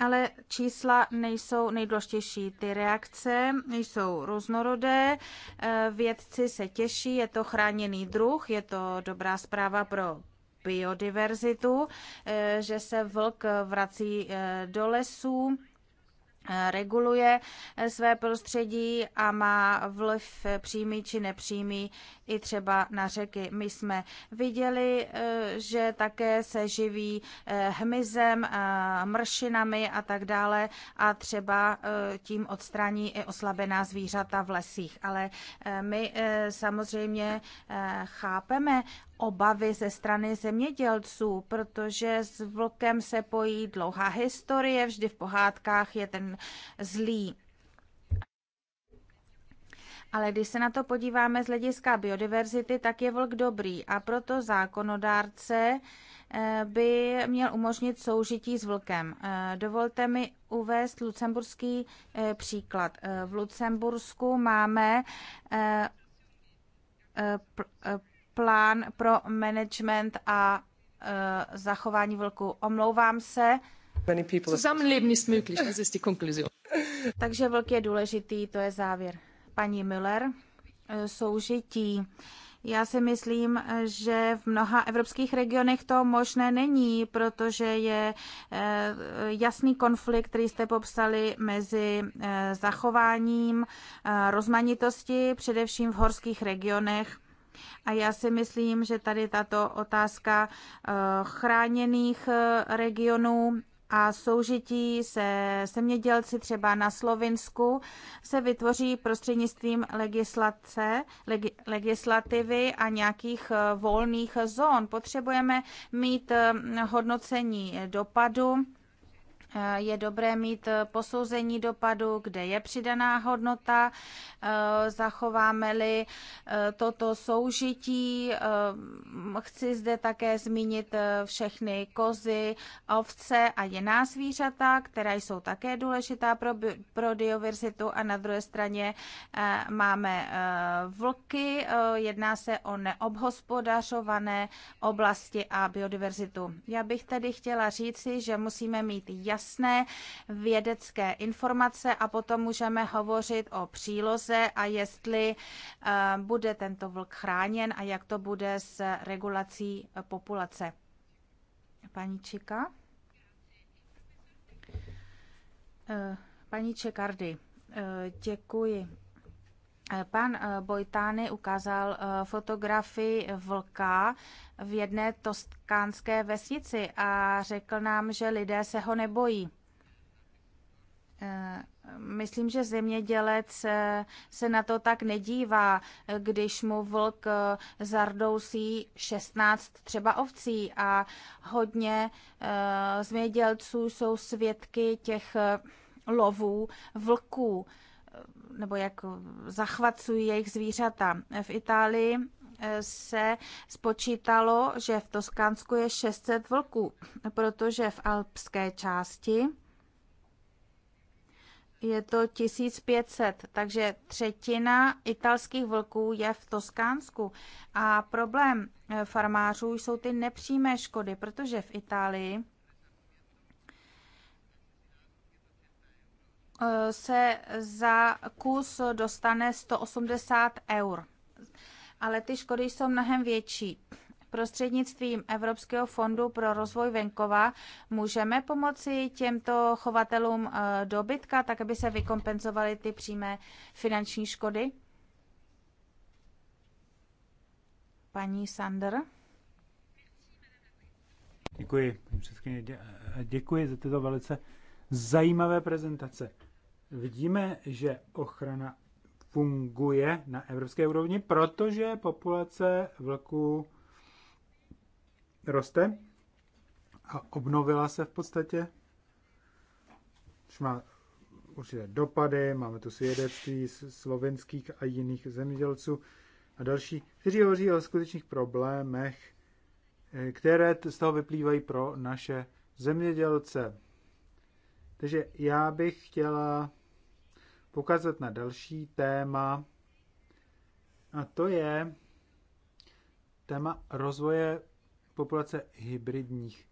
Ale čísla nejsou nejdůležitější. Ty reakce jsou různorodé, eh, vědci se těší, je to chráněný druh, je to dobrá zpráva pro biodiverzitu, že se vlk vrací do lesů Eh, reguluje eh, své prostředí a má vliv eh, přímý či nepřímý i třeba na řeky. My jsme viděli, že také se živí hmyzem, mršinami a tak dále a třeba tím odstraní i oslabená zvířata v lesích. Ale my samozřejmě chápeme obavy ze strany zemědělců, protože s vlkem se pojí dlouhá historie, vždy v pohádkách je ten zlý. Ale když se na to podíváme z hlediska biodiverzity, tak je vlk dobrý a proto zákonodárce eh, by měl umožnit soužití s vlkem. Eh, dovolte mi uvést lucemburský eh, příklad. V Lucembursku máme plán pro management a uh, zachování vlku. Omlouvám se. Takže vlk je důležitý, to je závěr. Paní Müller, eh, soužití. Já si myslím, že v mnoha evropských regionech to možné není, protože je eh, jasný konflikt, který jste popsali mezi zachováním rozmanitosti, především v horských regionech a já si myslím, že tady tato otázka eh, chráněných eh, regionů a soužití se semědělci třeba na Slovinsku se vytvoří prostřednictvím legislace, leg, legislativy a nějakých eh, volných zón. Potřebujeme mít hodnocení dopadu Eh, je dobré mít eh, posouzení dopadu, kde je přidaná hodnota, eh, zachováme-li toto soužití. Chci zde také zmínit všechny kozy, ovce a jiná zvířata, která jsou také důležitá pro, pro biodiverzitu a na druhé straně máme vlky, jedná se o neobhospodařované oblasti a biodiverzitu. Já bych tedy chtěla říci, že musíme mít jasný jasné vědecké informace a potom můžeme hovořit o příloze a jestli eh, bude tento vlk chráněn a jak to bude s regulací eh, populace. Paní Čika? Eh, paní Čekardy, děkuji. Eh, pan eh, Bojtány ukázal eh, fotografii vlka v jedné toskánské vesnici a řekl nám, že lidé se ho nebojí. Myslím, že zemědělec se na to tak nedívá, když mu vlk zardousí 16 třeba ovcí a hodně zemědělců jsou svědky těch lovů vlků nebo jak zachvacují jejich zvířata. V Itálii eh, se spočítalo, že v Toskánsku je 600 vlků, protože v alpské části je to 1500, takže třetina italských vlků je v Toskánsku. A problém eh, farmářů jsou ty nepřímé škody, protože v Itálii se za kus dostane 180 eur. Ale ty škody jsou mnohem větší. Prostřednictvím Evropského fondu pro rozvoj venkova můžeme pomoci těmto chovatelům eh, dobytka, tak aby se vykompenzovaly ty přímé finanční škody? Paní Sander. Děkuji, paní předsedkyně. Děkuji za tyto velice zajímavé prezentace. Vidíme, že ochrana funguje na evropské úrovni, protože populace vlků roste a obnovila se v podstatě. Už má určité dopady, máme tu svědectví slovenských a jiných zemědělců a další, kteří hovoří o skutečných problémech, eh, které z toho vyplývají pro naše zemědělce. Takže já bych chtěla pokazat na další téma, a to je téma rozvoje populace hybridních,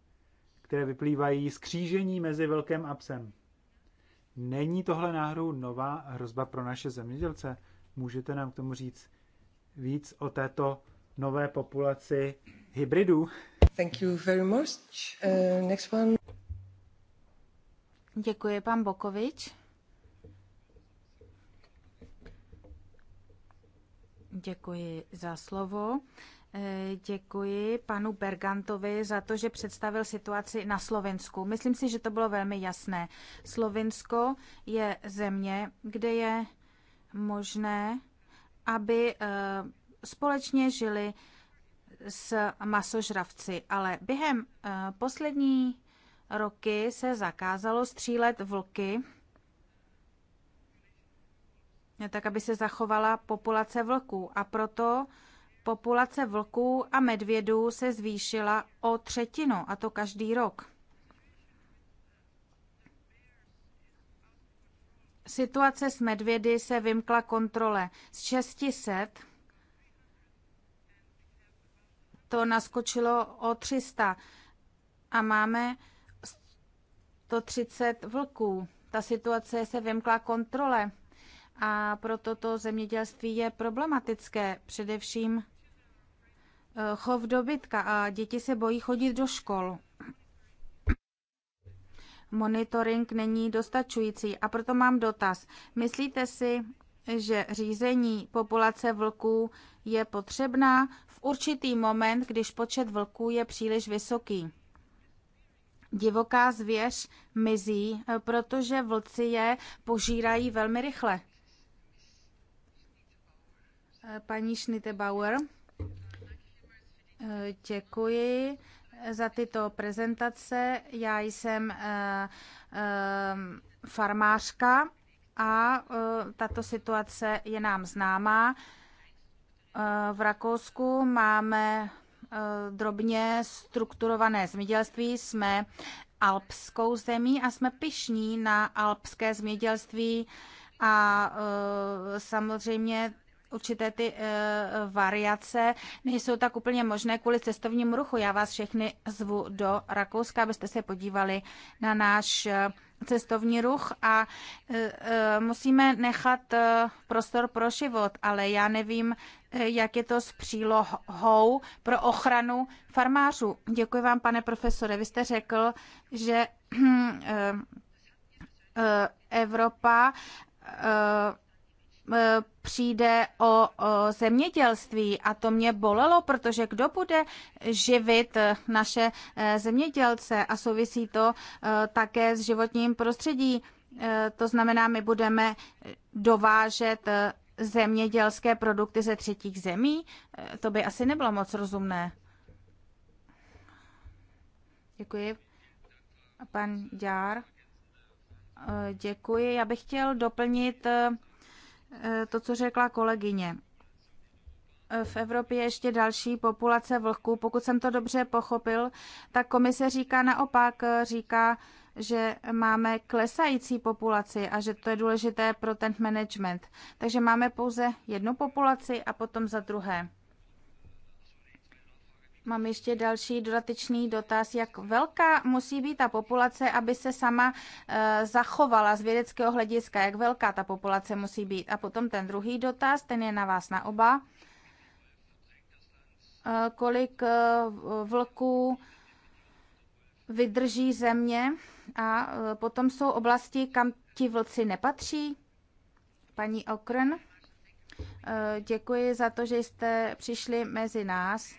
které vyplývají z křížení mezi velkým a psem. Není tohle náhodou nová hrozba pro naše zemědělce? Můžete nám k tomu říct víc o této nové populaci hybridů? Thank you very much. Uh, next one. Děkuji, pan Bokovič. Děkuji za slovo. Eh, děkuji panu Bergantovi za to, že představil situaci na Slovensku. Myslím si, že to bylo velmi jasné. Slovensko je země, kde je možné, aby eh, společně žili s masožravci, ale během eh, poslední roky se zakázalo střílet vlky, tak aby se zachovala populace vlků. A proto populace vlků a medvědů se zvýšila o třetinu, a to každý rok. Situace s medvědy se vymkla kontrole. Z 600 to naskočilo o 300 a máme 130 vlků. Ta situace se vymkla kontrole a proto to zemědělství je problematické, především eh, chov dobytka a děti se bojí chodit do škol. Monitoring není dostačující a proto mám dotaz. Myslíte si, že řízení populace vlků je potřebná v určitý moment, když počet vlků je příliš vysoký? divoká zvěř mizí, eh, protože vlci je požírají velmi rychle. Eh, paní Schnittebauer, eh, děkuji za tyto prezentace. Já jsem farmářka a tato situace je nám známá. V Rakousku máme Eh, drobně strukturované zemědělství, jsme alpskou zemí a jsme pišní na alpské zemědělství a eh, samozřejmě určité ty e, variace nejsou tak úplně možné kvůli cestovnímu ruchu. Já vás všechny zvu do Rakouska, abyste se podívali na náš cestovní ruch a e, e, musíme nechat e, prostor pro život, ale já nevím, jak je to s přílohou pro ochranu farmářů. Děkuji vám, pane profesore. Vy jste řekl, že hm, Evropa E, přijde o, zemědělství a to mě bolelo, protože kdo bude živit naše e, zemědělce a souvisí to e, také s životním prostředí. To znamená, my budeme dovážet zemědělské produkty ze třetích zemí. To by asi nebylo moc rozumné. Děkuji. Pan Dár. Děkuji. Já bych chtěl doplnit Eh, to, co řekla kolegyně. Eh, v Evropě je ještě další populace vlhků. Pokud jsem to dobře pochopil, tak komise říká naopak, eh, říká, že máme klesající populaci a že to je důležité pro ten management. Takže máme pouze jednu populaci a potom za druhé. Mám ještě další dodatečný dotaz. Jak velká musí být ta populace, aby se sama e, zachovala z vědeckého hlediska? Jak velká ta populace musí být? A potom ten druhý dotaz, ten je na vás na oba. E, kolik e, vlků vydrží země? A e, potom jsou oblasti, kam ti vlci nepatří? Paní Okren, e, děkuji za to, že jste přišli mezi nás.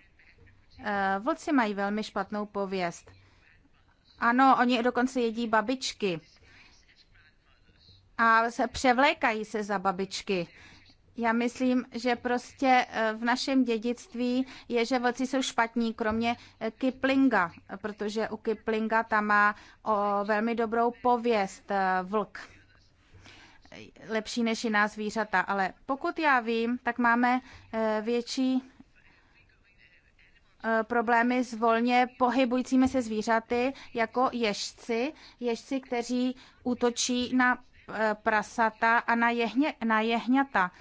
Eh, vlci mají velmi špatnou pověst. Ano, oni dokonce jedí babičky a se převlékají se za babičky. Já myslím, že prostě eh, v našem dědictví je, že vlci jsou špatní, kromě eh, Kiplinga, protože u Kiplinga tam má o velmi dobrou pověst vlk. Lepší než jiná zvířata, ale pokud já vím, tak máme větší Eh, problémy s volně pohybujícími se zvířaty, jako ježci, ježci, kteří útočí na eh, prasata a na, jehně, na jehňata.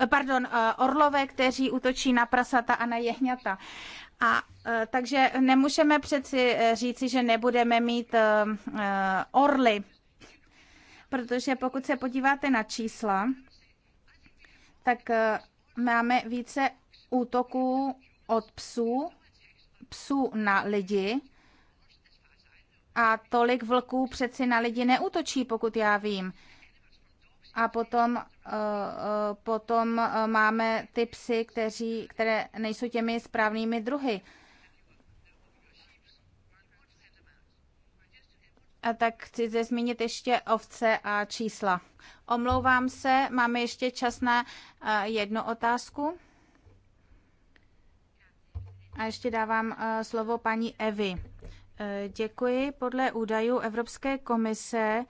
Eh, pardon, orlové, kteří útočí na prasata a na jehňata. A takže nemůžeme přeci říci, že nebudeme mít orly, protože pokud se podíváte na čísla, tak máme více útoků od psů, psů na lidi. A tolik vlků přeci na lidi neútočí, pokud já vím. A potom, eh, eh, potom eh, máme ty psy, kteří, které nejsou těmi správnými druhy. A tak chci zde zmínit ještě ovce a čísla. Omlouvám se, máme ještě čas na jednu otázku. A ještě dávám eh, slovo paní Evi. Eh, děkuji. Podle údajů Evropské komise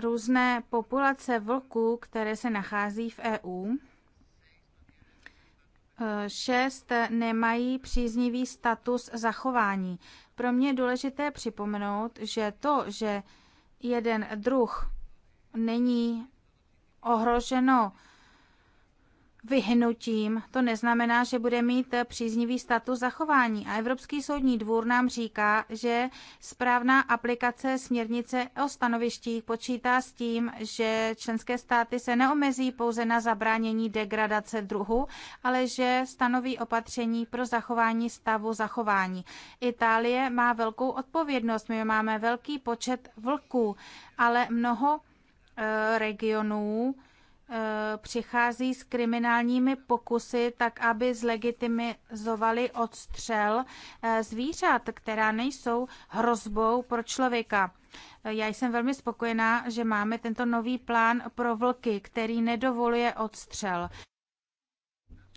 různé populace vlků, které se nachází v EU, eh, šest nemají příznivý status zachování. Pro mě je důležité připomenout, že to, že jeden druh není ohroženo vyhnutím, to neznamená, že bude mít příznivý status zachování. A Evropský soudní dvůr nám říká, že správná aplikace směrnice o stanovištích počítá s tím, že členské státy se neomezí pouze na zabránění degradace druhu, ale že stanoví opatření pro zachování stavu zachování. Itálie má velkou odpovědnost. My máme velký počet vlků, ale mnoho eh, regionů, Eh, přichází s kriminálními pokusy, tak aby zlegitimizovali odstřel eh, zvířat, která nejsou hrozbou pro člověka. Eh, já jsem velmi spokojená, že máme tento nový plán pro vlky, který nedovoluje odstřel.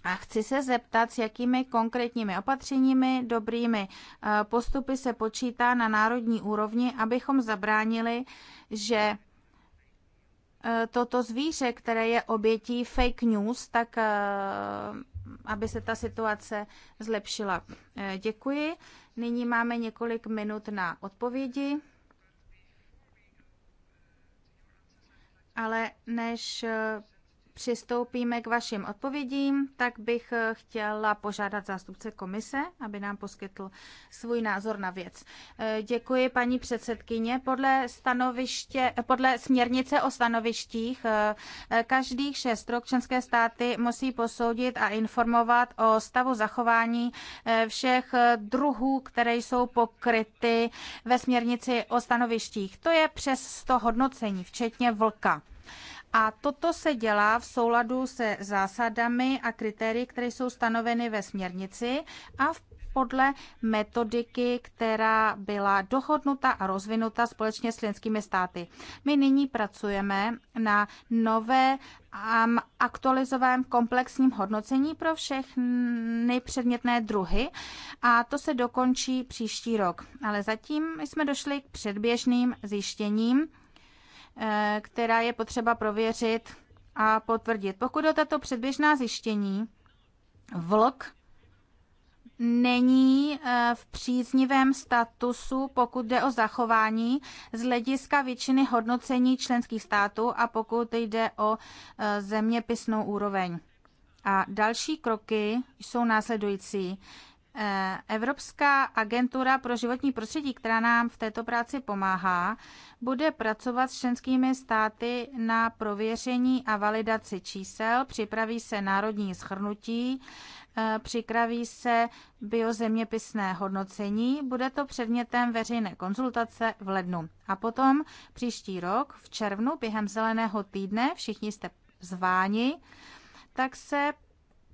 A chci se zeptat, s jakými konkrétními opatřeními, dobrými postupy se počítá na národní úrovni, abychom zabránili, že Eh, toto zvíře, které je obětí fake news, tak eh, aby se ta situace zlepšila. Eh, děkuji. Nyní máme několik minut na odpovědi. Ale než přistoupíme k vašim odpovědím, tak bych eh, chtěla požádat zástupce komise, aby nám poskytl svůj názor na věc. Eh, děkuji, paní předsedkyně. Podle, stanoviště, eh, podle směrnice o stanovištích každých šest rok členské státy musí posoudit a informovat o stavu zachování všech druhů, které jsou pokryty ve směrnici o stanovištích. To je přes 100 hodnocení, včetně vlka. A toto se dělá v souladu se zásadami a kritérii, které jsou stanoveny ve směrnici a v podle metodiky, která byla dohodnuta a rozvinuta společně s členskými státy. My nyní pracujeme na nové um, aktualizovaném komplexním hodnocení pro všechny předmětné druhy a to se dokončí příští rok. Ale zatím jsme došli k předběžným zjištěním Eh, která je potřeba prověřit a potvrdit. Pokud o tato předběžná zjištění, vlk není eh, v příznivém statusu, pokud jde o zachování z hlediska většiny hodnocení členských států a pokud jde o eh, zeměpisnou úroveň. A další kroky jsou následující. Evropská agentura pro životní prostředí, která nám v této práci pomáhá, bude pracovat s členskými státy na prověření a validaci čísel, připraví se národní schrnutí, eh, připraví se biozeměpisné hodnocení, bude to předmětem veřejné konzultace v lednu. A potom příští rok v červnu během zeleného týdne, všichni jste zváni, tak se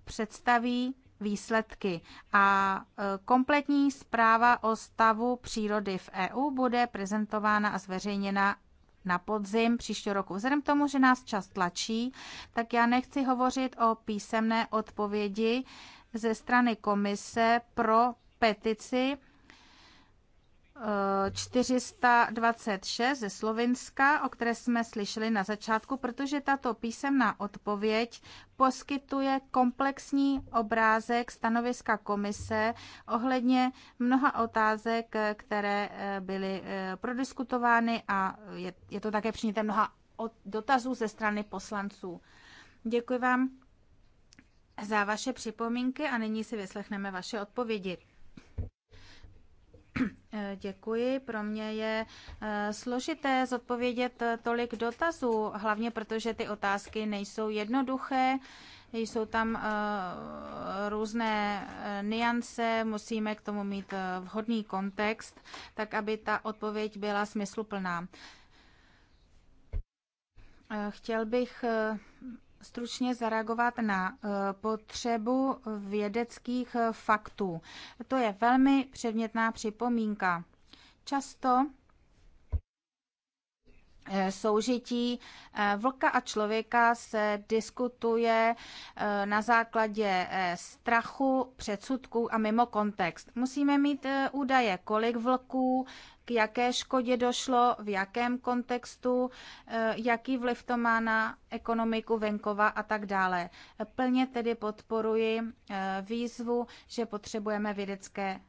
představí výsledky. A e, kompletní zpráva o stavu přírody v EU bude prezentována a zveřejněna na podzim příštího roku. Vzhledem k tomu, že nás čas tlačí, tak já nechci hovořit o písemné odpovědi ze strany komise pro petici 426 ze Slovinska, o které jsme slyšeli na začátku, protože tato písemná odpověď poskytuje komplexní obrázek stanoviska komise ohledně mnoha otázek, které eh, byly eh, prodiskutovány a je, je to také přiněte mnoha dotazů ze strany poslanců. Děkuji vám za vaše připomínky a nyní si vyslechneme vaše odpovědi. Eh, děkuji. Pro mě je eh, složité zodpovědět eh, tolik dotazů, hlavně protože ty otázky nejsou jednoduché. Jsou tam různé niance, musíme k tomu mít vhodný kontext, tak aby ta odpověď byla smysluplná. Chtěl bych stručně zareagovat na eh, potřebu vědeckých eh, faktů. To je velmi předmětná připomínka. Často eh, soužití vlka a člověka se diskutuje na základě strachu, předsudků a mimo kontext. Musíme mít údaje, kolik vlků jaké škodě došlo, v jakém kontextu, eh, jaký vliv to má na ekonomiku venkova a tak dále. Plně tedy podporuji eh, výzvu, že potřebujeme vědecké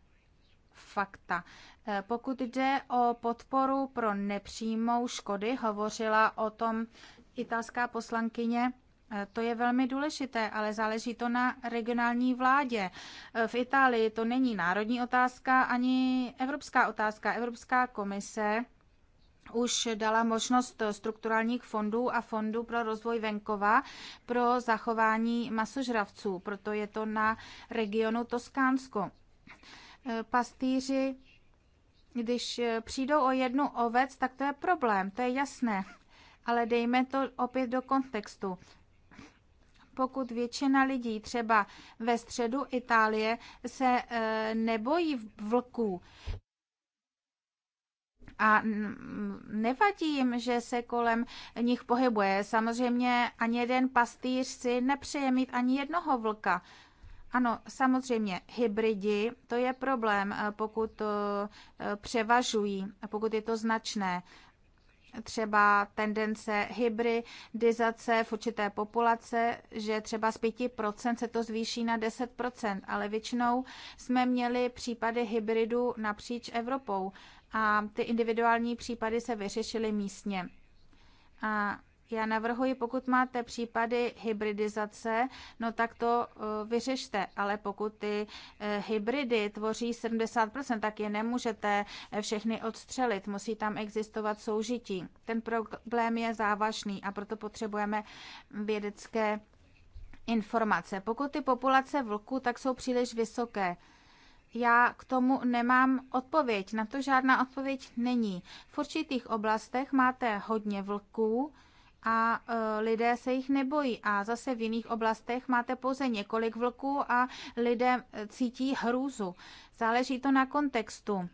fakta. Eh, pokud jde o podporu pro nepřímou škody, hovořila o tom italská poslankyně, to je velmi důležité, ale záleží to na regionální vládě. V Itálii to není národní otázka ani evropská otázka. Evropská komise už dala možnost strukturálních fondů a fondů pro rozvoj venkova pro zachování masožravců, proto je to na regionu Toskánsko. Pastýři, když přijdou o jednu ovec, tak to je problém, to je jasné. Ale dejme to opět do kontextu pokud většina lidí třeba ve středu Itálie se e, nebojí vlků, a nevadí jim, že se kolem nich pohybuje. Samozřejmě ani jeden pastýř si nepřeje mít ani jednoho vlka. Ano, samozřejmě, hybridi, to je problém, e, pokud e, převažují, pokud je to značné třeba tendence hybridizace v určité populace, že třeba z 5% se to zvýší na 10%, ale většinou jsme měli případy hybridu napříč Evropou a ty individuální případy se vyřešily místně. A já navrhuji, pokud máte případy hybridizace, no tak to eh, vyřešte, ale pokud ty eh, hybridy tvoří 70%, tak je nemůžete eh, všechny odstřelit, musí tam existovat soužití. Ten problém je závažný a proto potřebujeme vědecké informace. Pokud ty populace vlků, tak jsou příliš vysoké. Já k tomu nemám odpověď, na to žádná odpověď není. V určitých oblastech máte hodně vlků, a e, lidé se jich nebojí. A zase v jiných oblastech máte pouze několik vlků a lidé e, cítí hrůzu. Záleží to na kontextu.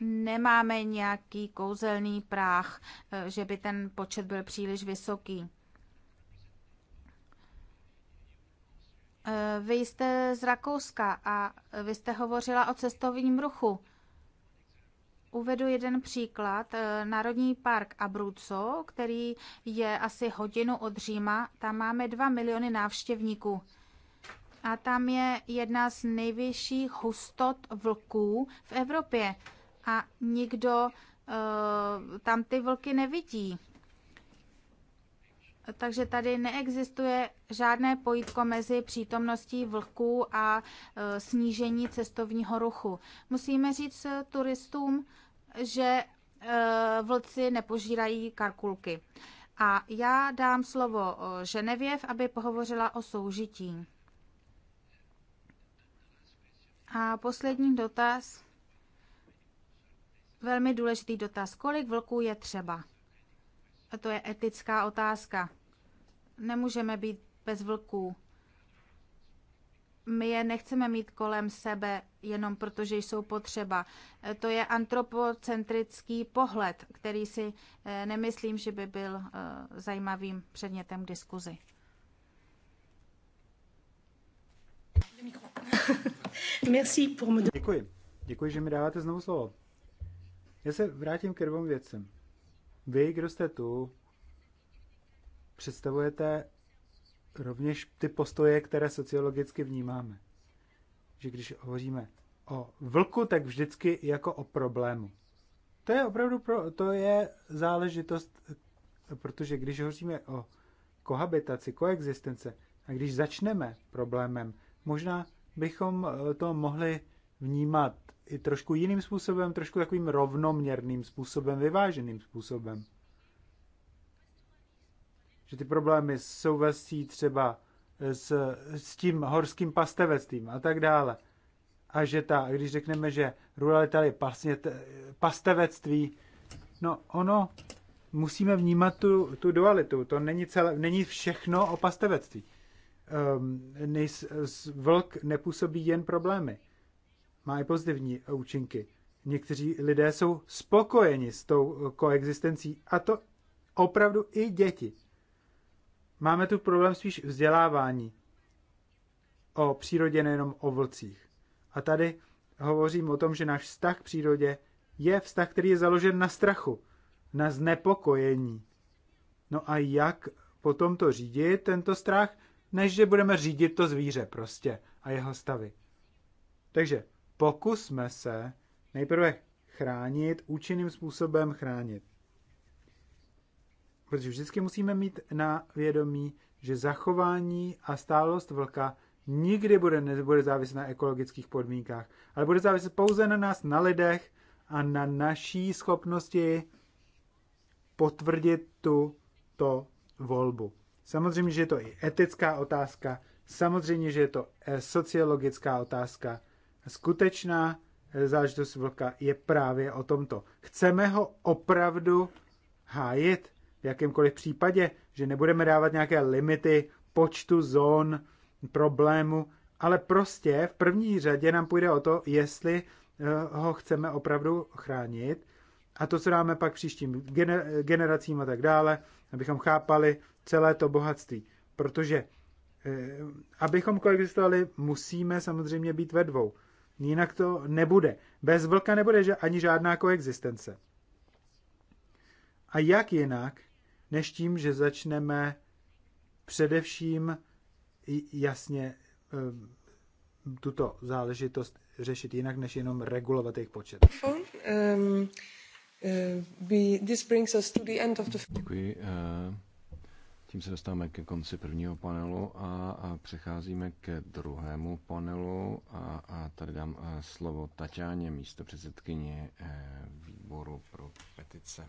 Nemáme nějaký kouzelný práh, e, že by ten počet byl příliš vysoký. Vy jste z Rakouska a vy jste hovořila o cestovním ruchu. Uvedu jeden příklad. Eh, Národní park Abruzzo, který je asi hodinu od Říma, tam máme 2 miliony návštěvníků. A tam je jedna z nejvyšších hustot vlků v Evropě. A nikdo uh, tam ty vlky nevidí. Takže tady neexistuje žádné pojítko mezi přítomností vlků a eh, snížení cestovního ruchu. Musíme říct turistům, že e, vlci nepožírají karkulky. A já dám slovo e, Ženevěv, aby pohovořila o soužití. A poslední dotaz, velmi důležitý dotaz. Kolik vlků je třeba? A to je etická otázka. Nemůžeme být bez vlků my je nechceme mít kolem sebe jenom proto, že jsou potřeba. E, to je antropocentrický pohled, který si e, nemyslím, že by byl e, zajímavým předmětem diskuzi. Děkuji. Děkuji, že mi dáváte znovu slovo. Já se vrátím k dvou věcem. Vy, kdo jste tu, představujete rovněž ty postoje, které sociologicky vnímáme. Že když hovoříme o vlku, tak vždycky jako o problému. To je opravdu pro, to je záležitost, protože když hovoříme o kohabitaci, koexistence, a když začneme problémem, možná bychom eh, to mohli vnímat i trošku jiným způsobem, trošku takovým rovnoměrným způsobem, vyváženým způsobem že ty problémy souvisí třeba s, s tím horským pastevectvím a tak dále. A že ta, když řekneme, že ruralita je pasně, pastevectví, no ono, musíme vnímat tu, tu dualitu. To není, celé, není všechno o pastevectví. Um, ehm, nejs, vlk nepůsobí jen problémy. Má i pozitivní účinky. Někteří lidé jsou spokojeni s tou koexistencí a to opravdu i děti. Máme tu problém spíš vzdělávání o přírodě, nejenom o vlcích. A tady hovořím o tom, že náš vztah k přírodě je vztah, který je založen na strachu, na znepokojení. No a jak potom to řídit, tento strach, než že budeme řídit to zvíře prostě a jeho stavy. Takže pokusme se nejprve chránit, účinným způsobem chránit. Protože vždycky musíme mít na vědomí, že zachování a stálost vlka nikdy bude, nebude záviset na ekologických podmínkách, ale bude záviset pouze na nás, na lidech a na naší schopnosti potvrdit tu to volbu. Samozřejmě, že je to i etická otázka, samozřejmě, že je to e, sociologická otázka. Skutečná e, záležitost vlka je právě o tomto. Chceme ho opravdu hájit? jakýmkoliv případě, že nebudeme dávat nějaké limity počtu zón, problému, ale prostě v první řadě nám půjde o to, jestli eh, ho chceme opravdu chránit a to, co dáme pak příštím gener generacím a tak dále, abychom chápali celé to bohatství. Protože eh, abychom koexistovali, musíme samozřejmě být ve dvou. Jinak to nebude. Bez vlka nebude ani žádná koexistence. A jak jinak než tím, že začneme především jasně eh, tuto záležitost řešit jinak, než jenom regulovat jejich počet. Um, uh, Děkuji. Eh, tím se dostáváme ke konci prvního panelu a, přecházíme ke druhému panelu a, a tady dám eh, slovo Tatáně, místo předsedkyně výboru pro petice,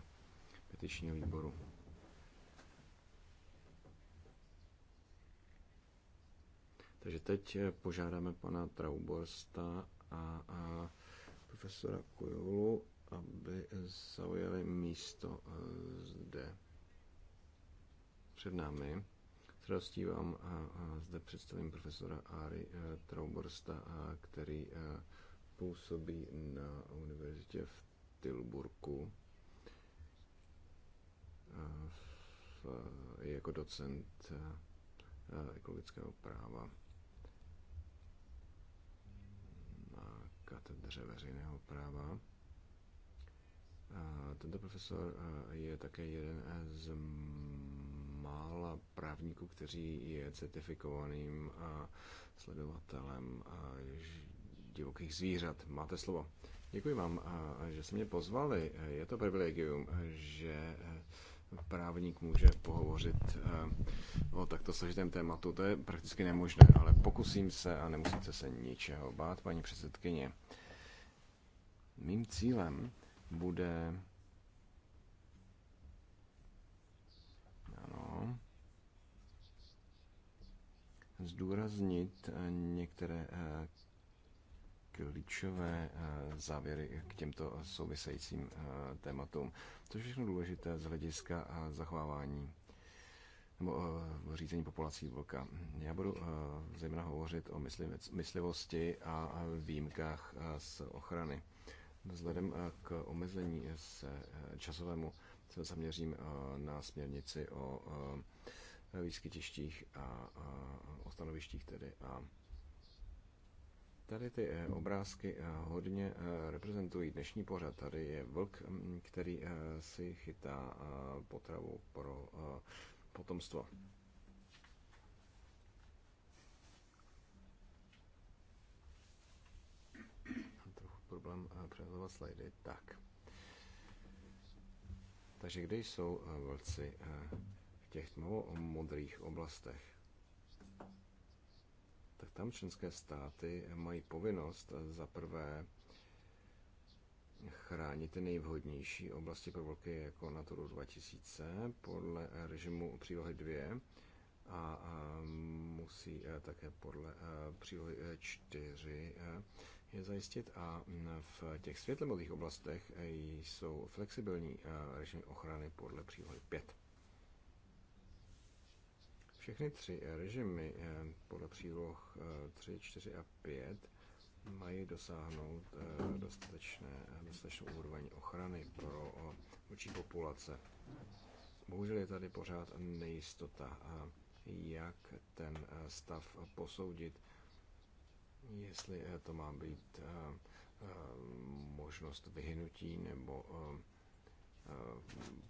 petičního výboru. Takže teď eh, požádáme pana Trauborsta a, a profesora Kujulu, aby zaujali místo eh, zde před námi. S radostí vám a, a zde představím profesora Ari eh, Trauborsta, a, který a, působí na univerzitě v Tilburku v, jako docent ekologického práva. katedře veřejného práva. Tento profesor je také jeden z mála právníků, kteří je certifikovaným sledovatelem divokých zvířat. Máte slovo. Děkuji vám, že jste mě pozvali. Je to privilegium, že právník může pohovořit eh, o takto složitém tématu. To je prakticky nemožné, ale pokusím se a nemusíte se ničeho bát, paní předsedkyně. Mým cílem bude. Ano. Zdůraznit eh, některé eh, klíčové eh, závěry k těmto souvisejícím eh, tématům. To je všechno důležité z hlediska eh, zachovávání nebo řízení populací vlka. Já budu zejména hovořit o myslivosti a výjimkách z ochrany. Vzhledem k omezení se časovému se zaměřím na směrnici o výskytištích a o stanovištích tedy a Tady ty eh, obrázky eh, hodně eh, reprezentují dnešní pořad. Tady je vlk, mm, který si chytá potravu pro potomstvo. Trochu problém přehledovat slajdy. Tak. Takže kde jsou vlci v těch modrých oblastech? tak tam členské státy mají povinnost eh, za prvé chránit ty nejvhodnější oblasti pro vlky jako Naturu 2000 podle režimu přílohy 2 a musí eh, také podle eh, přílohy 4 je zajistit a mm, v těch světlemových oblastech jsou flexibilní režimy ochrany podle přílohy 5. Všechny tři eh, režimy eh, podle příloh 3, eh, 4 a 5 mají dosáhnout dostatečné, dostatečnou úroveň ochrany pro vůči populace. Bohužel je tady pořád nejistota, jak ten stav posoudit, jestli to má být možnost vyhnutí nebo Eh,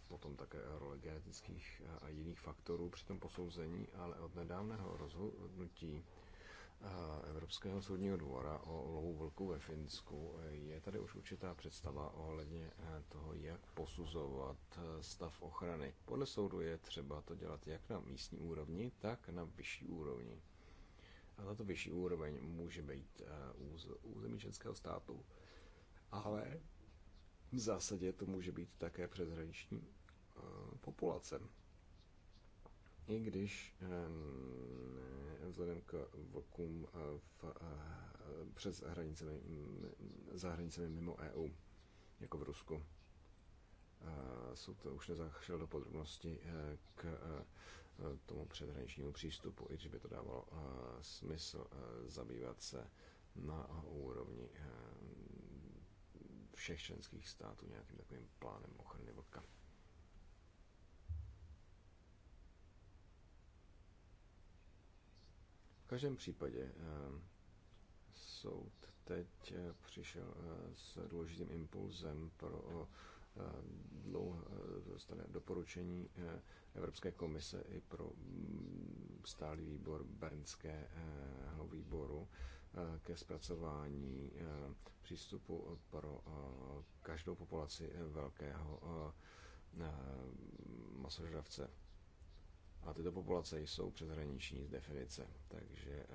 potom také role genetických eh, a jiných faktorů při tom posouzení, ale od nedávného rozhodnutí eh, Evropského soudního dvora o lovu vlku ve Finsku je tady už určitá představa ohledně toho, jak posuzovat stav ochrany. Podle soudu je třeba to dělat jak na místní úrovni, tak na vyšší úrovni. A tato vyšší úroveň může být území českého státu, ale v zásadě to může být také přeshraniční eh, populace. I když eh, ne, vzhledem k vokům eh, v, přes hranicemi, mm, za hranicemi mimo EU, jako v Rusku, soud už nezachšel do podrobnosti k tomu předhraničnímu přístupu, i když by to dávalo smysl zabývat se na úrovni všech členských států nějakým takovým plánem ochrany vlka. V každém případě eh, soud teď eh, přišel eh, s důležitým impulzem pro dlouho doporučení Evropské komise i pro mm, stálý výbor Bernského výboru Eh, ke zpracování eh, přístupu pro eh, každou populaci velkého masožravce. A tyto populace jsou přeshraniční z definice, takže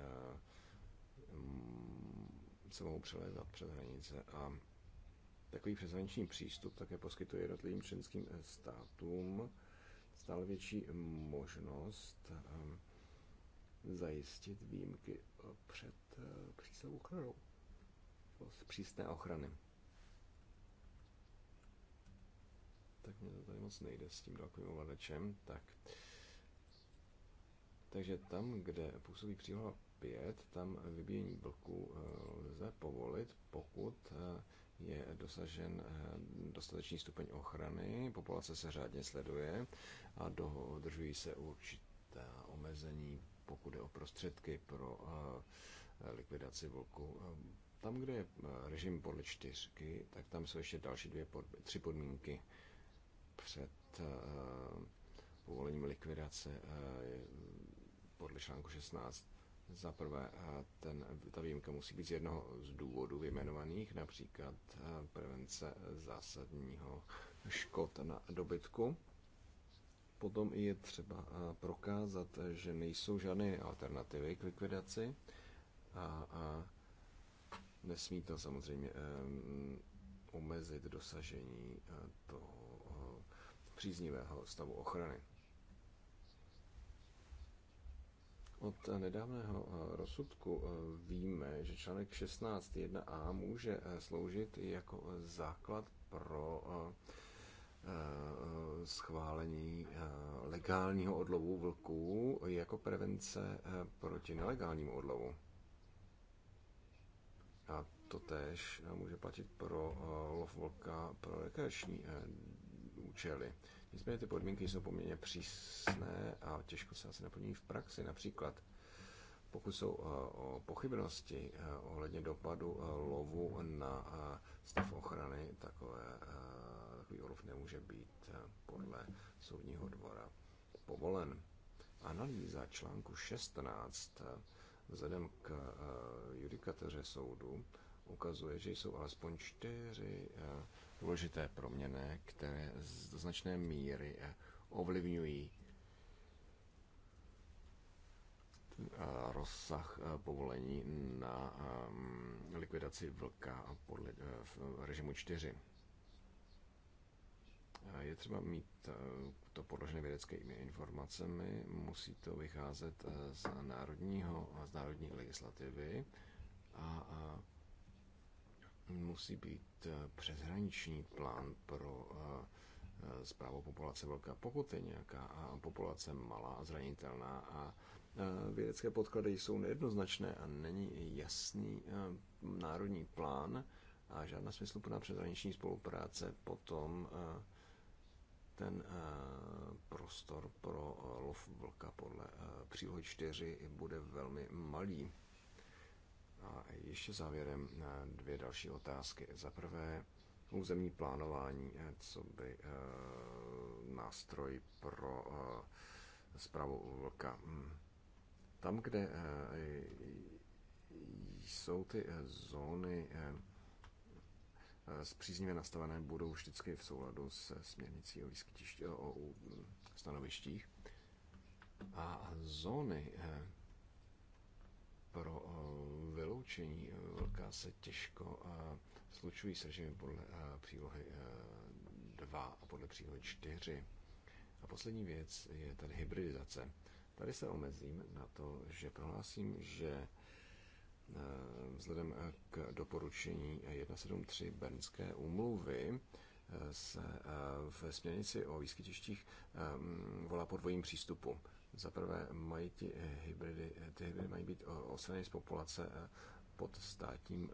mm, se mohou přelézat přes hranice a takový přeshraniční přístup také poskytuje jednotlivým členským státům stále větší možnost zajistit výjimky před Eh, přísnou ochranou. Z přísné ochrany. Tak mě to tady moc nejde s tím dálkovým ovladačem. Tak. Takže tam, kde působí příloha 5, tam vybíjení bloku eh, lze povolit, pokud eh, je dosažen dostatečný stupeň ochrany, populace se řádně sleduje a dodržují se určitá omezení, pokud je o prostředky pro likvidaci vlku. Ehm, tam, kde je ehm, režim podle čtyřky, tak tam jsou ještě další dvě, pod, tři podmínky před povolením ehm, likvidace eh, podle článku 16. Za prvé, eh, ten, ta výjimka musí být z jednoho z důvodů vyjmenovaných, například eh, prevence zásadního škod na dobytku. Potom je třeba prokázat, že nejsou žádné alternativy k likvidaci a, a nesmí to samozřejmě omezit dosažení e, toho e, příznivého stavu ochrany. Od nedávného e, rozsudku víme, že článek 16.1a může sloužit jako základ pro schválení legálního odlovu vlků jako prevence proti nelegálnímu odlovu. A to tež eh, může platit pro eh, lov vlka pro rekreační eh, účely. Nicméně ty podmínky jsou poměrně přísné a těžko se asi naplní v praxi. Například pokud jsou pochybnosti ohledně dopadu lovu na stav ochrany, takové, takový lov nemůže být podle soudního dvora povolen. Analýza článku 16 vzhledem k eh, judikateře soudu ukazuje, že jsou alespoň čtyři eh, důležité proměny, které do značné míry eh, ovlivňují rozsah povolení na ehm, likvidaci vlka podle režimu 4. Je třeba mít eh, to podložené vědeckými informacemi, musí to vycházet eh, z, národního, z národní legislativy a, a musí být eh, přeshraniční plán pro zprávu populace velká. Pokud je nějaká populace malá a zranitelná a vědecké podklady jsou nejednoznačné a není jasný národní plán a žádná smysluplná přeshraniční spolupráce potom ten eh, prostor pro eh, lov vlka podle eh, přílohy 4 bude velmi malý. A ještě závěrem dvě další otázky. Za prvé, územní plánování, co by nástroj pro zprávu vlka. Hmm. Tam, kde jsou ty zóny, s příznivě nastavené budou vždycky v souladu s směrnicí o, o stanovištích. A zóny eh, pro eh, vyloučení eh, velká se těžko slučují s režimy podle přílohy 2 a podle přílohy 4. A poslední věc je tady hybridizace. Tady se omezím na to, že prohlásím, že Eh, vzhledem eh, k doporučení 173 Bernské úmluvy eh, se v směrnici o výskytištích volá po dvojím přístupu. Za prvé mají ty hybridy, ty hybridy mají být odstraněny z populace pod státním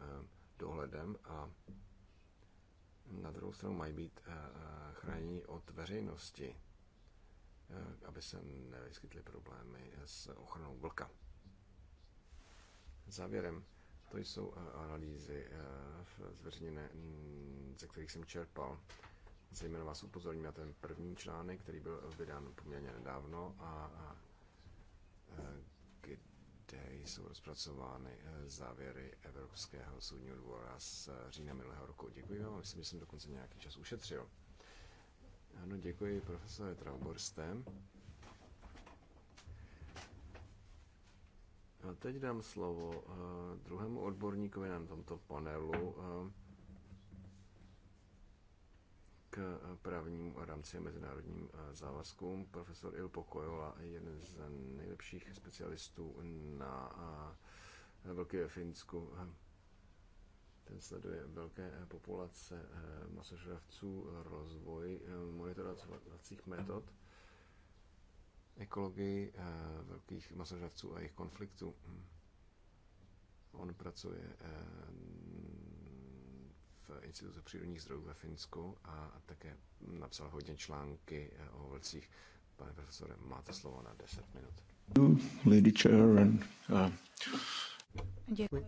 dohledem a na druhou stranu mají být chráněni od veřejnosti, aby se nevyskytly problémy s ochranou vlka. Závěrem, to jsou eh, analýzy eh, zveřejněné, mm, ze kterých jsem čerpal. Zejména vás upozorním na ten první článek, který byl vydán poměrně nedávno a, eh, kde jsou rozpracovány závěry Evropského soudního dvora z října minulého roku. Děkuji vám, myslím, že jsem dokonce nějaký čas ušetřil. Ano, děkuji profesore Trauborstem. A teď dám slovo eh, druhému odborníkovi na tomto panelu eh, k právnímu rámci mezinárodním eh, závazkům. Profesor Il Pokojola je jeden z nejlepších specialistů na Velké Finsku. Ten sleduje velké populace masožravců, rozvoj monitorovacích metod ekologii eh, velkých masožravců a jejich konfliktů. On pracuje eh, v Institutu přírodních zdrojů ve Finsku a také napsal hodně články eh, o vlcích. Pane profesore, máte slovo na 10 minut. Lady chair and, uh, Děkuji.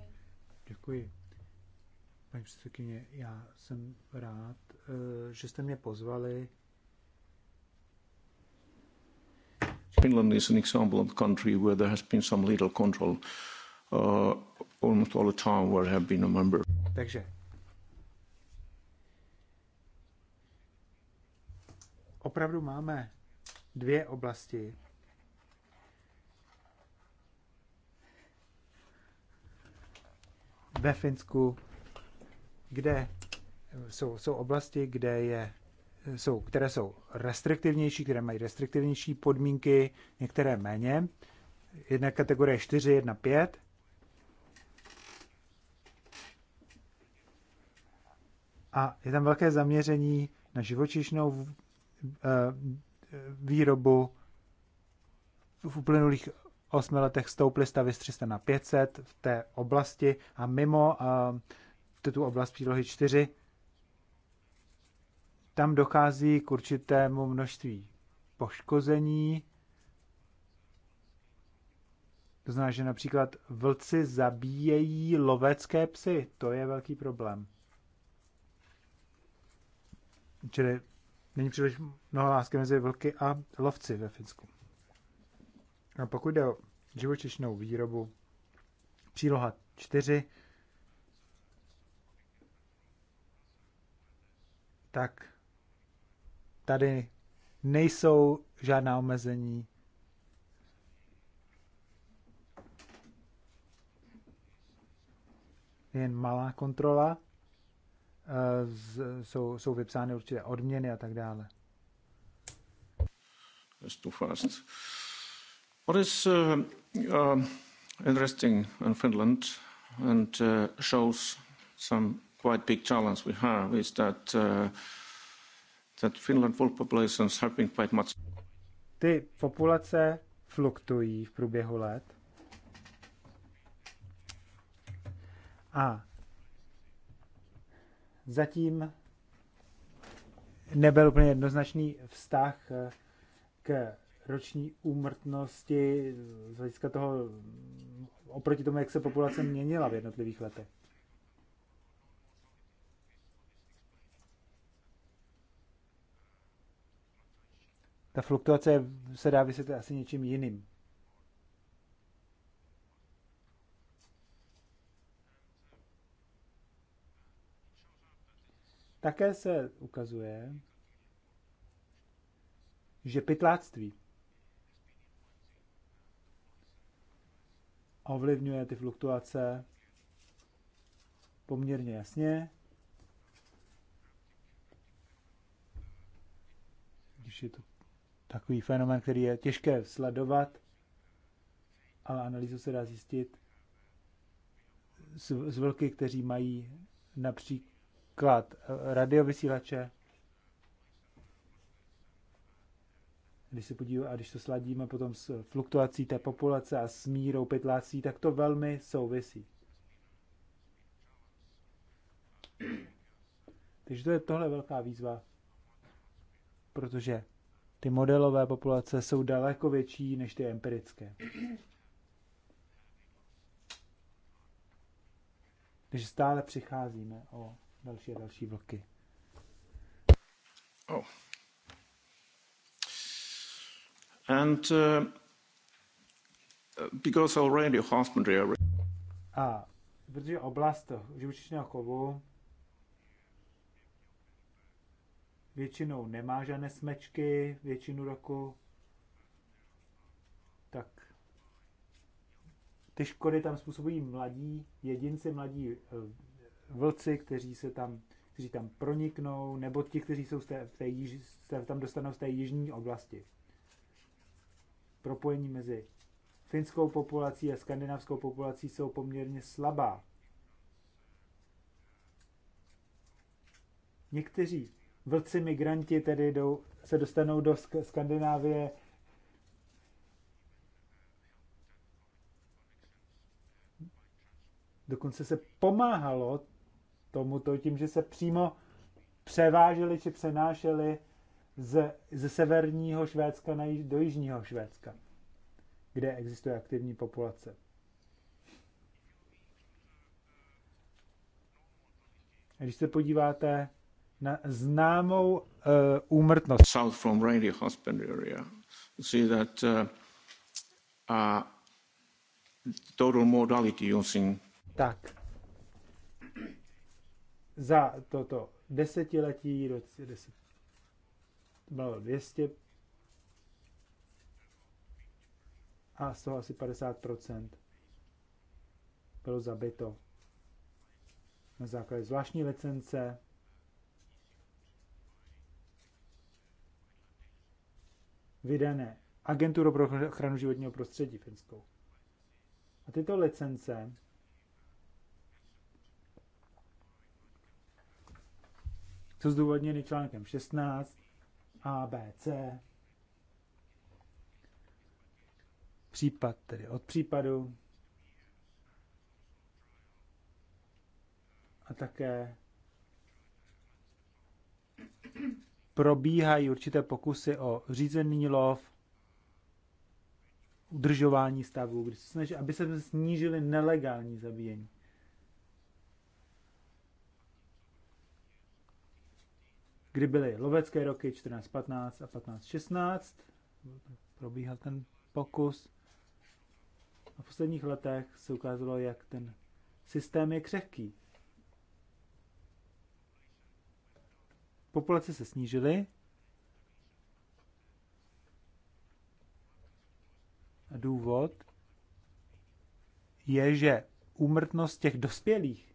Děkuji. Paní předsedkyně, já jsem rád, že jste mě pozvali Finland is an example of a country where there has been some little control uh, almost all the time where I have been a member. Takže opravdu máme dvě oblasti, ve Finsku, kde jsou, jsou oblasti, kde je jsou, které jsou restriktivnější, které mají restriktivnější podmínky, některé méně. Jedna kategorie 4, jedna 5. A je tam velké zaměření na živočišnou eh, výrobu. V uplynulých osmi letech stouply stavy z 300 na 500 v té oblasti a mimo eh, tuto oblast přílohy 4 tam dochází k určitému množství poškození. To znamená, že například vlci zabíjejí lovecké psy. To je velký problém. Čili není příliš mnoho lásky mezi vlky a lovci ve Finsku. A pokud jde o živočišnou výrobu, příloha 4, tak Tady nejsou žádná omezení. Jen malá kontrola. Eh, z, jsou, jsou vypsány určitě odměny a tak dále. That's too fast. What is uh, uh, interesting in Finland and uh, shows some quite big challenge we have is that uh, that Finland wolf populations have been quite much. Ty populace fluktují v průběhu let. A zatím nebyl úplně jednoznačný vztah eh, k roční úmrtnosti z hlediska toho oproti tomu, jak se populace měnila v jednotlivých letech. ta fluktuace se dá vysvětlit asi něčím jiným. Také se ukazuje, že pytláctví ovlivňuje ty fluktuace poměrně jasně. Když je to takový fenomen, který je těžké sledovat, ale analýzu se dá zjistit z, vlky, kteří mají například eh, radiovysílače. Když se podívám, a když to sladíme potom s fluktuací té populace a s mírou pytlácí, tak to velmi souvisí. Takže to je tohle velká výzva, protože ty modelové populace jsou daleko větší než ty empirické. Takže stále přicházíme o další a další vlky. Oh. And uh, because already husbandry A protože oblast živočišného chovu většinou nemá žádné smečky většinu roku, tak ty škody tam způsobují mladí jedinci, mladí eh, vlci, kteří se tam, kteří tam proniknou, nebo ti, kteří jsou z té, v té již, se tam dostanou z té jižní oblasti. Propojení mezi finskou populací a skandinávskou populací jsou poměrně slabá. Někteří vlci migranti tedy jdou, se dostanou do Sk- Skandinávie. Dokonce se pomáhalo tomuto tím, že se přímo převáželi či přenášeli z, ze severního Švédska na, do jižního Švédska, kde existuje aktivní populace. A když se podíváte na známou uh, úmrtnost. South from Rainy Husband area. see that uh, uh, total mortality using... Tak. Za toto desetiletí, roce, deset, bylo 200 a z toho asi 50% bylo zabito na základě zvláštní licence vydané Agenturu pro ochranu životního prostředí finskou. A tyto licence jsou zdůvodněny článkem 16 A, B, C. Případ tedy od případu. A také probíhají určité pokusy o řízený lov, udržování stavu, kdy se snaží, aby se snížili nelegální zabíjení. Kdy byly lovecké roky 14-15 a 15-16, probíhal ten pokus. A v posledních letech se ukázalo, jak ten systém je křehký. populace se snížily. A důvod je, že úmrtnost těch dospělých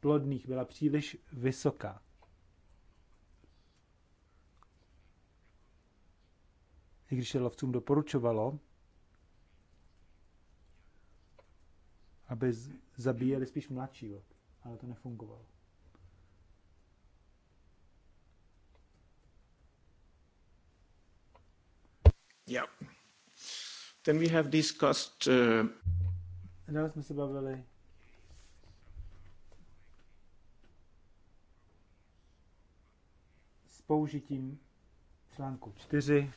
plodných byla příliš vysoká. I když se lovcům doporučovalo, aby zabíjeli spíš mladší vlk, ale to nefungovalo. Yeah. Then we have discussed... Uh... Dále jsme se bavili s použitím článku 4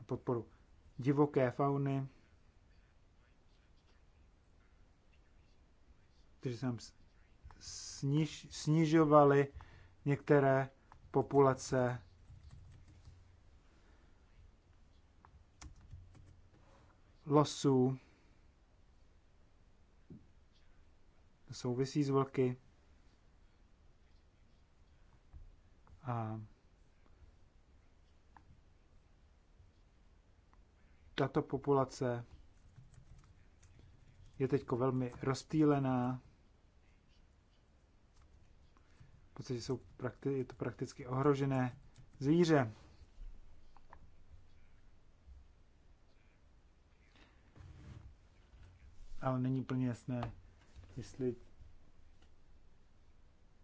A podporu divoké fauny, takže jsem sniž, snižovali některé populace losů souvisí s vlky a tato populace je teď velmi rozptýlená podstatě jsou prakti- je to prakticky ohrožené zvíře. Ale není plně jasné, jestli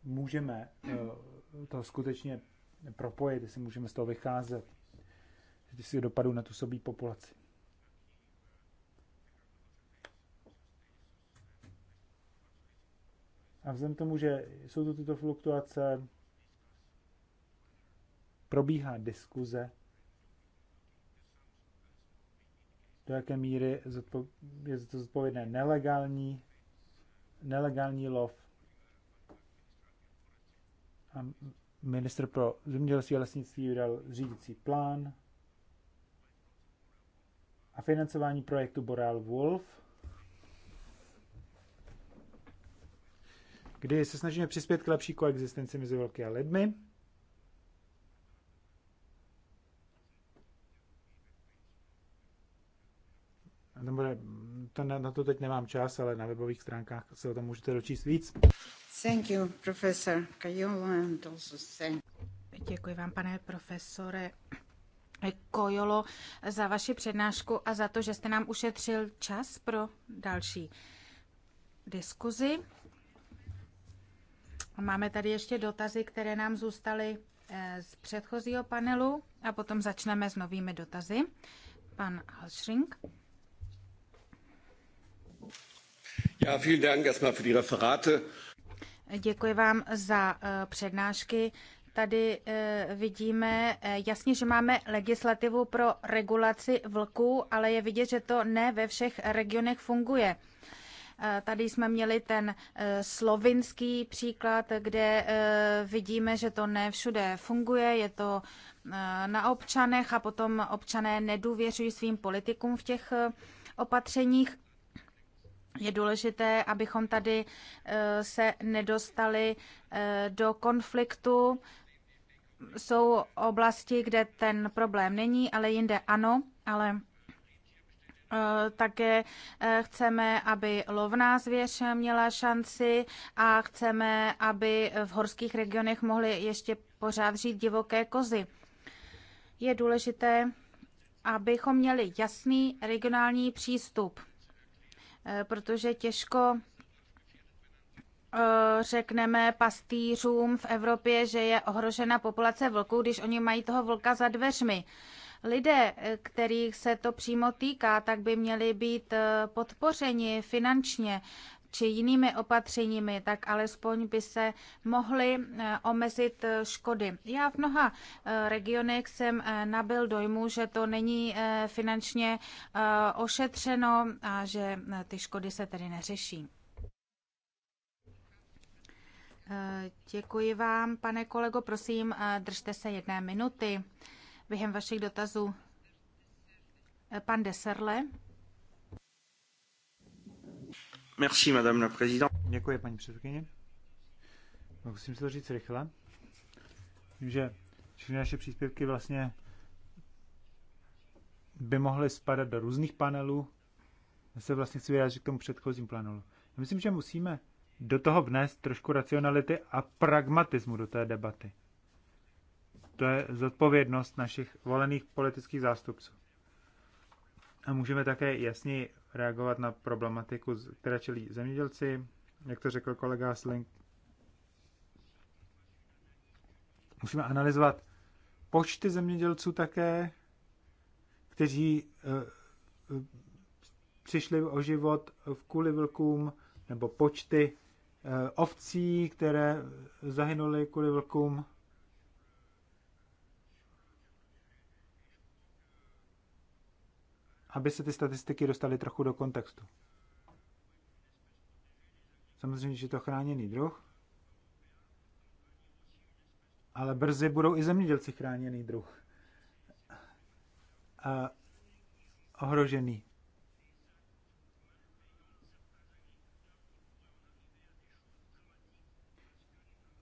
můžeme eh, to skutečně propojit, jestli můžeme z toho vycházet, jestli dopadu na tu sobí populaci. A vzhledem k tomu, že jsou tu tyto fluktuace, probíhá diskuze, do jaké míry je to zodpovědné nelegální, nelegální lov. A minister pro zemědělství a lesnictví vydal řídící plán a financování projektu Boreal Wolf – kdy se snažíme přispět k lepší koexistenci mezi vlky a lidmi. to na, na to teď nemám čas, ale na webových stránkách se o tom můžete dočíst víc. Thank you, professor Kajolo, and also thank... Děkuji vám, pane profesore Kojolo, za vaši přednášku a za to, že jste nám ušetřil čas pro další diskuzi. Máme tady ještě dotazy, které nám zůstaly eh, z předchozího panelu a potom začneme s novými dotazy. Pan Halschring. Ja, vielen Dank erstmal für die Referate. Děkuji vám za eh, přednášky. Tady eh, vidíme jasně, že máme legislativu pro regulaci vlků, ale je vidět, že to ne ve všech regionech funguje. Tady jsme měli ten eh, slovinský příklad, kde eh, vidíme, že to ne všude funguje, je to eh, na občanech a potom občané nedůvěřují svým politikům v těch opatřeních. Je důležité, abychom tady se nedostali do konfliktu. Jsou oblasti, kde ten problém není, ale jinde ano, ale Eh, také eh, chceme, aby lovná zvěř měla šanci a chceme, aby v horských regionech mohly ještě pořád žít divoké kozy. Je důležité, abychom měli jasný regionální přístup, eh, protože těžko řekneme pastýřům v Evropě, že je ohrožena populace vlků, když oni mají toho vlka za dveřmi lidé, kterých se to přímo týká, tak by měli být eh, podpořeni finančně či jinými opatřeními, tak alespoň by se mohly eh, omezit eh, škody. Já v mnoha regionech jsem nabil dojmu, že to není finančně ošetřeno a že ty škody se tedy neřeší. Děkuji vám, pane kolego. Prosím, držte se jedné minuty během vašich dotazů. Eh, pan Deserle. Merci, madame la présidente. Děkuji, paní předsedkyně. Musím to říct rychle. Vím, že všechny naše příspěvky vlastně by mohly spadat do různých panelů. Já se vlastně chci vyjádřit k tomu předchozím panelu. myslím, že musíme do toho vnést trošku racionality a pragmatismu do té debaty. To je zodpovědnost našich volených politických zástupců. A můžeme také jasně reagovat na problematiku, která čelí zemědělci, jak to řekl kolega Slink. Musíme analyzovat počty zemědělců také, kteří uh, přišli o život v kvůli vlkům, nebo počty uh, ovcí, které zahynuly kvůli vlkům. aby se ty statistiky dostaly trochu do kontextu. Samozřejmě, že je to chráněný druh, ale brzy budou i zemědělci chráněný druh. A ohrožený.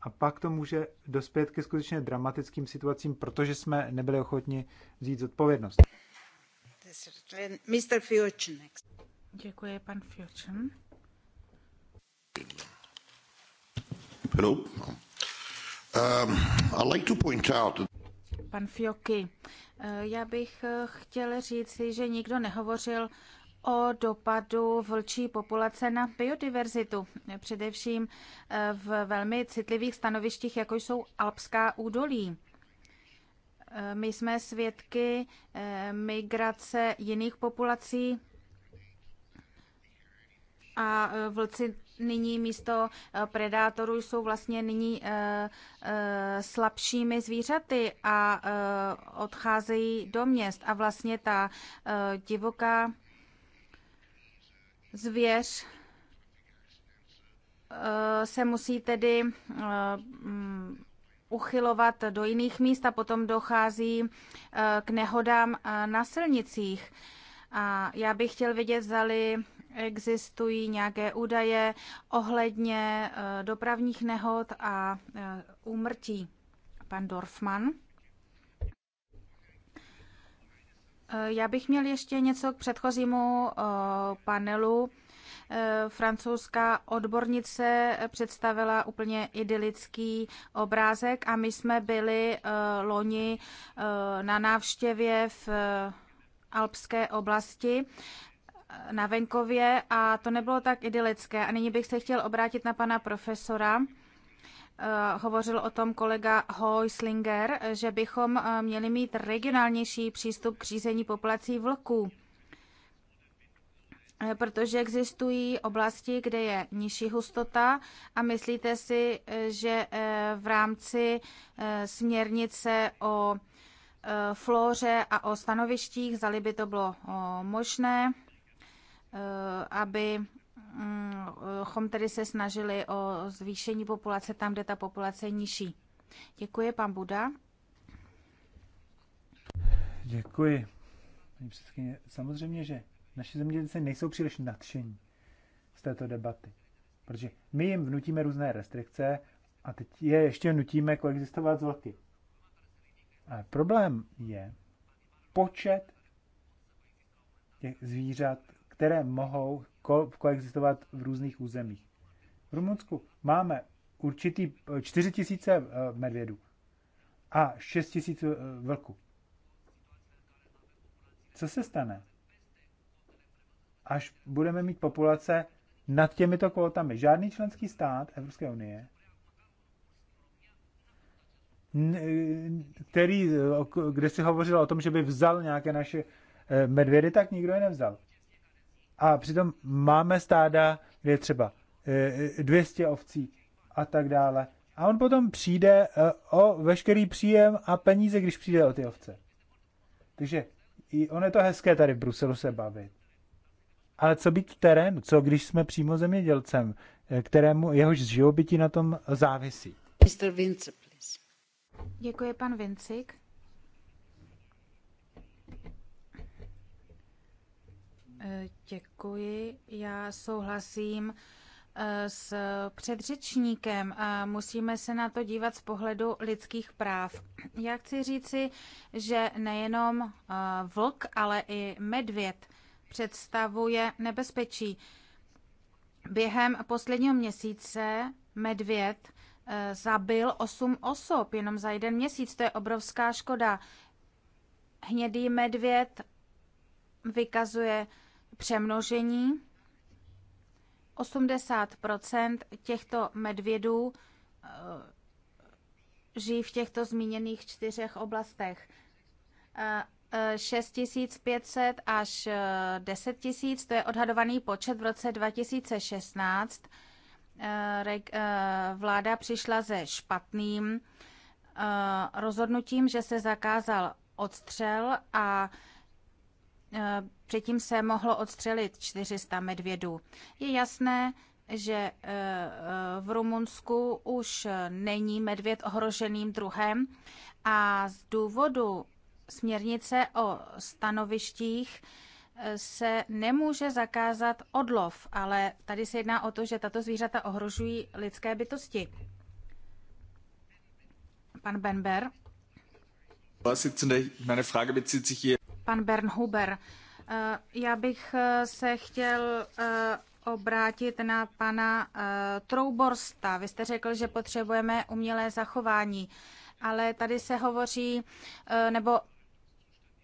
A pak to může dospět ke skutečně dramatickým situacím, protože jsme nebyli ochotni vzít zodpovědnost pan fiocchi um, eh, já bych eh, chtěl říct, že nikdo nehovořil o dopadu vlčí populace na biodiverzitu, především eh, v velmi citlivých stanovištích, jako jsou Alpská údolí. Eh, my jsme svědky eh, migrace jiných populací a eh, vlci nyní místo predátorů jsou vlastně nyní slabšími zvířaty a odcházejí do měst. A vlastně ta divoká zvěř se musí tedy mm, uchylovat do jiných míst a potom dochází eh, k nehodám eh, na silnicích. A já bych chtěl vědět, zali existují nějaké údaje ohledně eh, dopravních nehod a úmrtí. Pan Dorfman. Já bych měl ještě něco k předchozímu panelu Eh, francouzská odbornice představila úplně idylický obrázek a my jsme byli eh, loni eh, na návštěvě v alpské oblasti na venkově a to nebylo tak idylické. A nyní bych se chtěl obrátit na pana profesora. Hovořil o tom kolega Hoislinger, že bychom měli mít regionálnější přístup k řízení populací vlků Eh, protože existují oblasti, kde je nižší hustota a myslíte si, eh, že eh, v rámci směrnice o flóře a o stanovištích, zali by to bylo možné, aby chom mm, tedy se snažili o zvýšení populace tam, kde ta populace je nižší. Děkuji, pan Buda. Děkuji. Paní předsedkyně, samozřejmě, že naši zemědělci nejsou příliš nadšení z této debaty. Protože my jim vnutíme různé restrikce a teď je ještě nutíme koexistovat s vlky. Ale problém je počet těch zvířat, které mohou ko- koexistovat v různých územích. V Rumunsku máme určitý 4 tisíce eh, medvědů a 6 tisíc eh, vlků. Co se stane, až budeme mít populace nad těmito kvótami. Žádný členský stát Evropské unie, který, kde si hovořil o tom, že by vzal nějaké naše eh, medvědy, tak nikdo je nevzal. A přitom máme stáda, kde je třeba 200 eh, ovcí a tak dále. A on potom přijde eh, o veškerý příjem a peníze, když přijde o ty ovce. Takže i on je to hezké tady v Bruselu se bavit. Ale co být v terénu? Co když jsme přímo zemědělcem, eh, kterému jehož živobytí na tom závisí? Mr. Vince, please. Děkuji, pan Vincik. Eh, děkuji. Já souhlasím eh, s předřečníkem a musíme se na to dívat z pohledu lidských práv. Já chci říci, že nejenom vlk, ale i medvěd představuje nebezpečí. Během posledního měsíce medvěd eh, zabil 8 osob jenom za jeden měsíc. To je obrovská škoda. Hnědý medvěd vykazuje přemnožení. 80 těchto medvědů eh, žijí v těchto zmíněných čtyřech oblastech. Eh, 6500 až 10 eh, 000, to je odhadovaný počet v roce 2016. Eh, eh, vláda přišla se špatným rozhodnutím, že se zakázal odstřel a předtím se mohlo odstřelit 400 medvědů. Je jasné, že v Rumunsku už není medvěd ohroženým druhem a z důvodu směrnice o stanovištích eh, se nemůže zakázat odlov, ale tady se jedná o to, že tato zvířata ohrožují lidské bytosti. Pan Benber. Pan Bernhuber. Eh, já bych eh, se chtěl obrátit na pana Trouborsta. Vy jste řekl, že potřebujeme umělé zachování ale tady se hovoří, nebo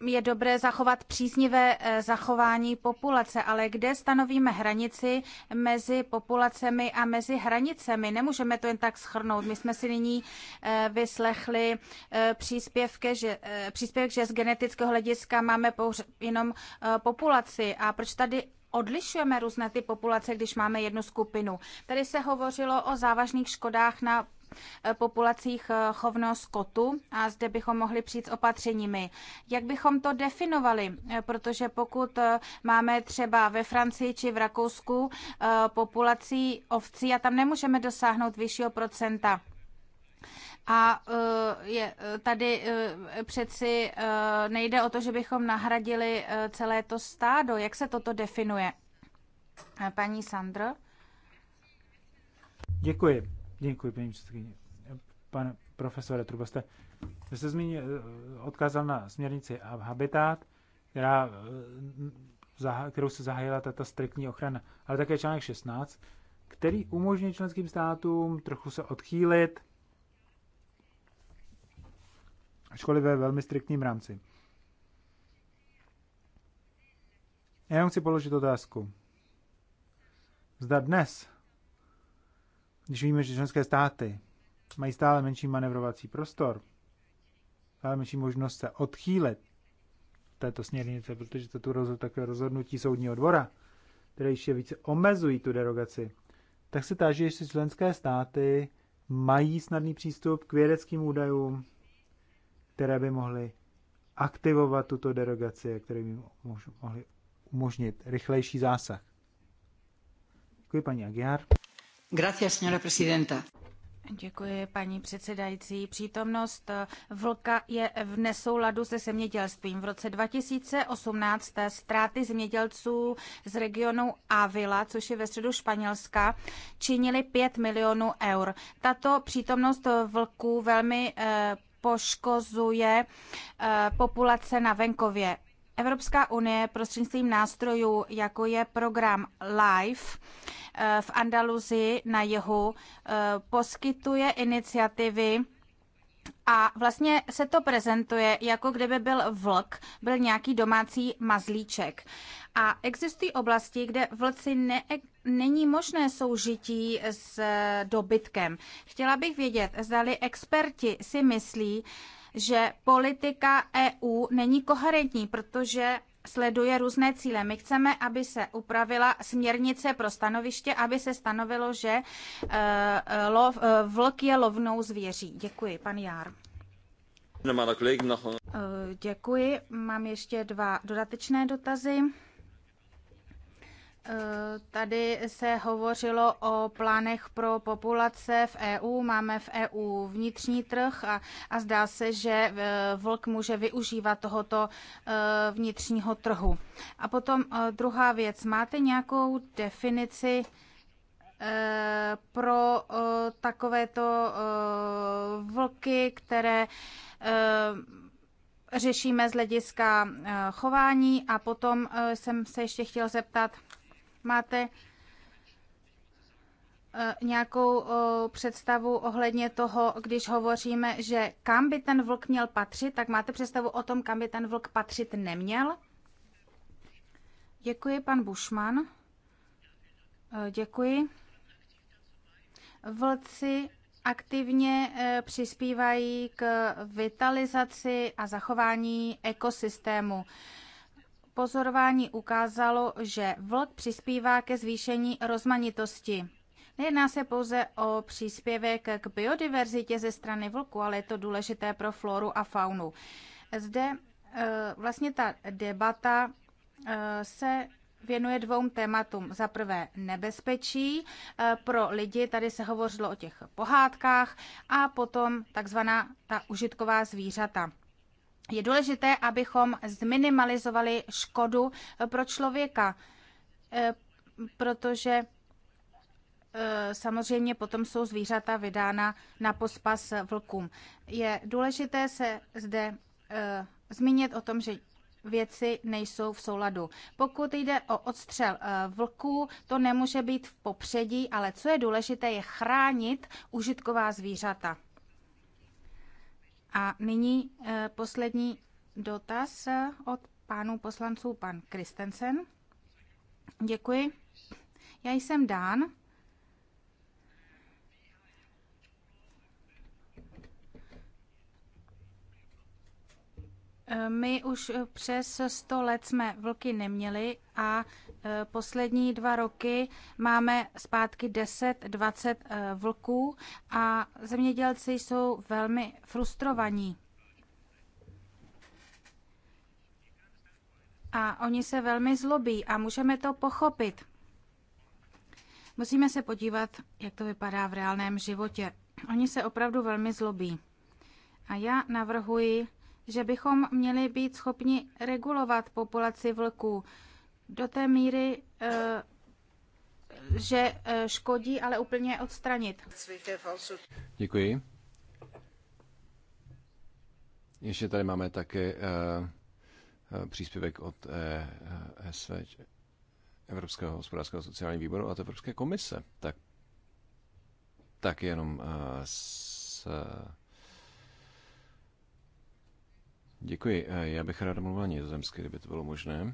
je dobré zachovat příznivé eh, zachování populace, ale kde stanovíme hranici mezi populacemi a mezi hranicemi? Nemůžeme to jen tak schrnout. My jsme si nyní eh, vyslechli eh, příspěvky, že, příspěvek, že z genetického hlediska máme pouze jenom populaci. A proč tady odlišujeme různé ty populace, když máme jednu skupinu. Tady se hovořilo o závažných škodách na Eh, populacích eh, chovnost skotu a zde bychom mohli přijít s opatřeními. Jak bychom to definovali? Eh, protože pokud máme třeba ve Francii či v Rakousku populací ovcí a tam nemůžeme dosáhnout vyššího procenta, a je, tady přeci nejde o to, že bychom nahradili celé to stádo. Jak se toto definuje? Paní Sandro? Děkuji. Děkuji, paní předsedkyně. Pane profesore Truba, jste, jste zmínil, eh, odkázal na směrnici a Habitat, která, eh, kterou se zahájila tato striktní ochrana, ale také článek 16, který umožní členským státům trochu se odchýlit, ačkoliv ve velmi striktním rámci. Já jenom chci položit otázku. Zda dnes když víme, že členské státy mají stále menší manevrovací prostor, stále menší možnost se odchýlit této směrnice, protože to tu rozhod, takové rozhodnutí soudního dvora, které ještě více omezují tu derogaci, tak se táží, jestli členské státy mají snadný přístup k vědeckým údajům, které by mohly aktivovat tuto derogaci, které by mohly umožnit rychlejší zásah. Děkuji paní Agiar. Děkuji, paní předsedající. Přítomnost eh, vlka je v nesouladu se zemědělstvím. V roce 2018 ztráty zemědělců z regionu Avila, což je ve středu Španělska, činily 5 milionů eur. Tato přítomnost eh, vlků velmi eh, poškozuje populace na venkově. Evropská unie prostřednictvím nástrojů, jako je program LIFE eh, v Andaluzii na jihu, eh, poskytuje iniciativy a vlastně se to prezentuje, jako kdyby byl vlk, byl nějaký domácí mazlíček. A existují oblasti, kde vlci ne, není možné soužití s dobytkem. Chtěla bych vědět, zdali experti si myslí, že politika EU není koherentní, protože sleduje různé cíle. My chceme, aby se upravila směrnice pro stanoviště, aby se stanovilo, že eh, lov, eh, vlk je lovnou zvěří. Děkuji, pan Jár. Eh, děkuji. Mám ještě dva dodatečné dotazy. Eh, tady se hovořilo o plánech pro populace v EU. Máme v EU vnitřní trh a, a zdá se, že eh, vlk může využívat tohoto eh, vnitřního trhu. A potom druhá věc. Máte nějakou definici pro takovéto vlky, které řešíme z hlediska chování? A potom jsem se ještě chtěl zeptat, máte eh, nějakou eh, představu ohledně toho, když hovoříme, že kam by ten vlk měl patřit, tak máte představu o tom, kam by ten vlk patřit neměl? Děkuji, pan Bušman. Eh, děkuji. Vlci aktivně přispívají k vitalizaci a zachování ekosystému pozorování ukázalo, že vlk přispívá ke zvýšení rozmanitosti. Nejedná se pouze o příspěvek k biodiverzitě ze strany vlku, ale je to důležité pro floru a faunu. Zde eh, vlastně ta debata eh, se věnuje dvou tématům. Za prvé nebezpečí eh, pro lidi, tady se hovořilo o těch pohádkách, a potom takzvaná ta užitková zvířata je důležité, abychom zminimalizovali škodu eh, pro člověka, eh, protože eh, samozřejmě potom jsou zvířata vydána na pospas vlkům. Je důležité se zde zmínit o tom, že věci nejsou v souladu. Pokud jde o odstřel vlků, to nemůže být v popředí, ale co je důležité, je chránit užitková zvířata. A nyní eh, poslední dotaz od pánů poslanců, pan Kristensen. Děkuji. Já jsem Dán. Eh, my už přes 100 let jsme vlky neměli a Eh, poslední dva roky máme zpátky 10-20 eh, vlků a zemědělci jsou velmi frustrovaní. A oni se velmi zlobí a můžeme to pochopit. Musíme se podívat, jak to vypadá v reálném životě. Oni se opravdu velmi zlobí. A já navrhuji, že bychom měli být schopni regulovat populaci vlků, do té míry, eh, že eh, škodí, ale úplně odstranit. Děkuji. Ještě tady máme také eh, příspěvek od SV, Evropského hospodářského sociálního výboru a od Evropské komise. Tak, tak jenom s Děkuji. Já bych rád mluvil nizozemsky, kdyby to bylo možné.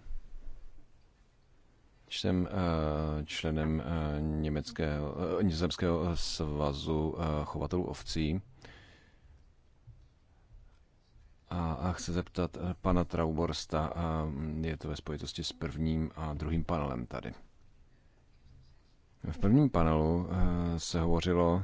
Jsem eh, členem eh, německého, eh, nizozemského svazu chovatelů ovcí. A, chci zeptat pana Trauborsta, je to ve spojitosti s prvním a druhým panelem tady. V prvním panelu se hovořilo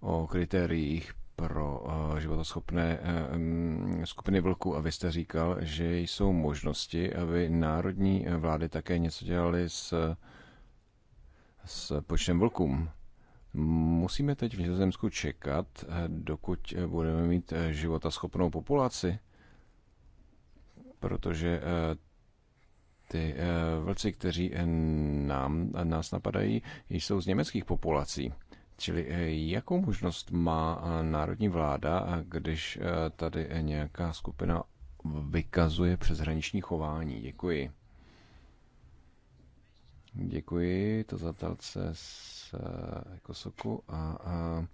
o kritériích pro eh, životoschopné eh, skupiny vlků a vy jste říkal, že jsou možnosti, aby národní vlády také něco dělaly s, s počtem vlkům. Musíme teď v Nizozemsku čekat, eh, dokud budeme mít životaschopnou populaci, protože ty vlci, kteří nám, nás napadají, jsou z německých populací. Čili eh, jakou možnost má eh, národní vláda, eh, když tady nějaká skupina vykazuje přeshraniční chování? Děkuji. Děkuji, to zatalce z Ekosoku a, a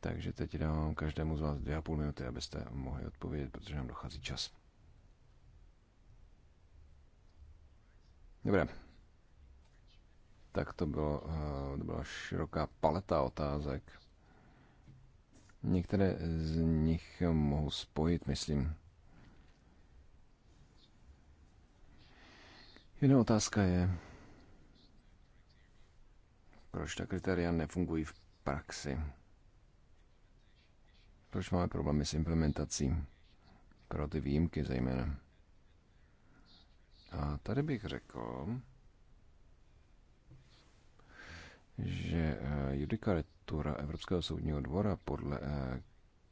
takže teď dávám každému z vás dvě a půl minuty, abyste mohli odpovědět, protože nám dochází čas. Dobré, tak to, bylo, eh, to byla široká paleta otázek. Některé z nich mohu spojit, myslím. Jedna otázka je, proč ta kritéria nefungují v praxi? Proč máme problémy s implementací? Pro ty výjimky zejména. A tady bych řekl, že eh, judikatura Evropského soudního dvora, podle eh,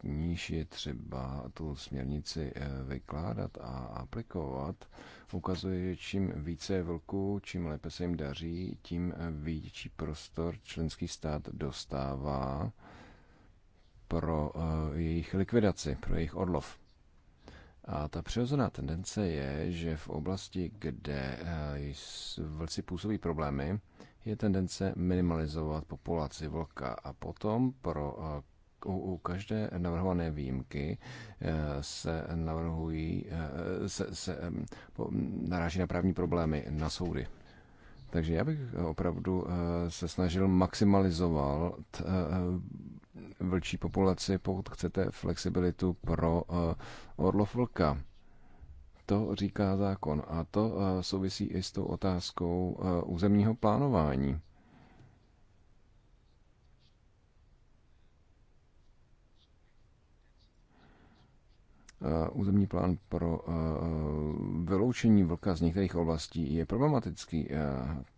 níž je třeba tu směrnici eh, vykládat a aplikovat, ukazuje, že čím více je vlků, čím lépe se jim daří, tím větší prostor členský stát dostává pro jejich likvidaci, pro jejich odlov. A ta přirozená tendence je, že v oblasti, kde vlci působí problémy, je tendence minimalizovat populaci vlka a potom pro eh, u, u každé navrhované výjimky eh, se navrhují, eh, se, se naráží na právní problémy na soudy. Takže já bych opravdu se snažil maximalizovat vlčí populaci, pokud chcete flexibilitu pro orlov vlka. To říká zákon a to eh, souvisí i s tou otázkou eh, územního plánování. Eh, územní plán pro vyloučení vlka z některých oblastí je problematický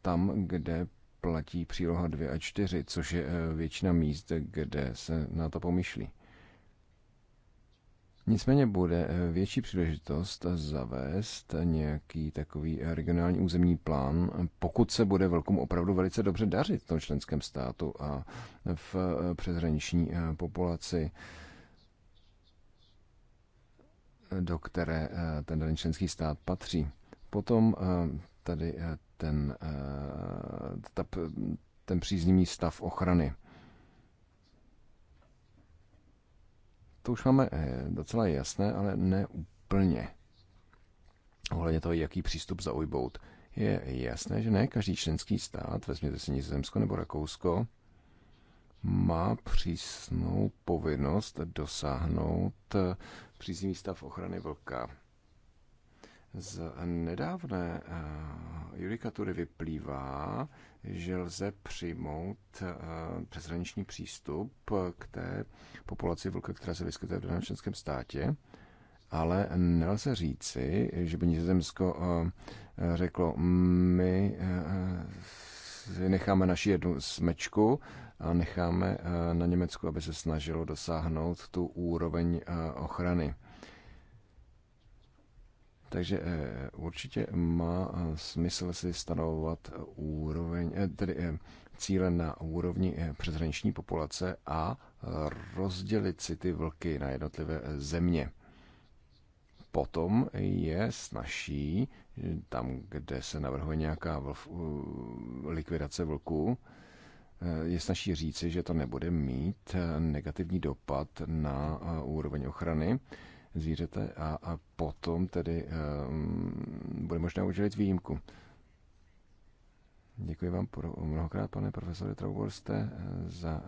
tam, kde platí příloha 2 a 4, což je většina míst, kde se na to pomyšlí. Nicméně bude eh, větší příležitost zavést nějaký takový eh, regionální územní plán, pokud se bude velkom opravdu velice dobře dařit v tom členském státu a v eh, přeshraniční populaci do které ten daný členský stát patří. Potom tady ten, ta, ten příznivý stav ochrany. to už máme eh, docela jasné, ale ne úplně. Ohledně toho, jaký přístup zaujbout. Je jasné, že ne každý členský stát, vezměte si Nizozemsko nebo Rakousko, má přísnou povinnost dosáhnout eh, příznivý stav ochrany vlka z nedávné eh, judikatury vyplývá, že lze přijmout eh, přeshraniční přístup k té populaci vlka, která se vyskytuje v daném členském státě, ale nelze říci, že by Nizozemsko eh, řeklo, my necháme naši jednu smečku a necháme na Německu, aby se snažilo dosáhnout tu úroveň ochrany takže eh, určitě má eh, smysl si stanovovat eh, úroveň, tedy cíle na úrovni přeshraniční populace a rozdělit si ty vlky na jednotlivé země. Potom je snažší, tam, kde se navrhuje nějaká vlf, likvidace vlků, je snažší říci, že to nebude mít negativní dopad na úroveň ochrany, zvířete a, a potom tedy um, bude možné udělit výjimku. Děkuji vám pro, mnohokrát, pane profesore Trauborste, eh, za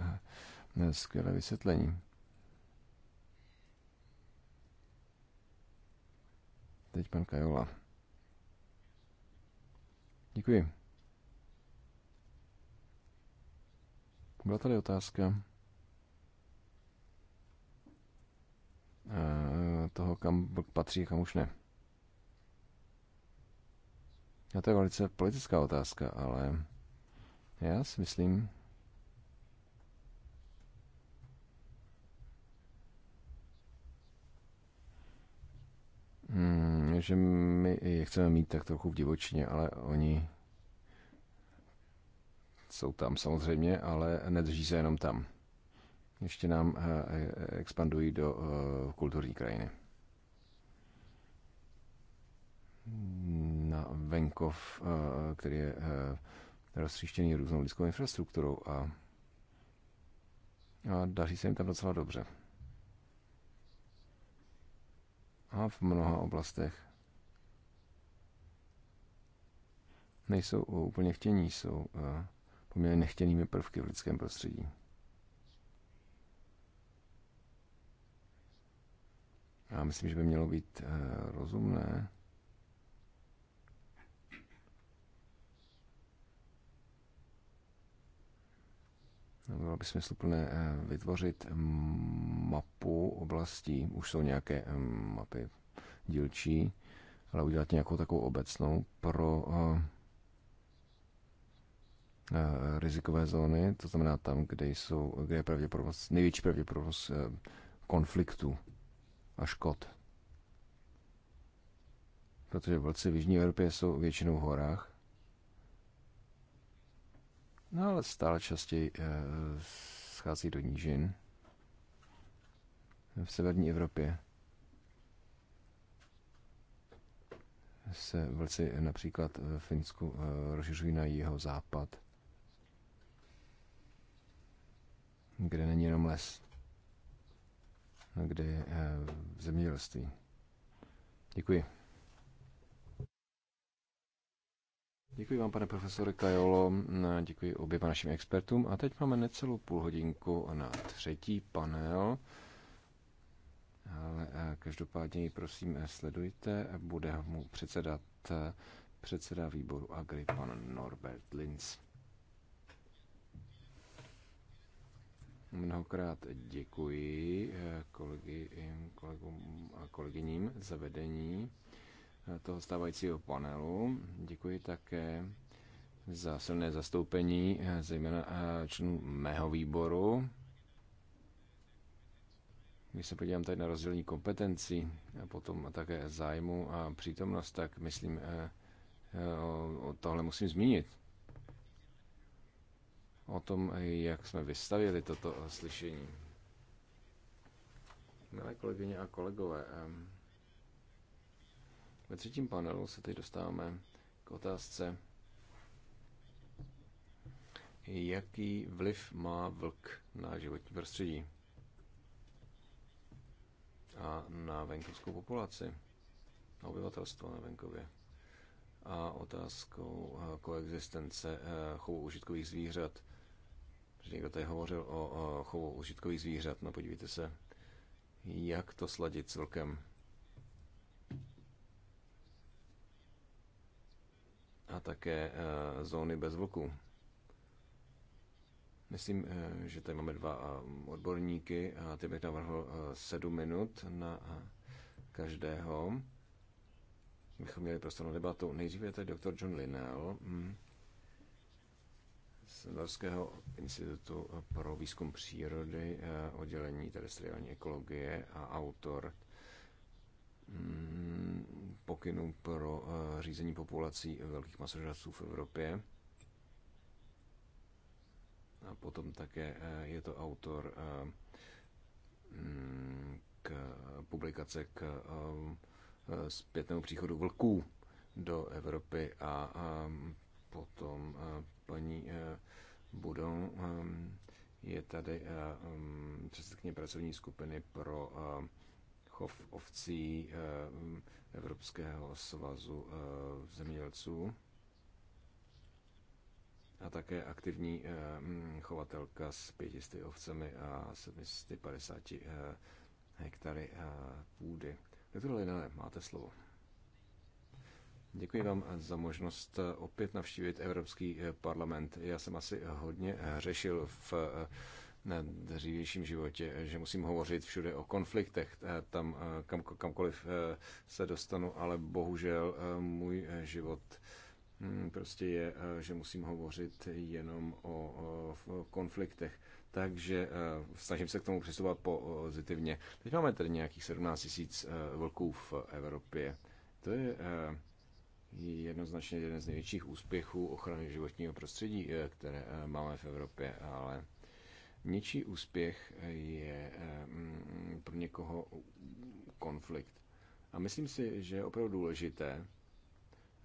eh, skvělé vysvětlení. Teď pan Kajola. Děkuji. Byla tady otázka Eh, toho, kam patří a kam už ne. A to je velice politická otázka, ale já si myslím, hm, že my je chceme mít tak trochu v divočině, ale oni jsou tam samozřejmě, ale nedrží se jenom tam ještě nám eh, eh, expandují do eh, kulturní krajiny. Na venkov, který je roztříštěný různou lidskou infrastrukturou a, a daří se jim tam docela dobře. A v mnoha oblastech nejsou úplně chtění, jsou poměrně nechtěnými prvky v lidském prostředí. Já myslím, že by mělo být eh, rozumné. Bylo by smysluplné eh, vytvořit mapu oblastí. Už jsou nějaké eh, mapy dílčí, ale udělat nějakou takovou obecnou pro rizikové zóny, to znamená tam, kde, jsou, kde je pravděpodobnost, největší pravděpodobnost konfliktu a škod. Protože vlci v Jižní Evropě jsou většinou v horách. No ale stále častěji e, schází do nížin v severní Evropě. se vlci například v Finsku eh, rozšiřují na jeho západ, kde není jenom les kdy eh, v zemědělství. Děkuji. Děkuji vám, pane profesore Kajolo, eh, děkuji oběma našim expertům. A teď máme necelou půl hodinku na třetí panel. Ale eh, každopádně ji prosím sledujte. Bude mu předsedat předseda výboru Agri, pan Norbert Linz. Mnohokrát děkuji eh, kolegy, kolegům a kolegyním za vedení eh, toho stávajícího panelu. Děkuji také za silné zastoupení, eh, zejména členů mého výboru. Když se podívám tady na rozdělení kompetencí a potom také zájmu a přítomnost, tak myslím, o tohle musím zmínit o tom, jak jsme vystavili toto eh, slyšení. Milé kolegyně a kolegové, ve třetím panelu se teď dostáváme k otázce, jaký vliv má vlk na životní prostředí a na venkovskou populaci, na obyvatelstvo na venkově a otázkou eh, koexistence eh, chovu užitkových zvířat někdo tady hovořil o, o chovu užitkových zvířat, no podívejte se, jak to sladit vlkem. A také e, zóny bez vlku. Myslím, eh, že tady máme dva eh, odborníky a ty bych navrhl sedm minut na každého. Bychom měli prostor na debatu. Nejdříve je tady doktor John Linnell. Mm z Norského institutu pro výzkum přírody, eh, oddělení terestriální ekologie a autor mm, pokynů pro eh, řízení populací velkých masožravců v Evropě. A potom také eh, je to autor mm, k publikace k zpětnému příchodu vlků do Evropy a potom paní eh, Budou ehm, je tady eh, ehm, předsedkyně pracovní skupiny pro eh, chov ovcí Evropského svazu zemědělců a také aktivní chovatelka s 500 ovcemi a 750 hektary půdy. Petro Lidané, máte slovo. Děkuji vám za možnost eh, opět navštívit Evropský eh, parlament. Já jsem asi eh, hodně řešil v na dřívějším životě, že musím hovořit všude o konfliktech, tam kam, kamkoliv se dostanu, ale bohužel můj život hm, prostě je, že musím hovořit jenom o konfliktech. Takže snažím se k tomu přistupovat pozitivně. Teď máme tady nějakých 17 tisíc vlků v Evropě. To je jednoznačně jeden z největších úspěchů ochrany životního prostředí, eh, které eh, máme v Evropě, ale něčí úspěch eh, je pro někoho konflikt. A myslím si, že je opravdu důležité,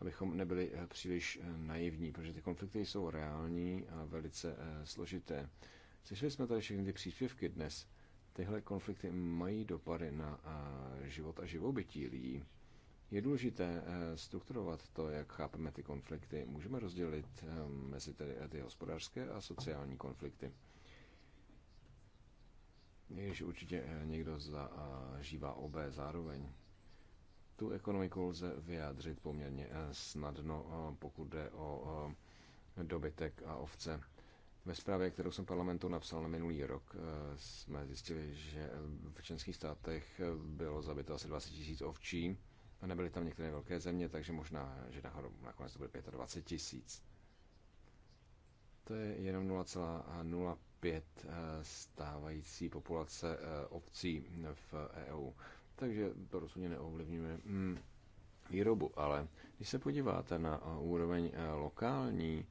abychom nebyli příliš naivní, protože ty konflikty jsou reální a velice složité. Slyšeli jsme tady všechny ty příspěvky dnes. Tyhle konflikty mají dopady na život a živobytí lidí. Je důležité eh, strukturovat to, jak chápeme ty konflikty. Můžeme rozdělit eh, mezi tedy eh, ty hospodářské a sociální konflikty. Když určitě někdo zažívá obé zároveň. Tu ekonomiku lze vyjádřit poměrně snadno, pokud jde o dobytek a ovce. Ve zprávě, kterou jsem parlamentu napsal na minulý rok, jsme zjistili, že v členských státech bylo zabito asi 20 tisíc ovčí Nebyly tam některé velké země, takže možná, že nakonec to bude 25 tisíc. To je jenom 0,05 eh, stávající populace eh, obcí v EU. Takže to rozhodně neovlivňuje hm, výrobu, ale když se podíváte na eh, úroveň lokální,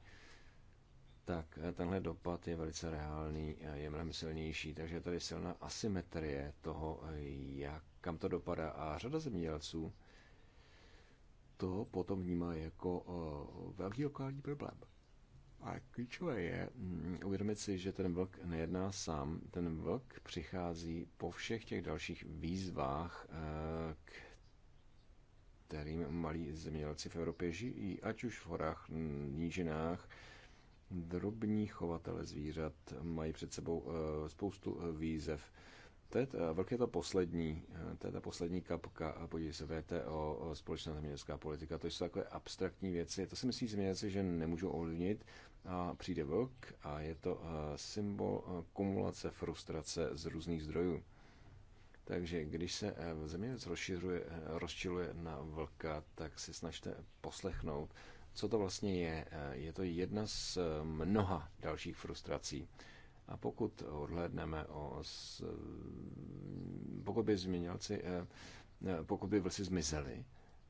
tak tenhle dopad je velice reálný, je mnohem silnější, takže je tady silná asymetrie toho, jak, kam to dopadá. A řada zemědělců to potom vnímá jako eh, velký lokální problém. A klíčové je mm, uvědomit si, že ten vlk nejedná sám. Ten vlk přichází po všech těch dalších výzvách, eh, kterým malí zemědělci v Evropě žijí, ať už v horách, nížinách, drobní chovatele zvířat mají před sebou eh, spoustu výzev to je, eh, velké to poslední, eh, to je ta poslední kapka, a podívej se, VTO, eh, společná zemědělská politika, to jsou takové abstraktní věci, to si myslí zemědělci, že nemůžou ovlivnit a přijde vlk a je to symbol kumulace frustrace z různých zdrojů. Takže když se zemědělec rozšiřuje, rozčiluje na vlka, tak si snažte poslechnout, co to vlastně je. Je to jedna z mnoha dalších frustrací. A pokud odhlédneme o... Pokud by změnilci, eh, eh, pokud by vlci zmizeli,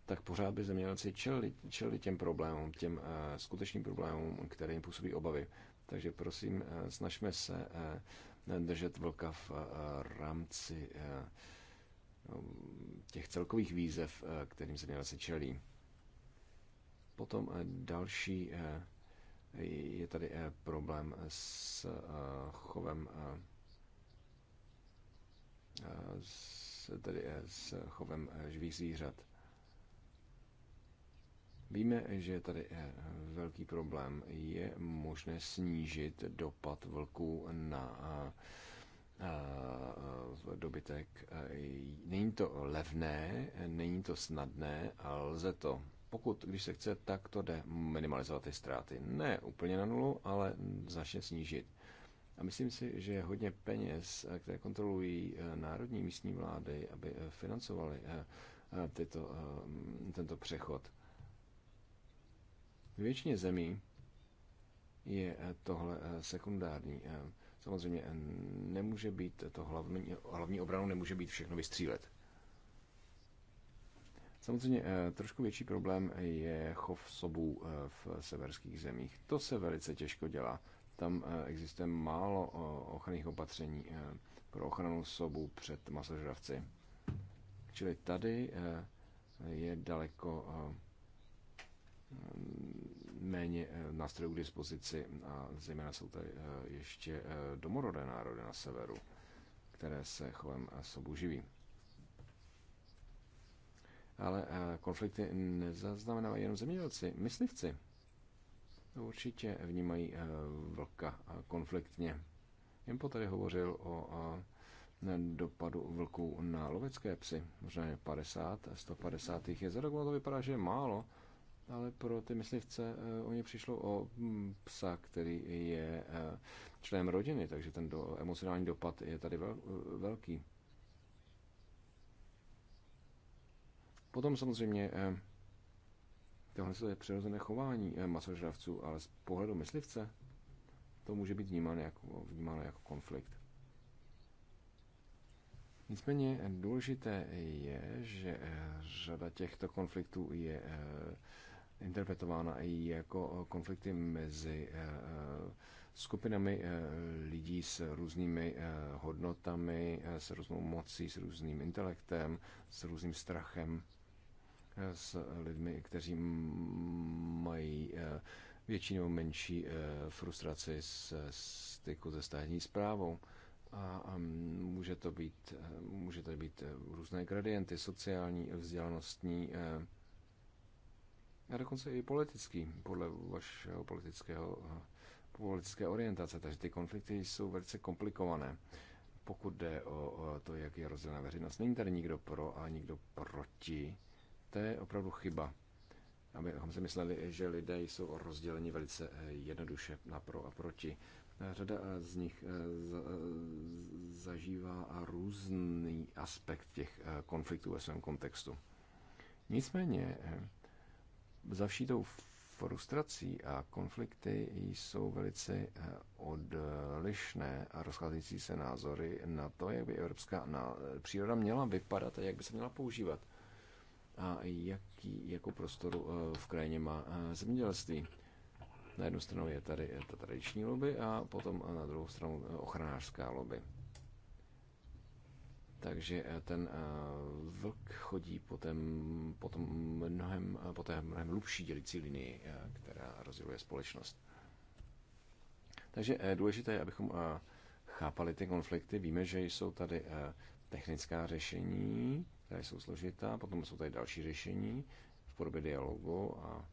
tak pořád by zemědělci čelili, čelili těm problémům, těm eh, skutečným problémům, které jim působí obavy. Takže prosím, snažme se držet vlka v rámci těch celkových výzev, kterým zemědělci čelí. Potom další je tady eh, problém s eh, chovem eh, s, tedy s chovem živých zvířat. Víme, že tady velký problém. Je možné snížit dopad vlků na dobytek. Není to levné, není to snadné, ale lze to pokud, když se chce, tak to jde minimalizovat ty ztráty. Ne úplně na nulu, ale značně snížit. A myslím si, že hodně peněz, eh, které kontrolují eh, národní místní vlády, aby eh, financovali tyto, tento přechod. V většině zemí je tohle sekundární. Samozřejmě nemůže být to hlavní, hlavní obranou nemůže být všechno vystřílet. Samozřejmě eh, trošku větší problém je chov sobů eh, v severských zemích. To se velice těžko dělá. Tam eh, existuje málo ochranných opatření pro ochranu sobů před masožravci. Čili tady je daleko méně nástrojů k dispozici a zejména jsou tady ještě domorodé národy na severu, které se chovem sobu živí. Ale eh, konflikty nezaznamenávají jenom zemědělci, myslivci. Určitě vnímají eh, vlka eh, konfliktně. Jempo tady hovořil o dopadu vlků na lovecké psy. Možná je 50, 150 jich je za rok, to vypadá, že je málo, ale pro ty myslivce uh, přišlo o hm, psa, který je uh, členem rodiny, takže ten do, emocionální dopad je tady vel, velký. Potom samozřejmě eh, tohle je přirozené chování eh, masožravců, ale z pohledu myslivce to může být vnímáno jako, vnímáno jako konflikt. Nicméně eh, důležité je, že řada těchto konfliktů je interpretována i jako konflikty mezi skupinami lidí s různými hodnotami, s různou mocí, s různým intelektem, s různým strachem s lidmi, kteří mají eh, větší nebo menší eh, frustraci s styku se státní zprávou. A může to být, eh, může to být různé gradienty, sociální, vzdělanostní, a dokonce i politický, podle vašeho politického, politické orientace. Takže ty konflikty jsou velice komplikované, pokud jde o to, jak je rozdělena veřejnost. Není tady nikdo pro a nikdo proti to je opravdu chyba. Abychom si mysleli, že lidé jsou rozděleni velice eh, jednoduše na pro a proti. Eh, řada eh, z nich zažívá různý aspekt těch konfliktů ve svém kontextu. Nicméně za zavšítou frustrací a konflikty jsou velice odlišné a rozcházející se názory na to, jak by evropská příroda měla vypadat a jak by se měla používat a jaký, jakou prostoru eh, v krajině má eh, zemědělství. Na jednu stranu je tady eh, ta tradiční lobby a potom na druhou stranu ochranářská lobby. Takže ten vlk chodí po, tém, po, tom mnohem, po té mnohem hlubší dělící linii, která rozděluje společnost. Takže důležité je, abychom chápali ty konflikty. Víme, že jsou tady technická řešení, která jsou složitá. Potom jsou tady další řešení v podobě dialogu a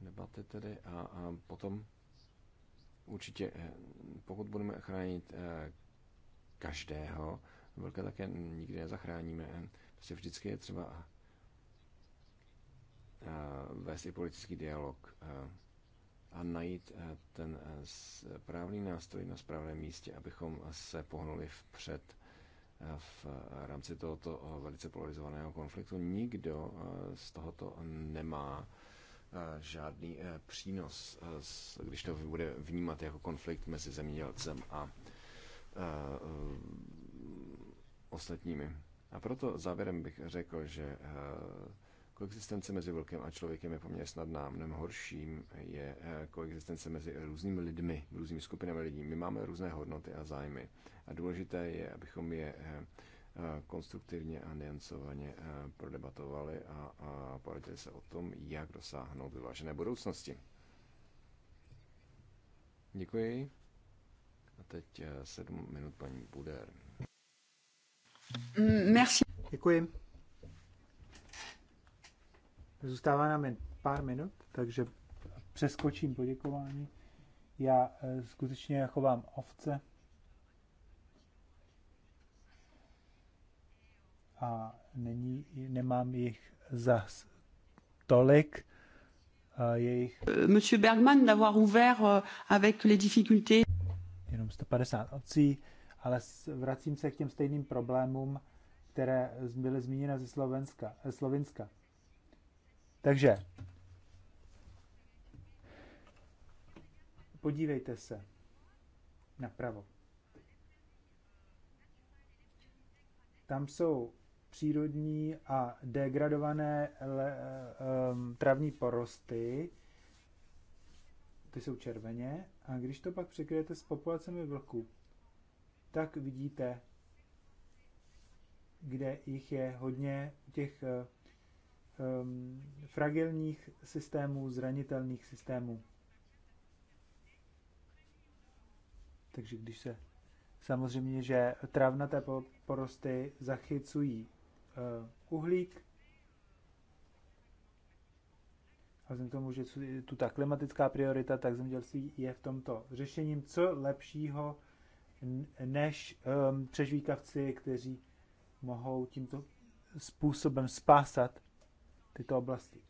debaty tedy. A, a potom určitě, eh, pokud budeme chránit eh, každého, velké také nikdy nezachráníme. Eh, prostě vždycky je třeba vést i politický dialog a najít ten správný nástroj na správném místě, abychom se pohnuli vpřed v rámci tohoto eh, velice polarizovaného konfliktu. Nikdo eh, z tohoto nemá eh, žádný přínos, když to bude vnímat jako konflikt mezi zemědělcem a ostatními. A proto závěrem bych řekl, že Koexistence mezi vlkem a člověkem je poměrně snadná. Mnohem horším je eh, koexistence mezi různými lidmi, různými skupinami lidí. My máme různé hodnoty a zájmy. A důležité je, abychom je eh, eh, konstruktivně a niancovaně prodebatovali a, poradili se o tom, jak dosáhnout vyvážené budoucnosti. Děkuji. A teď sedm minut paní Buder. Mm, merci. Děkuji. Zůstává nám jen pár minut, takže přeskočím poděkování. Já eh, skutečně chovám ovce. A není, nemám jich za tolik. Eh, Jejich... Monsieur Bergman d'avoir ouvert eh, avec les difficultés. Jenom 150 ovcí, ale vracím se k těm stejným problémům, které byly zmíněny ze Slovenska. Slovenska takže podívejte se napravo. Tam jsou přírodní a degradované le, um, travní porosty, ty jsou červeně, a když to pak překryjete s populacemi vlků, tak vidíte, kde jich je hodně těch eh, um, fragilních systémů, zranitelných systémů. Takže když se samozřejmě, že travnaté porosty zachycují uh, uhlík, a vzhledem k tomu, že tu ta klimatická priorita, tak zemědělství je v tomto řešením co lepšího než um, přežvíkavci, kteří mohou tímto způsobem spásat tyto oblasti.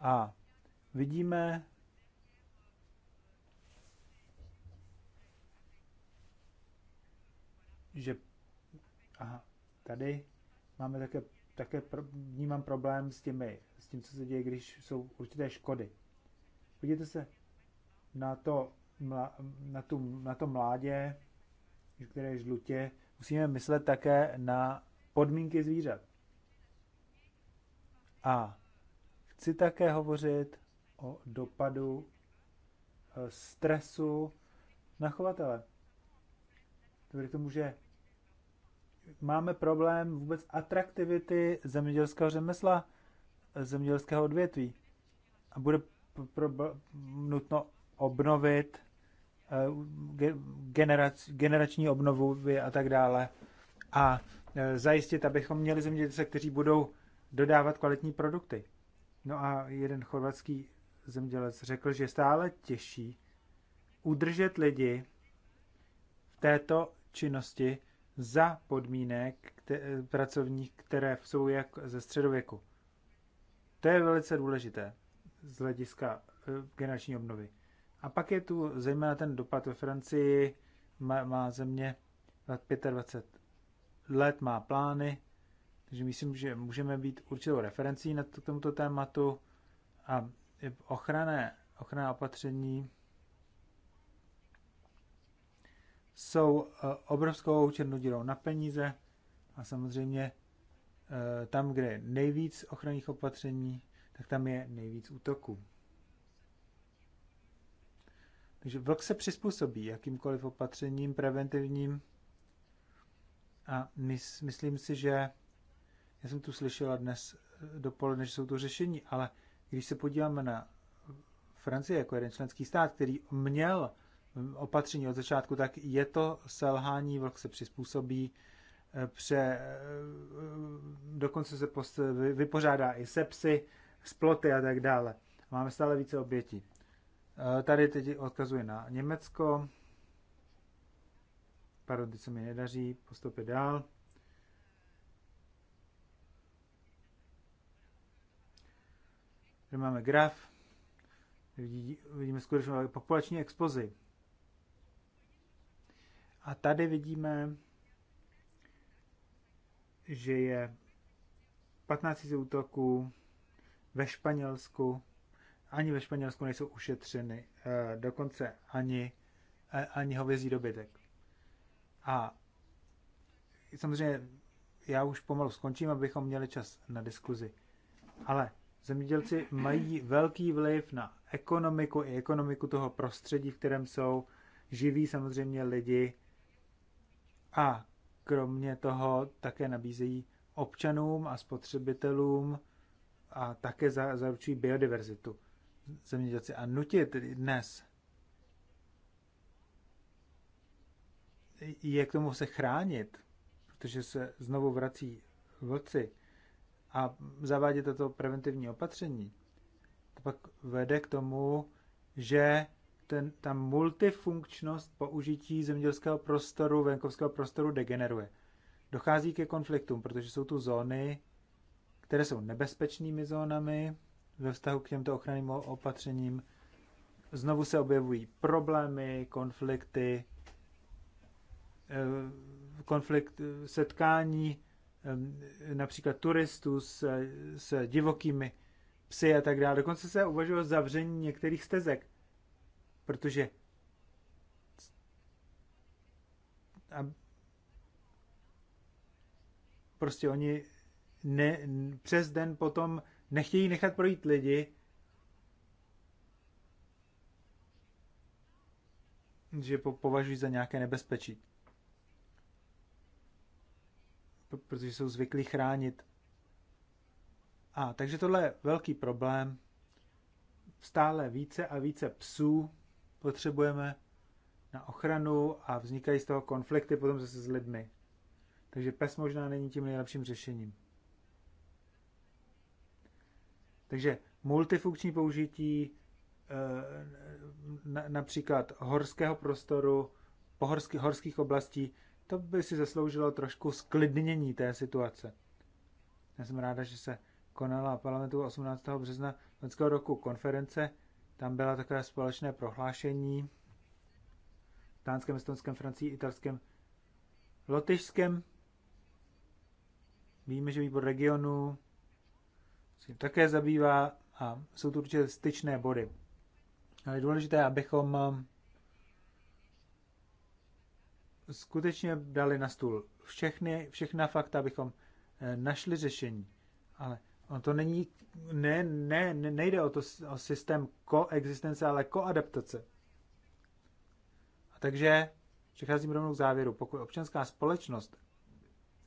A vidíme že aha, tady máme také, také pro, vnímám problém s, těmi, s tím, co se děje, když jsou určité škody. Podívejte se na to, na, tu, na to mládě, které je žlutě, musíme myslet také na podmínky zvířat. A chci také hovořit o dopadu eh, stresu na chovatele. k tomu, že máme problém vůbec atraktivity zemědělského řemesla, eh, zemědělského odvětví. A bude pro, pro, nutno obnovit eh, ge, generační obnovu a tak dále. A zajistit, abychom měli zemědělce, kteří budou dodávat kvalitní produkty. No a jeden chorvatský zemědělec řekl, že stále těžší udržet lidi v této činnosti za podmínek kte- pracovních, které jsou jak ze středověku. To je velice důležité z hlediska e, generační obnovy. A pak je tu zejména ten dopad ve Francii, má, má země 25 let, má plány, takže myslím, že můžeme být určitou referencí na to, k tomuto tématu a ochranné, ochranné opatření jsou e, obrovskou černodírou na peníze a samozřejmě e, tam, kde je nejvíc ochranných opatření, tak tam je nejvíc útoků. Takže vlk se přizpůsobí jakýmkoliv opatřením preventivním a mys, myslím si, že já jsem tu slyšela dnes eh, dopoledne, že jsou to řešení, ale když se podíváme na Francie jako jeden členský stát, který měl mm, opatření od začátku, tak je to selhání, vlk se přizpůsobí, eh, pře, eh, dokonce se post, vypořádá i sepsy, sploty a tak dále. Máme stále více obětí. Tady teď odkazuje na Německo. Pardon, teď se mi nedaří postupit dál. Tady máme graf, vidíme skutečnou populační expozi. A tady vidíme, že je 15 000 útoků ve Španělsku. Ani ve Španělsku nejsou ušetřeny, eh, dokonce ani, eh, ani hovězí dobytek. A samozřejmě já už pomalu skončím, abychom měli čas na diskuzi. Ale Zemědělci mají velký vliv na ekonomiku i ekonomiku toho prostředí, v kterém jsou, živí samozřejmě lidi a kromě toho také nabízejí občanům a spotřebitelům a také za, zaručují biodiverzitu zemědělci. A nutit dnes je k tomu se chránit, protože se znovu vrací vlci, a zavádět to preventivní opatření, to pak vede k tomu, že ten, ta multifunkčnost použití zemědělského prostoru, venkovského prostoru degeneruje. Dochází ke konfliktům, protože jsou tu zóny, které jsou nebezpečnými zónami ve vztahu k těmto ochranným opatřením. Znovu se objevují problémy, konflikty, eh, konflikt, eh, setkání například turistů s, s divokými psy a tak dále. Dokonce se uvažuje o zavření některých stezek, protože a prostě oni ne, přes den potom nechtějí nechat projít lidi, že po, považují za nějaké nebezpečí protože jsou zvyklí chránit. A takže tohle je velký problém. Stále více a více psů potřebujeme na ochranu a vznikají z toho konflikty potom zase s lidmi. Takže pes možná není tím nejlepším řešením. Takže multifunkční použití eh, například horského prostoru, pohorských, horských oblastí to by si zasloužilo trošku sklidnění té situace. Já jsem ráda, že se konala parlamentu 18. března loňského roku konference. Tam byla takové společné prohlášení v Tánském, Estonském, Francii, Italském, Lotyšském. Víme, že výbor regionu se také zabývá a jsou tu určitě styčné body. Ale je důležité, abychom skutečně dali na stůl všechny, všechna fakta, abychom eh, našli řešení. Ale on to není, ne, ne, nejde o, to, o systém koexistence, ale koadaptace. A takže přicházím rovnou k závěru. Pokud občanská společnost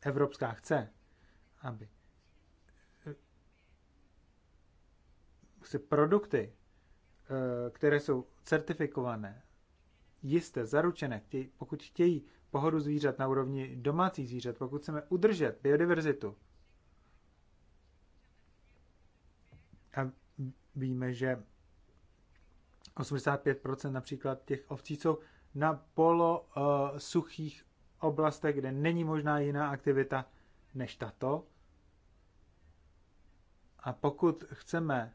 evropská chce, aby eh, si produkty, eh, které jsou certifikované, jisté, zaručené, chtějí, pokud chtějí pohodu zvířat na úrovni domácích zvířat, pokud chceme udržet biodiverzitu, a víme, že 85% například těch ovcí jsou na polo uh, suchých oblastech, kde není možná jiná aktivita než tato. A pokud chceme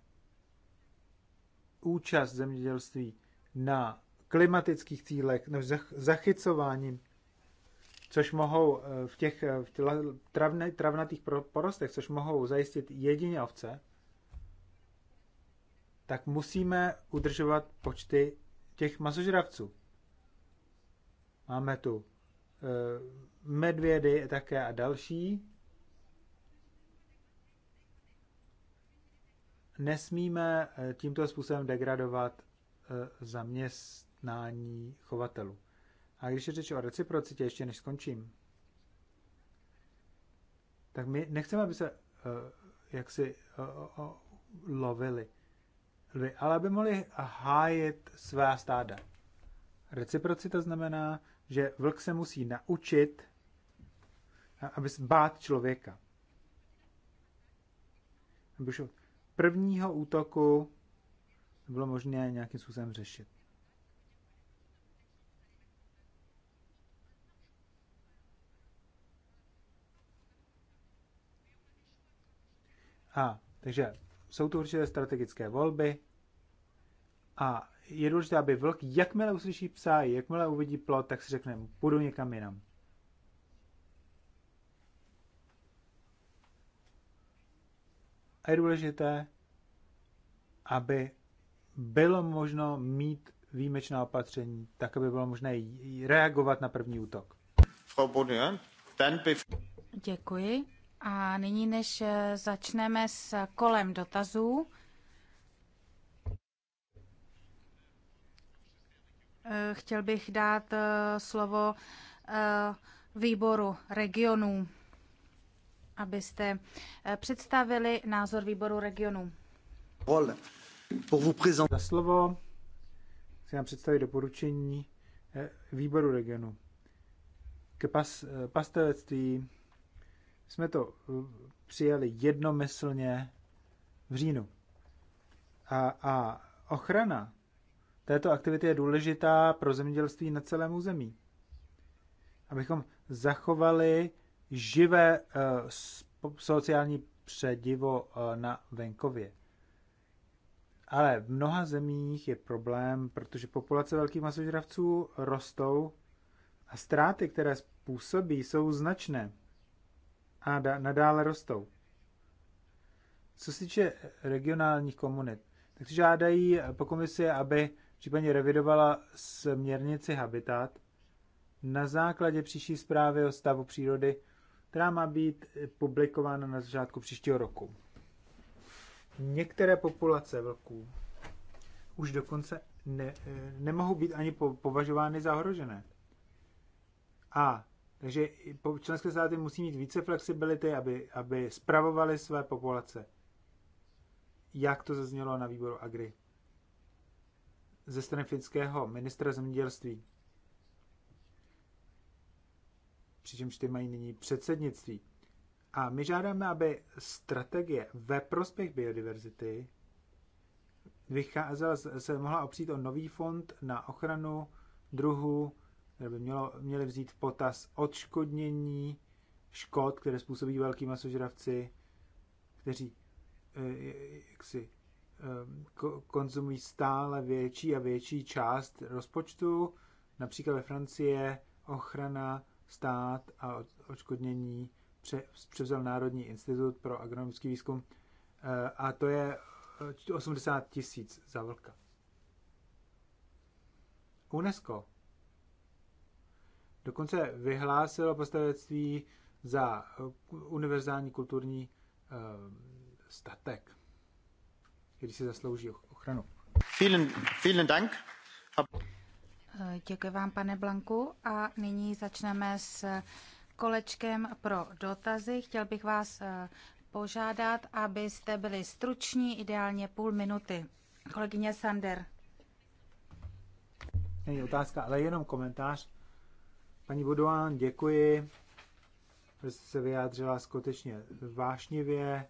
účast zemědělství na klimatických cílech, nebo zachycováním, což mohou eh, v těch, eh, v těch travne, travnatých porostech, což mohou zajistit jedině ovce, tak musíme udržovat počty těch masožravců. Máme tu eh, medvědy také a další. Nesmíme tímto způsobem degradovat zaměst jednání chovatelů. A když je řeč o reciprocitě, ještě než skončím, tak my nechceme, aby se uh, eh, jaksi uh, eh, uh, lovili lvy, ale aby mohli hájit svá stáda. Reciprocita znamená, že vlk se musí naučit, aby bát člověka. Aby už prvního útoku bylo možné nějakým způsobem řešit. A takže jsou tu určité strategické volby a je důležité, aby vlk, jakmile uslyší psa, jakmile uvidí plot, tak si řekne, půjdu někam jinam. A je důležité, aby bylo možno mít výjimečná opatření, tak aby bylo možné reagovat na první útok. Frau Bodian, Děkuji. A nyní, než eh, začneme s kolem dotazů, eh, chtěl bych dát eh, slovo výboru regionů, abyste představili názor výboru regionů. Za slovo chci vám představit doporučení výboru regionu k pas, pastelectví jsme to eh, přijali jednomyslně v říjnu. A, a ochrana této aktivity je důležitá pro zemědělství na celém území. Abychom zachovali živé uh, sociální předivo uh, na venkově. Ale v mnoha zemích je problém, protože populace velkých masožravců rostou a ztráty, které způsobí, jsou značné a nadále rostou. Co se týče regionálních komunit, tak si žádají po komisi, aby případně revidovala směrnici Habitat na základě příští zprávy o stavu přírody, která má být publikována na začátku příštího roku. Některé populace vlků už dokonce ne, nemohou být ani považovány za ohrožené. A takže členské státy musí mít více flexibility, aby, aby spravovali své populace. Jak to zaznělo na výboru Agri ze strany finského ministra zemědělství. Přičemž ty mají nyní předsednictví. A my žádáme, aby strategie ve prospěch biodiverzity vycházela, se mohla opřít o nový fond na ochranu druhů které by mělo, měli vzít v potaz odškodnění škod, které způsobí velký masožravci, kteří eh, jaksi eh, konzumují stále větší a větší část rozpočtu. Například ve Francie ochrana stát a odškodnění převzal Národní institut pro agronomický výzkum eh, a to je 80 tisíc za vlka. UNESCO dokonce vyhlásilo pastorectví za eh, univerzální kulturní eh, statek, který si zaslouží ochranu. Vielen, vielen Dank. Eh, děkuji vám, pane Blanku. A nyní začneme s kolečkem pro dotazy. Chtěl bych vás požádat, abyste byli struční, ideálně půl minuty. Kolegyně Sander. Není otázka, ale jenom komentář Paní Budován, děkuji. Že jste se vyjádřila skutečně vášnivě.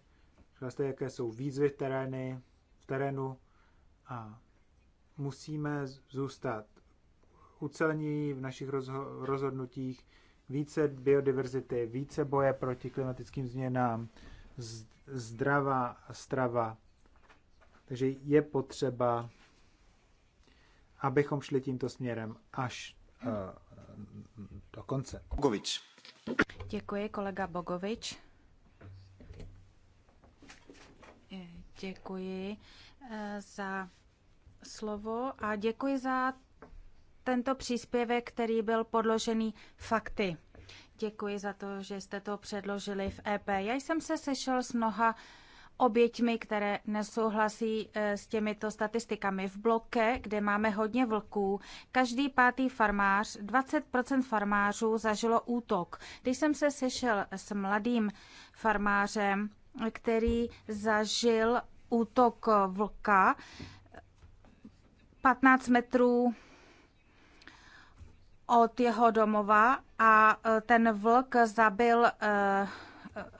Řekla jste, jaké jsou výzvy v, terény, v terénu a musíme zůstat ucelení v našich rozho- rozhodnutích, více biodiverzity, více boje proti klimatickým změnám, zdravá strava. Takže je potřeba, abychom šli tímto směrem, až Eh, do konce. Bogovič. Děkuji, kolega Bogovič. Eh, děkuji eh, za slovo a děkuji za tento příspěvek, který byl podložený fakty. Děkuji za to, že jste to předložili v EP. Já jsem se sešel s mnoha oběťmi, které nesouhlasí eh, s těmito statistikami. V bloke, kde máme hodně vlků, každý pátý farmář, 20% farmářů zažilo útok. Když jsem se sešel s mladým farmářem, který zažil útok vlka 15 metrů od jeho domova a eh, ten vlk zabil eh,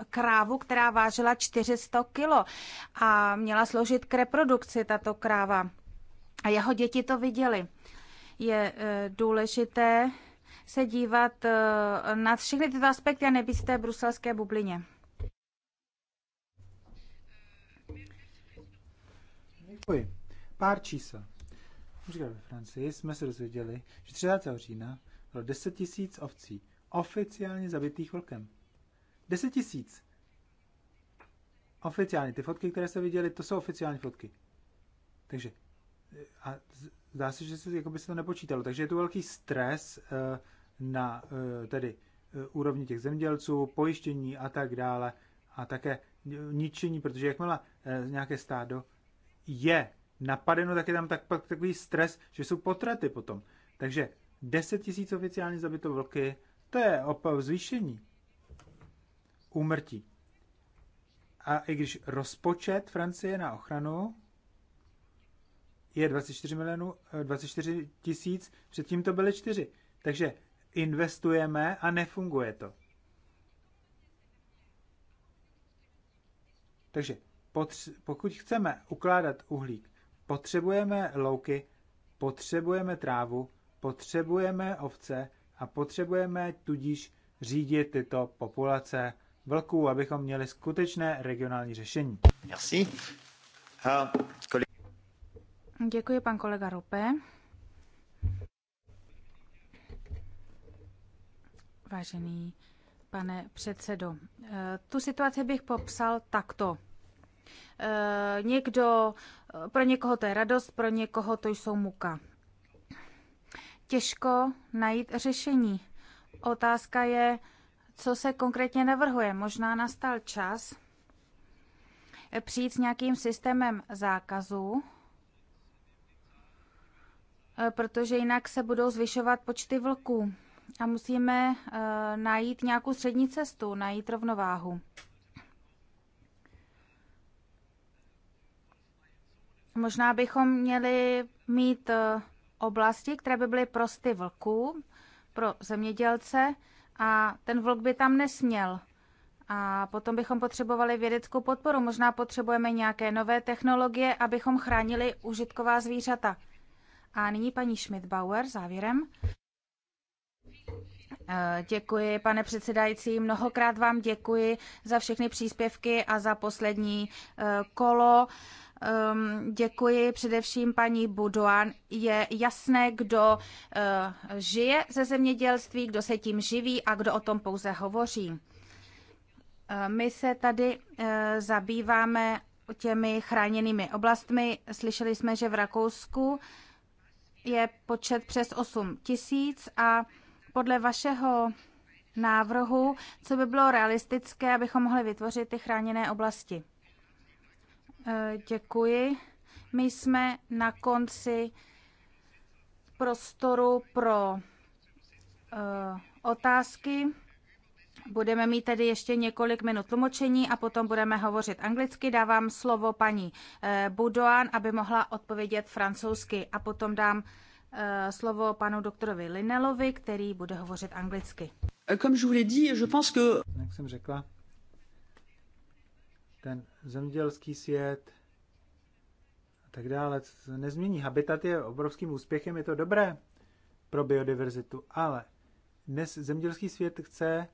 krávu, která vážila 400 kilo a měla sloužit k reprodukci tato kráva. A jeho děti to viděli. Je eh, důležité se dívat eh, na všechny tyto aspekty a nebýt z té bruselské bublině. Děkuji. Pár čísel. Říká ve Francii jsme se dozvěděli, že 30. října bylo 10 000 ovcí oficiálně zabitých vlkem. 10 tisíc. Oficiální. Ty fotky, které jste viděli, to jsou oficiální fotky. Takže eh, a zdá se, že se, jako by se to nepočítalo. Takže je tu velký stres uh, na uh, tedy uh, úrovni těch zemědělců, pojištění a tak dále a také ničení, protože jakmile uh, nějaké stádo je napadeno, tak je tam tak, pak takový stres, že jsou potraty potom. Takže 10 tisíc oficiálně zabito vlky, to je opravdu zvýšení úmrtí. A i když rozpočet Francie na ochranu je 24 milionů, 24 eh, tisíc, předtím to byly čtyři, Takže investujeme a nefunguje to. Takže pokud chceme ukládat uhlík, potřebujeme louky, potřebujeme trávu, potřebujeme ovce a potřebujeme tudíž řídit tyto populace vlků, abychom měli skutečné regionální řešení. Merci. Děkuji, pan kolega Rope. Vážený pane předsedo, eh, tu situaci bych popsal takto. Eh, někdo, eh, pro někoho to je radost, pro někoho to jsou muka. Těžko najít řešení. Otázka je, co se konkrétně navrhuje. Možná nastal čas eh, přijít s nějakým systémem zákazů, eh, protože jinak se budou zvyšovat počty vlků a musíme eh, najít nějakou střední cestu, najít rovnováhu. Možná bychom měli mít oblasti, které by byly prosty vlků pro zemědělce, a ten vlk by tam nesměl. A potom bychom potřebovali vědeckou podporu. Možná potřebujeme nějaké nové technologie, abychom chránili užitková zvířata. A nyní paní Schmidt-Bauer závěrem. Eh, děkuji, pane předsedající. Mnohokrát vám děkuji za všechny příspěvky a za poslední eh, kolo Um, děkuji především paní Budoan. Je jasné, kdo uh, žije ze zemědělství, kdo se tím živí a kdo o tom pouze hovoří. Eh, my se tady eh, zabýváme těmi chráněnými oblastmi. Slyšeli jsme, že v Rakousku je počet přes 8 tisíc a podle vašeho návrhu, co by bylo realistické, abychom mohli vytvořit ty chráněné oblasti. Eh, děkuji. My jsme na konci prostoru pro eh, otázky. Budeme mít tedy ještě několik minut tlumočení a potom budeme hovořit anglicky. Dávám slovo paní eh, Budoan, aby mohla odpovědět francouzsky a potom dám slovo panu doktorovi Linelovi, který bude hovořit anglicky. Comme je vous l'ai dit, je pense que... Jak jsem řekla, ten zemědělský svět a tak dále nezmění. Habitat je obrovským úspěchem, je to dobré pro biodiverzitu, ale dnes zemědělský svět chce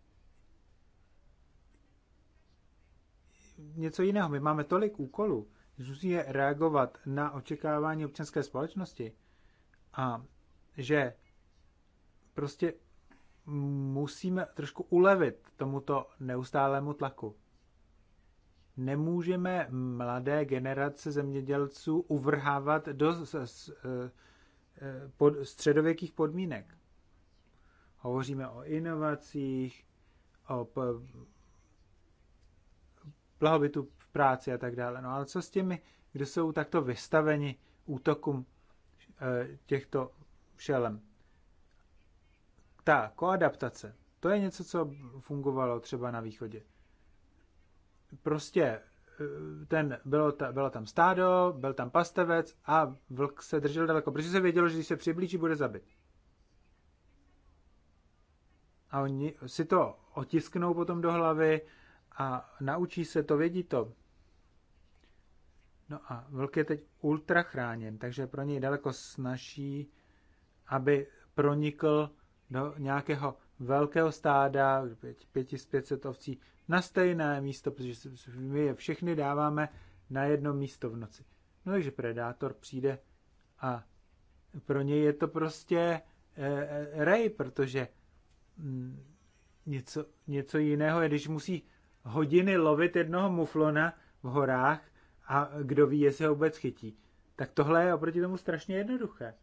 něco jiného. My máme tolik úkolů, že musíme reagovat na očekávání občanské společnosti a že prostě musíme trošku ulevit tomuto neustálému tlaku nemůžeme mladé generace zemědělců uvrhávat do středověkých podmínek. Hovoříme o inovacích, o blahobytu v práci a tak dále. No ale co s těmi, kdo jsou takto vystaveni útokům e, těchto šelem? Ta koadaptace, to je něco, co fungovalo třeba na východě prostě eh, ten, bylo ta, bylo tam stádo, byl tam pastevec a vlk se držel daleko, protože se vědělo, že když se přiblíží, bude zabit. A oni si to otisknou potom do hlavy a naučí se to, vědí to. No a vlk je teď ultra chráněn, takže pro něj je daleko snaží, aby pronikl do nějakého velkého stáda, pěti, pětset ovcí, na stejné místo, protože my je všechny dáváme na jedno místo v noci. No takže predátor přijde a pro něj je to prostě eh, eh, rej, protože mm, něco, něco jiného je, když musí hodiny lovit jednoho muflona v horách a kdo ví, jestli ho vůbec chytí. Tak tohle je oproti tomu strašně jednoduché.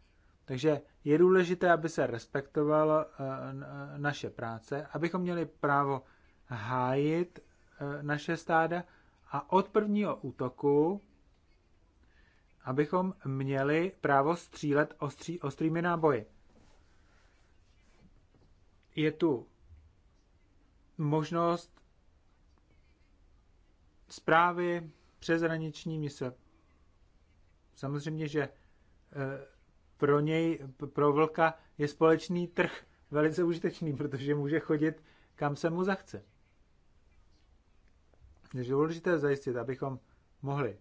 Takže je důležité, aby se respektovalo eh, naše práce, abychom měli právo hájit eh, naše stáda a od prvního útoku, abychom měli právo střílet ostří, ostrými náboji. Je tu možnost zprávy přezraniční mise. Samozřejmě, že eh, pro něj, pro vlka je společný trh velice užitečný, protože může chodit kam se mu zachce je důležité zajistit, abychom mohli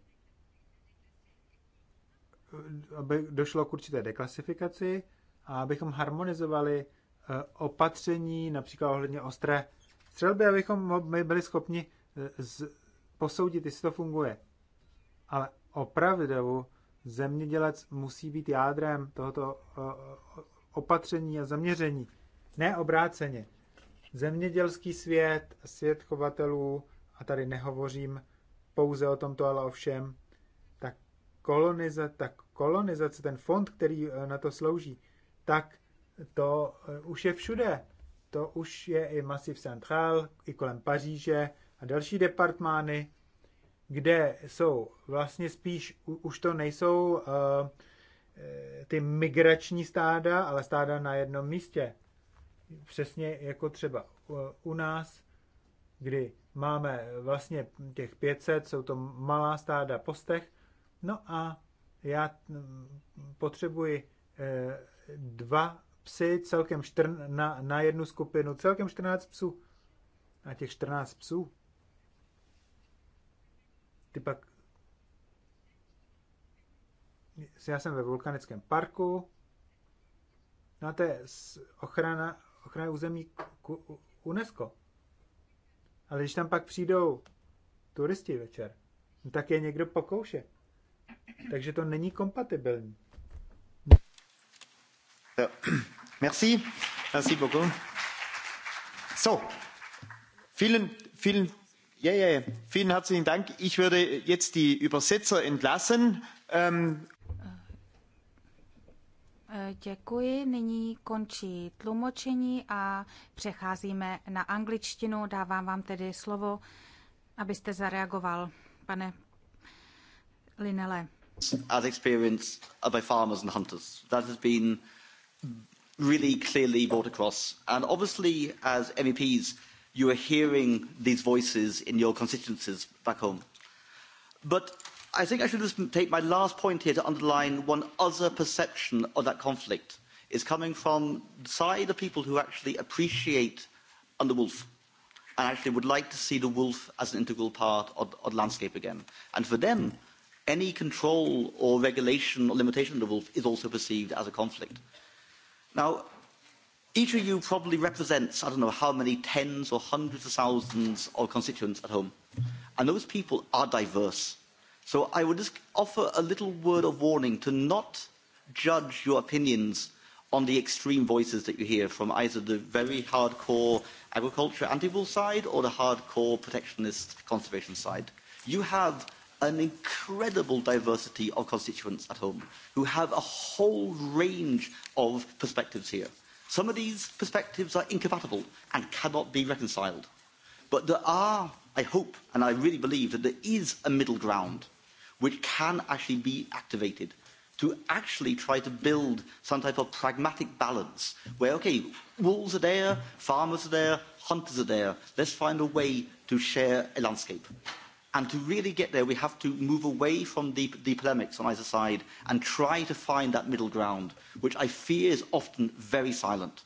aby došlo k určité deklasifikaci a abychom harmonizovali eh, opatření, například ohledně ostré střelby, abychom byli schopni eh, z, posoudit, jestli to funguje. Ale opravdu zemědělec musí být jádrem tohoto eh, opatření a zaměření, ne obráceně. Zemědělský svět, svět chovatelů a tady nehovořím pouze o tomto, ale o všem, tak kolonizace, ta kolonizace, ten fond, který eh, na to slouží, tak to eh, už je všude. To už je i Masiv Central, i kolem Paříže a další departmány, kde jsou vlastně spíš, už to nejsou uh, ty migrační stáda, ale stáda na jednom místě. Přesně jako třeba u nás kdy máme vlastně těch 500, jsou to malá stáda postech, no a já mm, potřebuji eh, dva psy, celkem čtrn, na, na jednu skupinu, celkem 14 psů. A těch 14 psů, ty pak... Já jsem ve vulkanickém parku, no a to je ochrana, ochrana území UNESCO. Ale když tam pak přijdou turisti večer, no tak je někdo pokouše. Takže to není kompatibilní. Merci. Merci beaucoup. So, vielen, vielen, yeah, yeah. vielen herzlichen Dank. Ich würde jetzt die Übersetzer entlassen. Ähm, Děkuji. Nyní končí tlumočení a přecházíme na angličtinu. Dávám vám tedy slovo, abyste zareagoval, pane Linele. As experienced by farmers and hunters, that has been really clearly brought across. And obviously, as MEPs, you are hearing these voices in your constituencies back home. But i think I should just take my last point here to underline one other perception of that conflict is coming from the side of people who actually appreciate the wolf and actually would like to see the wolf as an integral part of, of the landscape again. And for them, any control or regulation or limitation of the wolf is also perceived as a conflict. Now, each of you probably represents, I don't know how many tens or hundreds of thousands of constituents at home. And those people are diverse So I would just offer a little word of warning to not judge your opinions on the extreme voices that you hear from either the very hardcore agriculture anti wool side or the hardcore protectionist conservation side. You have an incredible diversity of constituents at home who have a whole range of perspectives here. Some of these perspectives are incompatible and cannot be reconciled. But there are, I hope, and I really believe that there is a middle ground which can actually be activated to actually try to build some type of pragmatic balance where, okay, wolves are there, farmers are there, hunters are there. Let's find a way to share a landscape. And to really get there, we have to move away from the, the polemics on either side and try to find that middle ground, which I fear is often very silent.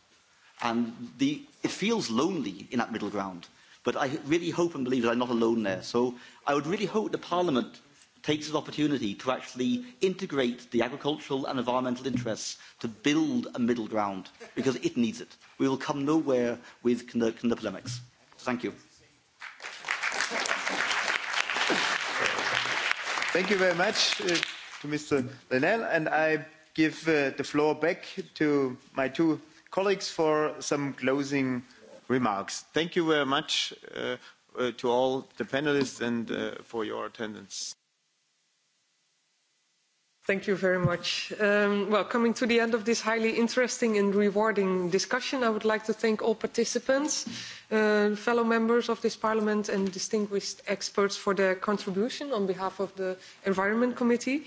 And the, it feels lonely in that middle ground. But I really hope and believe that I'm not alone there. So I would really hope the Parliament takes this opportunity to actually integrate the agricultural and environmental interests to build a middle ground because it needs it. We will come nowhere with the kind of polemics. Thank you. Thank you very much uh, to Mr. Lenel, and I give uh, the floor back to my two colleagues for some closing remarks. Thank you very much uh, uh, to all the panelists and uh, for your attendance. Thank you very much. Um, well, coming to the end of this highly interesting and rewarding discussion, I would like to thank all participants, uh, fellow members of this parliament and distinguished experts for their contribution on behalf of the Environment Committee.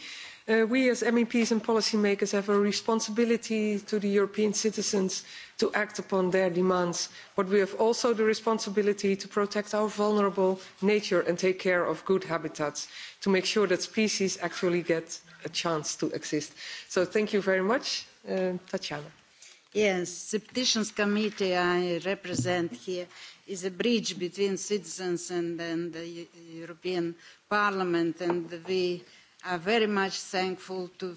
Uh, we as meps and policymakers have a responsibility to the european citizens to act upon their demands but we have also the responsibility to protect our vulnerable nature and take care of good habitats to make sure that species actually get a chance to exist. so thank you very much uh, tatjana. yes the petitions committee i represent here is a bridge between citizens and, the european parliament and we I'm very much thankful to